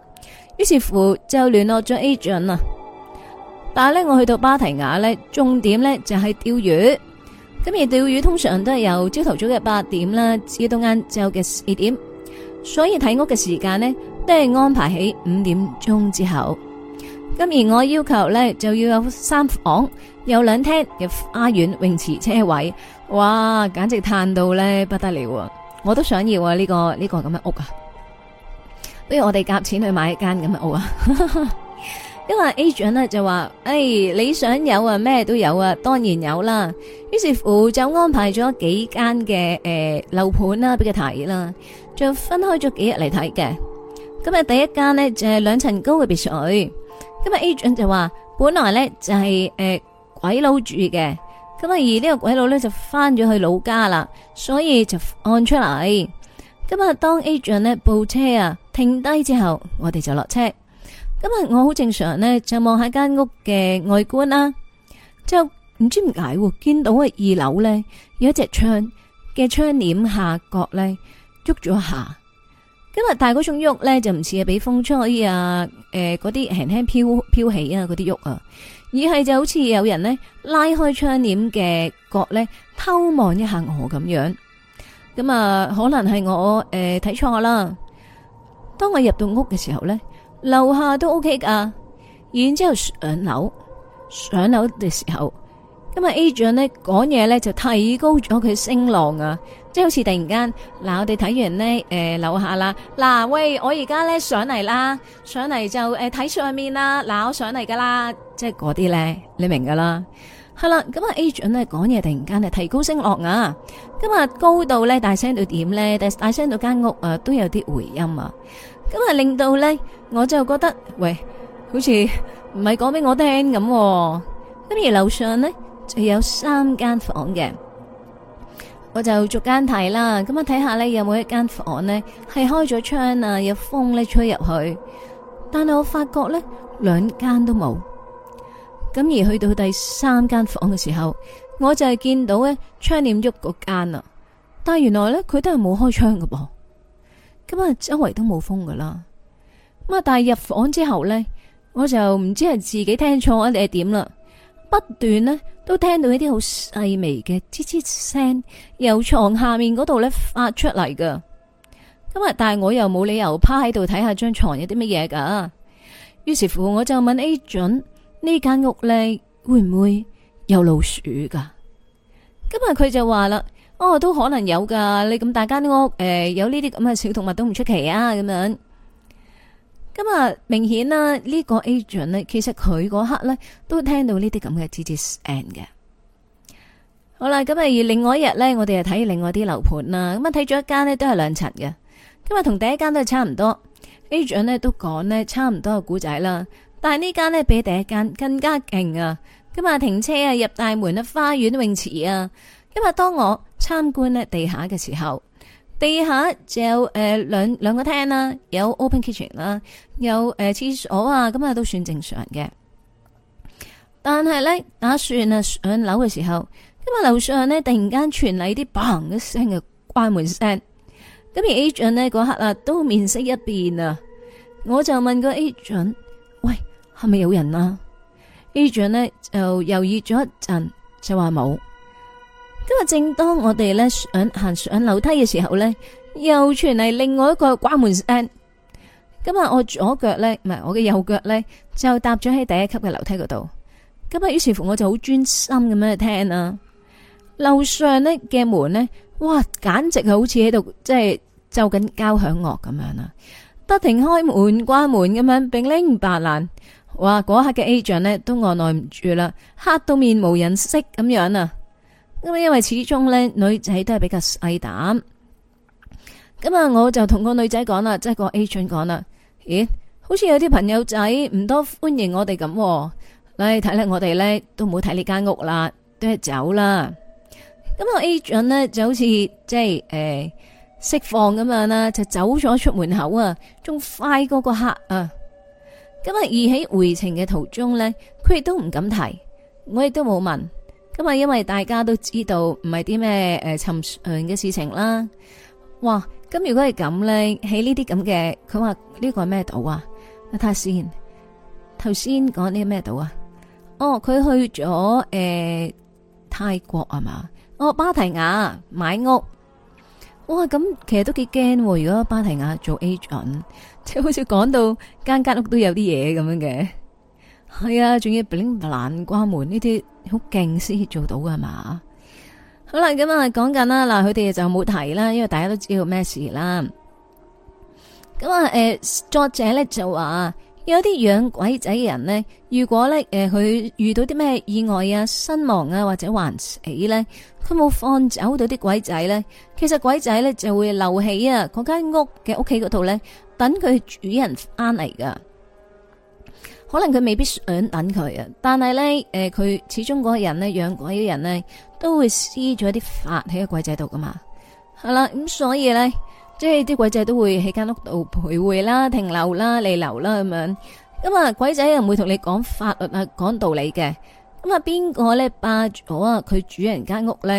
於是乎就聯絡咗 agent 啊。但係咧，我去到芭提雅咧，重點咧就係、是、釣魚。咁而釣魚通常都係由朝頭早嘅八點啦，至到晏晝嘅二點，所以睇屋嘅時間呢都係安排喺五點鐘之後。咁而我要求咧就要有三房、有兩廳嘅花園、泳池、車位，哇，簡直嘆到咧不得了啊！我都想要啊，呢、呢個呢、呢個咁嘅屋啊，不如我哋夾錢去買一間咁嘅屋啊？ 因為 agent 呢，就話，誒、哎，你想有啊，咩都有啊，當然有啦。於是乎就安排咗幾間嘅誒、呃、樓盤、啊、啦，俾佢睇啦，仲分開咗幾日嚟睇嘅。今日第一間呢，就係、係、兩層高嘅別墅。今日 agent 就話本來咧就係、是、誒、呃、鬼佬住嘅，咁啊而呢個鬼佬咧就返咗去老家啦，所以就按出嚟。今日當 agent 呢部車啊停低之後，我哋就落車。今日我好正常咧就望下間屋嘅外觀啦，之後唔知點解見到喺二樓咧有一隻窗嘅窗簾下角咧喐咗下。今日大嗰種喐咧就唔似係俾風吹啊，誒嗰啲輕輕飄飄起啊嗰啲喐啊，而係就好似有人呢，拉開窗簾嘅角咧偷望一下我咁樣，咁、嗯、啊可能係我誒睇錯啦。當我入到屋嘅時候咧，樓下都 OK 噶，然之後上樓上樓嘅時候，今日、嗯嗯、agent 咧講嘢咧就提高咗佢聲浪啊。即係好似突然間，嗱我哋睇完咧，誒樓下啦，嗱喂，我而家咧上嚟啦，上嚟就誒睇上面啦，嗱我上嚟噶啦，即係嗰啲咧，你明噶啦，係啦，咁啊 agent 咧講嘢突然間係提高聲落啊，今日高度咧大聲到點咧，但係大聲到間屋啊都有啲回音啊，咁啊令到咧我就覺得喂，好似唔係講俾我聽咁，咁而樓上咧就有三間房嘅。我就逐間睇啦，咁啊睇下呢，有冇一間房呢？係開咗窗啊，有風呢吹入去，但係我發覺呢，兩間都冇，咁而去到第三間房嘅時候，我就係見到呢窗簾喐嗰間啦，但原來呢，佢都係冇開窗嘅噃，咁啊周圍都冇風噶啦，咁啊但係入房之後呢，我就唔知係自己聽錯定係點啦，不斷呢，都聽到一啲好細微嘅吱吱聲，由床下面嗰度呢發出嚟噶。今日但係我又冇理由趴喺度睇下張床有啲乜嘢噶。於是乎，我就問 agent：呢間屋呢會唔會有老鼠噶？今日佢就話啦：哦，都可能有噶。你咁大間屋，誒、呃，有呢啲咁嘅小動物都唔出奇啊，咁樣。咁啊，明顯啦，呢、這個 agent 呢，其實佢嗰刻呢，都聽到呢啲咁嘅字字 end 嘅。好啦，咁啊，而另外一日呢，我哋又睇另外啲樓盤啦，咁啊睇咗一間呢，都係兩層嘅，今日同第一間都係差唔多，agent 呢都講呢，差唔多嘅古仔啦，但係呢間呢，比第一間更加勁啊！咁啊，停車啊，入大門啊，花園泳池啊，咁啊，當我參觀呢地下嘅時候。地下就有兩兩、呃、個廳啦、啊，有 open kitchen 啦、啊，有廁、呃、所啊，咁啊都算正常嘅。但係呢，打算啊上樓嘅時候，咁啊樓上呢突然間傳嚟啲砰一聲嘅關門聲，咁而 agent 呢嗰刻啊都面色一變啊，我就問個 agent：，喂，係咪有人啊？agent、啊、呢就猶豫咗一陣，就話冇。因為正當我哋咧行上樓梯嘅時候呢，又傳嚟另外一個關門聲。今日我左腳呢，唔係我嘅右腳呢，就搭咗喺第一級嘅樓梯嗰度。今日於是乎我就好專心咁樣去聽啦。樓上呢嘅門呢，哇，簡直係好似喺度即係奏緊交響樂咁樣啦，不停開門關門咁樣，并拎白蘭。哇，嗰刻嘅 agent 呢都按耐唔住啦，嚇到面無人色咁樣啊！咁啊，因為始終咧，女仔都係比較細膽。咁、嗯、啊，我就同個女仔講啦，即係個 agent 講啦，咦，好似有啲朋友仔唔多歡迎我哋咁。唉，睇嚟，我哋呢，都唔好睇呢間屋啦，都係走啦。咁啊，agent 呢，就好似即係誒釋放咁樣啦，就走咗出門口啊，仲快過個客啊。咁、嗯、啊、嗯嗯，而喺回程嘅途中呢，佢亦都唔敢提，我亦都冇問。咁啊，因為大家都知道唔係啲咩誒，尋常嘅事情啦。哇！咁如果係咁咧，喺呢啲咁嘅，佢話呢個係咩島啊？睇下先。頭先講呢個咩島啊？哦，佢去咗誒泰國係嘛？哦，芭提雅買屋。哇！咁其實都幾驚喎。如果芭提雅做 agent，即係好似講到間間屋都有啲嘢咁樣嘅。係啊，仲要唔擰爛關門呢啲。好勁先做到噶，係嘛？好啦，咁啊講緊啦，嗱佢哋就冇提啦，因為大家都知道咩事啦。咁啊，誒作者咧就話，有啲養鬼仔嘅人呢，如果呢，誒佢遇到啲咩意外啊、身亡啊或者還死呢，佢冇放走到啲鬼仔呢，其實鬼仔呢就會留喺啊嗰間屋嘅屋企嗰度呢，等佢主人翻嚟噶。可能佢未必想等佢啊，但係呢，誒、呃，佢始終嗰個人呢，養鬼嘅人呢，都會施咗啲法喺個鬼仔度噶嘛，係啦，咁所以呢，即係啲鬼仔都會喺間屋度徘徊啦、停留啦、嚟留啦咁樣。咁、嗯、啊，鬼仔又唔會同你講法律啊、講道理嘅。咁、嗯、啊，邊個呢霸咗啊佢主人間屋呢，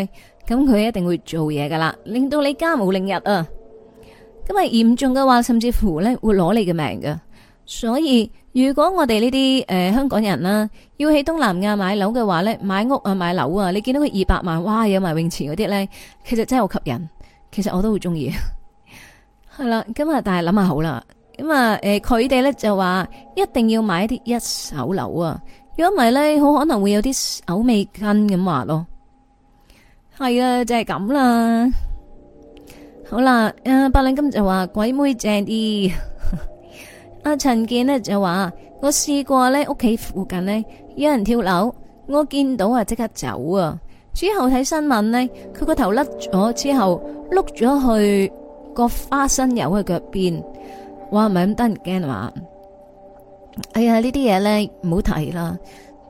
咁、嗯、佢一定會做嘢噶啦，令到你家無寧日啊。咁、嗯、啊，嚴重嘅話，甚至乎呢會攞你嘅命㗎。所以如果我哋呢啲誒香港人啦、啊，要喺東南亞買樓嘅話呢，買屋啊買樓啊，你見到佢二百萬，哇有埋泳池嗰啲呢，其實真係好吸引，其實我都好中意。係啦，咁啊，但係諗下好啦，咁、嗯、啊，誒、呃，佢哋呢，就話一定要買一啲一手樓啊，如果唔係呢，好可能會有啲手尾跟咁話咯。係啊，就係、是、咁啦。好啦，誒、呃，白領金就話鬼妹正啲。阿陳健呢就話：我試過咧，屋企附近呢有人跳樓，我見到啊，即刻走啊。之後睇新聞呢，佢個頭甩咗之後，碌咗去個花生油嘅腳邊，哇唔係咁得人驚啊！哎呀呢啲嘢咧唔好睇啦。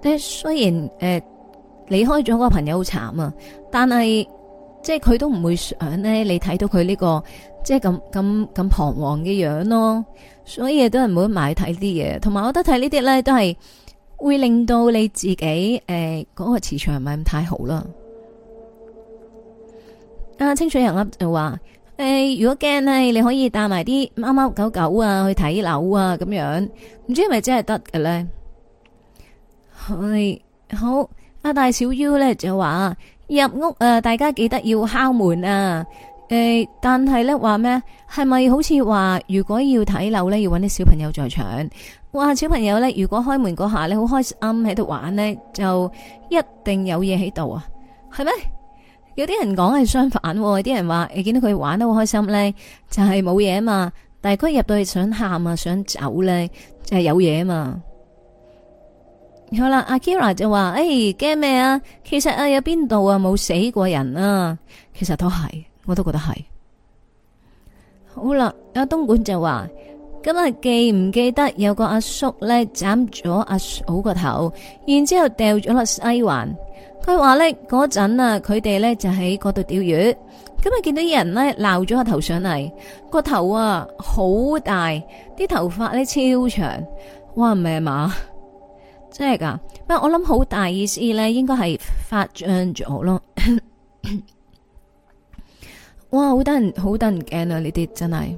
啲雖然誒離開咗個朋友好慘啊，但係。即係佢都唔會想呢、這個，你睇到佢呢個即係咁咁咁彷徨嘅樣咯，所以都係唔好買睇啲嘢。同埋，我覺得睇呢啲咧都係會令到你自己誒嗰、呃那個磁場唔係咁太好啦。阿清水人笠就話：誒、呃，如果驚咧，你可以帶埋啲貓貓狗狗啊去睇樓啊咁樣，唔知係咪真係得嘅咧？係好，阿大小 U 咧就話。入屋啊、呃！大家記得要敲門啊！誒、欸，但係呢話咩？係咪好似話如果要睇樓呢，要揾啲小朋友在場？話小朋友呢，如果開門嗰下呢，好開心喺度玩呢，就一定有嘢喺度啊？係咪？有啲人講係相反、啊，有啲人話你見到佢玩得好開心呢，就係冇嘢啊嘛。但係佢入到去想喊啊，想走呢，就係、是、有嘢啊嘛。好啦，阿 Kira 就話：誒、欸，驚咩啊？其實啊，有邊度啊冇死過人啊？其實都係，我都覺得係。好啦，阿東莞就話：今、嗯、日記唔記得有個阿叔呢，斬咗阿嫂個頭，然之後掉咗落西環？佢話呢，嗰陣啊，佢哋呢就喺嗰度釣魚，咁、嗯、啊見到啲人呢，鬧咗個頭上嚟，個頭啊好大，啲頭髮呢超長，哇，唔係嘛？真係噶，不過我諗好大意思咧，應該係發脹咗咯。 哇，好得人，好得人驚啊！呢啲真係。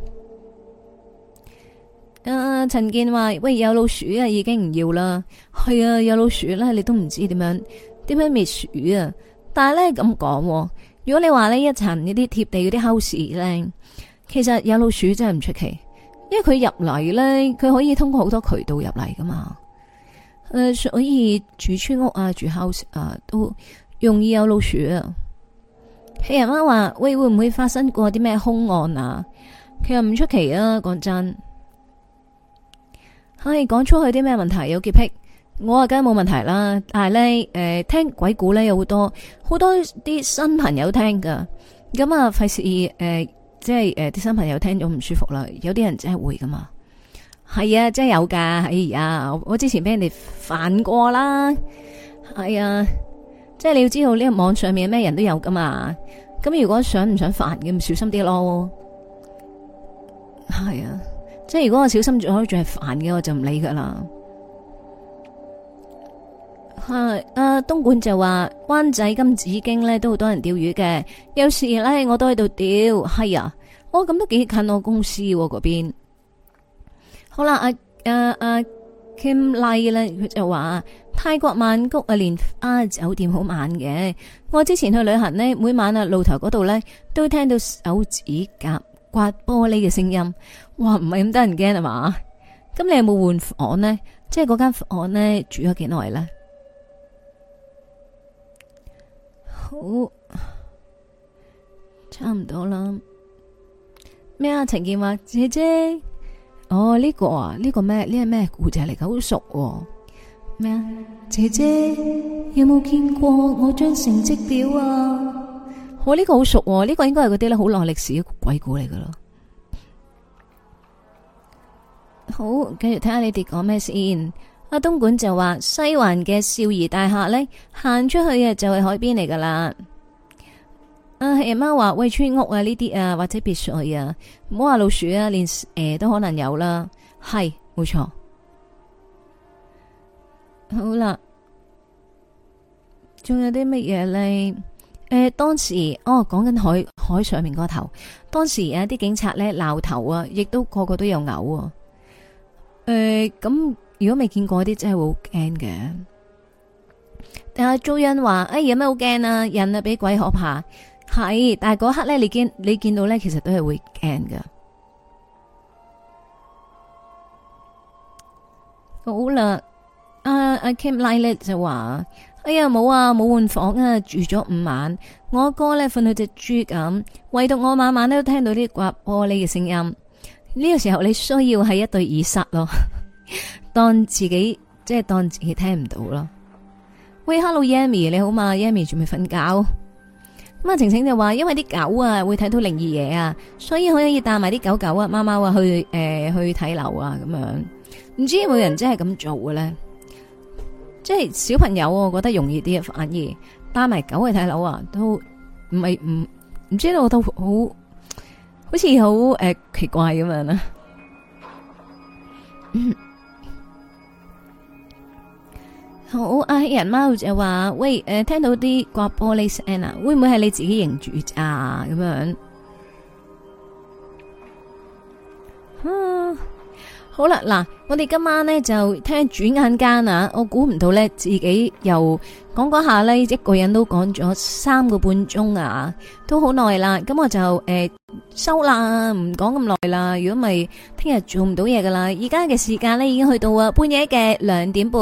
啊、呃，陳健話：喂，有老鼠啊，已經唔要啦。係啊，有老鼠咧、啊，你都唔知點樣，點樣滅鼠啊？但係咧咁講，如果你話呢一層呢啲貼地嗰啲 house 咧，其實有老鼠真係唔出奇，因為佢入嚟咧，佢可以通過好多渠道入嚟噶嘛。誒、呃，所以住村屋啊，住 house 啊，都容易有老鼠啊。佢阿媽話：喂，會唔會發生過啲咩凶案啊？其實唔出奇啊，講真。係、hey, 講出去啲咩問題有潔癖，我啊梗係冇問題啦。但係呢，誒、呃、聽鬼故呢，有好多，好多啲新朋友聽噶。咁啊，費事誒，即係誒啲新朋友聽咗唔舒服啦。有啲人真係會噶嘛。係啊，真係有噶，哎呀，我之前俾人哋煩過啦，係啊，即係你要知道呢個網上面咩人都有噶嘛，咁如果想唔想煩嘅，咁小心啲咯，係啊，即係如果我小心住，可以仲係煩嘅，我就唔理佢啦。係啊，東莞就話灣仔金紫荊呢都好多人釣魚嘅，有時呢，我都喺度釣，係啊，哦咁都幾近我公司嗰邊。好啦，阿阿阿 Kim 麗呢佢就話泰國曼谷啊，蓮花酒店好猛嘅。我之前去旅行呢，每晚啊，露台嗰度呢，都聽到手指甲刮玻璃嘅聲音。哇，唔係咁得人驚呀嘛？咁你有冇換房呢？即係嗰間房呢，住咗幾耐呢？好，差唔多啦。咩啊？陳建華姐姐。哦，呢、這個啊，呢、這個咩？呢係咩故仔嚟噶？好熟喎。咩啊？什麼姐姐有冇見過我張成績表啊？我呢、哦，這個好熟喎，啊，呢、這個應該係嗰啲咧，好耐歷史嘅鬼故嚟噶啦。好，繼續睇下你哋講咩先。阿東莞就話西環嘅少兒大廈咧，行出去啊就係海邊嚟噶啦。啊，貓話喂，村屋啊，呢啲啊，或者別墅啊，唔好話老鼠啊，連誒、呃、都可能有啦，係冇錯。好啦，仲有啲乜嘢咧？誒、呃，當時哦，講緊海海上面嗰頭，當時啊啲警察咧鬧頭啊，亦都個個都有嘔、啊。誒、呃，咁如果未見過啲，真係會好驚嘅。但、啊、係周欣話：，哎，有咩好驚啊？人啊，比鬼可怕。係，但係嗰刻咧，你見你見到咧，其實都係會驚噶。好啦，阿、uh, 阿 Kim Light 就話：，哎呀，冇啊，冇換房啊，住咗五晚。我哥咧瞓到隻豬咁，唯獨我晚晚都聽到啲刮玻璃嘅聲音。呢、這個時候你需要係一對耳塞咯，當自己即係當自己聽唔到咯。喂，Hello，Yami，你好嘛？Yami 準備瞓覺。咁啊，媽晴晴就話，因為啲狗啊會睇到靈異嘢啊，所以可以帶埋啲狗狗啊、貓貓啊去誒去睇樓啊，咁、呃啊、樣唔知會唔會有人真係咁做嘅咧？即係小朋友我覺得容易啲，反而帶埋狗去睇樓啊，都唔係唔唔知道我都好好似好誒奇怪咁樣啦。 好，阿人貓就話喂，誒，聽到啲刮玻璃聲啊，會唔會係你自己認住啊？咁樣，嗯，好啦，嗱，我哋今晚咧就聽轉眼間啊，我估唔到咧自己又講講下咧，一個人都講咗三個半鐘啊，都好耐啦，咁我就誒收啦，唔講咁耐啦，如果咪聽日做唔到嘢噶啦，而家嘅時間咧已經去到啊半夜嘅兩點半。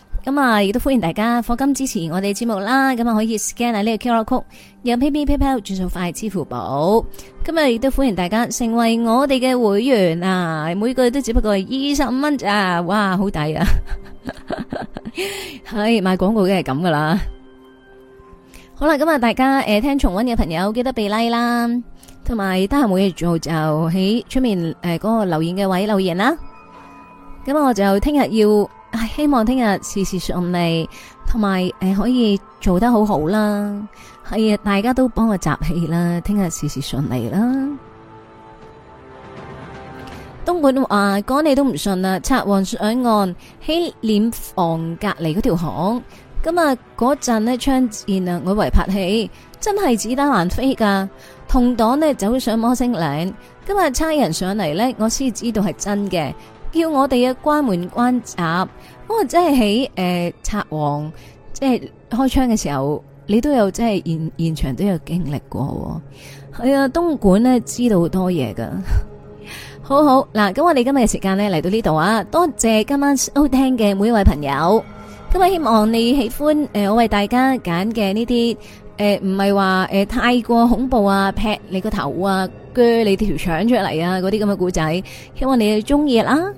咁啊，亦都歡迎大家課金支持我哋節目啦！咁啊，可以 scan 下、啊、呢個 QR Code，用 PayPay、PayPal 轉數快支付寶。今日亦都歡迎大家成為我哋嘅會員啊！每個月都只不過係二十五蚊咋，哇，好抵啊！係賣廣告梗係咁噶啦。好啦，咁啊，大家誒、呃、聽重溫嘅朋友記得畀 like 啦，同埋得閒冇嘢做就喺出面誒嗰、呃那個留言嘅位留言啦。咁我就聽日要。係希望聽日事事順利，同埋誒可以做得好好啦。係啊，大家都幫我集氣啦，聽日事事順利啦。 東莞話講你都唔信啦，賊王上岸，喺殮房隔籬嗰條巷。咁啊嗰陣呢，槍戰啊，我以為拍戲，真係子彈難飛噶。同黨呢，走上摩星嶺，今日差人上嚟呢，我先知道係真嘅。叫我哋啊關門關閘，咁過真係喺誒賊王，即係開槍嘅時候，你都有即係現現場都有經歷過。係、哦、啊、哎，東莞咧知道好多嘢噶。 好好嗱，咁我哋今日嘅時間咧嚟到呢度啊，多謝今晚收聽嘅每一位朋友。今日希望你喜歡誒、呃，我為大家揀嘅呢啲誒唔係話誒太過恐怖啊，劈你個頭啊，鋸你條腸出嚟啊，嗰啲咁嘅故仔，希望你哋中意啦。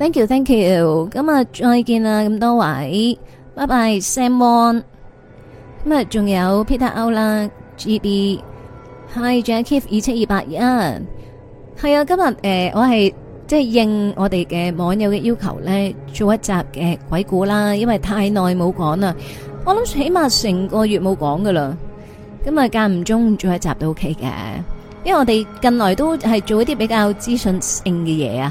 Thank you, thank you。今日再見啦，咁多位，拜拜，Samon。咁啊，仲有 PeterO 啦，JB，係仲有 Kev 二七二八一，係啊。今日誒，我係即係應我哋嘅網友嘅要求咧，做一集嘅鬼故啦，因為太耐冇講啦，我諗起碼成個月冇講噶啦。咁啊，間唔中做一集都 OK 嘅，因為我哋近來都係做一啲比較資訊性嘅嘢啊。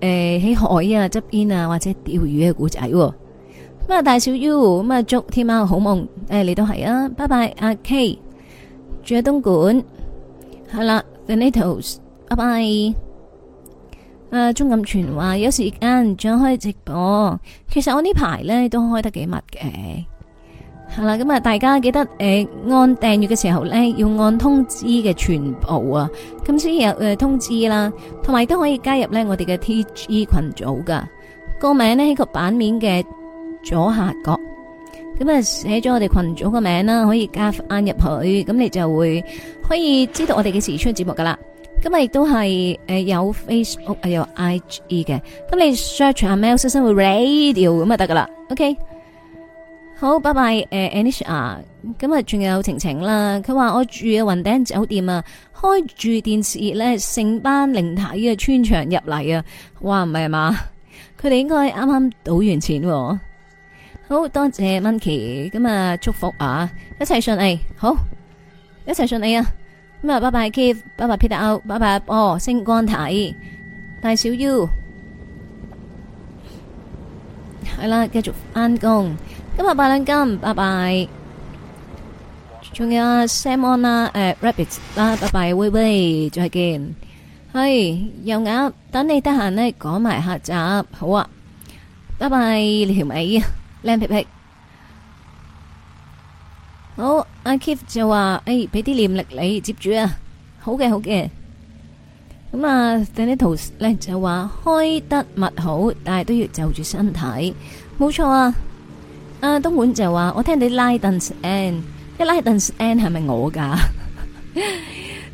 誒，喺、呃、海啊、側邊啊或者釣魚嘅故仔，啊，咁啊大小、y、U，咁啊祝天喵好夢，誒你都係啊，拜拜，阿、啊啊啊、K 住喺東莞，係啦，banitos，拜拜，啊鍾錦全話有時間仲開直播，其實我呢排咧都開得幾密嘅。係啦，咁啊，大家記得誒，按訂閱嘅時候咧，要按通知嘅全部啊。咁先有誒通知啦，同埋都可以加入咧我哋嘅 TG 群組噶。個名咧喺個版面嘅左下角，咁啊寫咗我哋群組嘅名啦，可以加返入去，咁你就會可以知道我哋幾時出節目噶啦。咁啊亦都係誒有 Facebook 有 IG 嘅，咁你 search 下喵式生活 Radio 咁就得噶啦，OK。好，拜拜，誒，Anisha，咁啊，仲有晴晴啦，佢話我住嘅雲頂酒店啊，開住電視咧，成班靈體嘅穿牆入嚟啊，哇，唔係啊嘛，佢哋應該啱啱賭完錢，好多謝 Monkey，咁啊，祝福啊，一齊順利，好，一齊順利啊，咁啊，拜拜，Keith，拜拜，Peter 歐，拜拜，哦，星光體，大小 U，係啦，繼續翻工。今日八兩金，拜拜。仲有 Samon 啦，誒 Rabbit 啦，拜拜，威威，再見。係油鴨，等你得閒咧講埋下集，好啊，拜拜，你條尾靚皮皮。好，阿 Keith 就話誒，俾啲念力你接住啊。好嘅，好嘅。咁啊，等啲 tools 咧就話開得物好，但係都要就住身體，冇錯啊。啊！東莞就話，我聽你 l i g h t n e s n d 一 lightness n d 係咪我噶？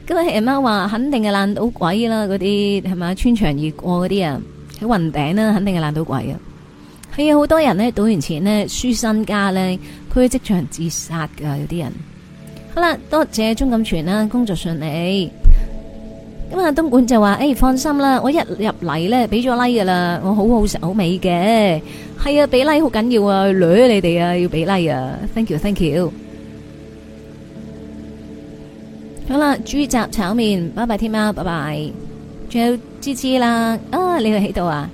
咁啊，阿媽話肯定係爛到鬼啦！嗰啲係咪穿牆而過嗰啲啊？喺雲頂啦，肯定係爛到鬼啊！係啊，好多人咧賭完錢咧輸身家咧，佢會職場自殺噶，有啲人。好啦，多謝鍾錦全啦，工作順利。咁啊！東莞就話誒、欸，放心啦，我一入嚟咧，俾咗 like 噶啦，我好好食好味嘅，係啊，俾 like 好緊要啊，女你哋啊，要俾 like 啊，thank you，thank you。好啦，豬雜炒麵，拜拜天喵，拜拜。仲有芝芝啦，啊，你喺度啊？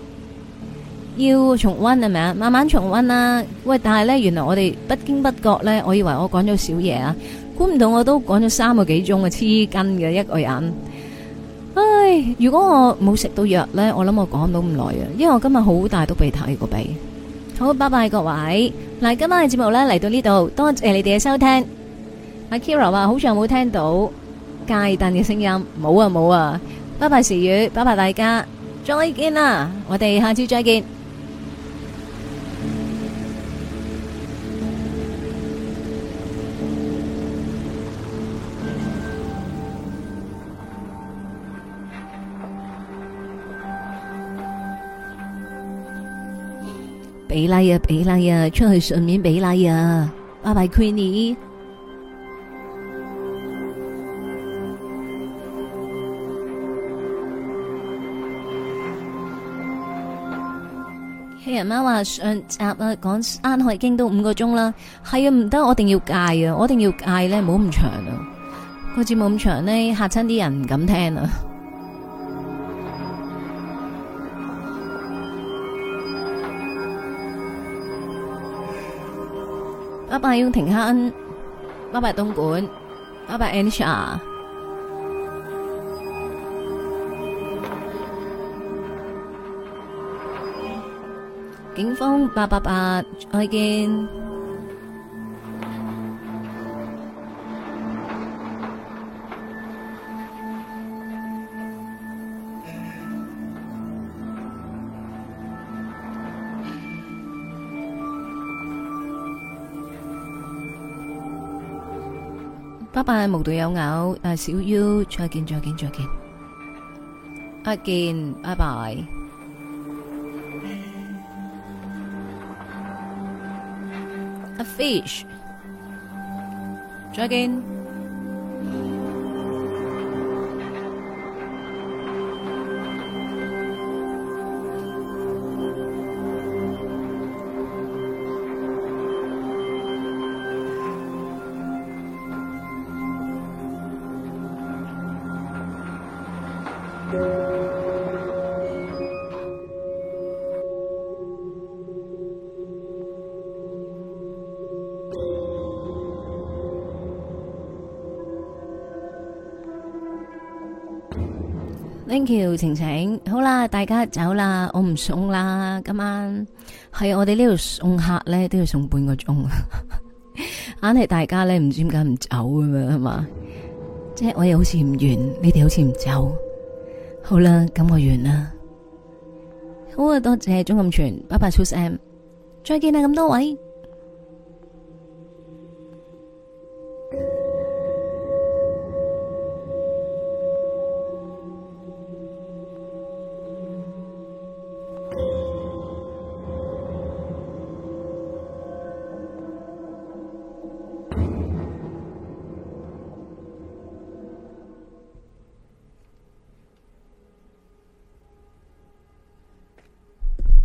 要重溫係咪啊？慢慢重溫啦。喂，但係咧，原來我哋不經不覺咧，我以為我講咗少嘢啊，估唔到我都講咗三個幾鐘啊，黐筋嘅一個人。如果我冇食到藥呢，我諗我講唔到咁耐啊，因為我今日好大都被睇過俾。鼻好，拜拜各位，嗱，今晚嘅節目呢，嚟到呢度，多謝你哋嘅收聽。阿 Kira 話好似有冇聽到街燈嘅聲音，冇啊冇啊，拜拜時雨，拜拜大家，再見啦，我哋下次再見。比例啊比例啊，出去順便比例啊，拜拜，Queenie。人媽話上集啊講山海經都五個鐘啦，係啊唔得，我一定要戒啊，我一定要戒咧，唔好咁長啊，個節目咁長呢，吓親啲人唔敢聽啊。拜拜，永廷克恩，拜拜，東莞，拜拜，N R，警方八八八，再見。拜拜，無獨有偶，大小 U 再見再見再見，不見，拜拜。A fish, 再見。喬晴晴，好啦，大家走啦，我唔送啦。今晚喺我哋呢度送客咧，都要送半個鐘。硬係大家咧唔知點解唔走咁樣吖嘛，即係我又好似唔完，你哋好似唔走。好啦，咁我完啦。好啊，多謝鍾錦全，拜拜，Susan，再見啦，咁多位。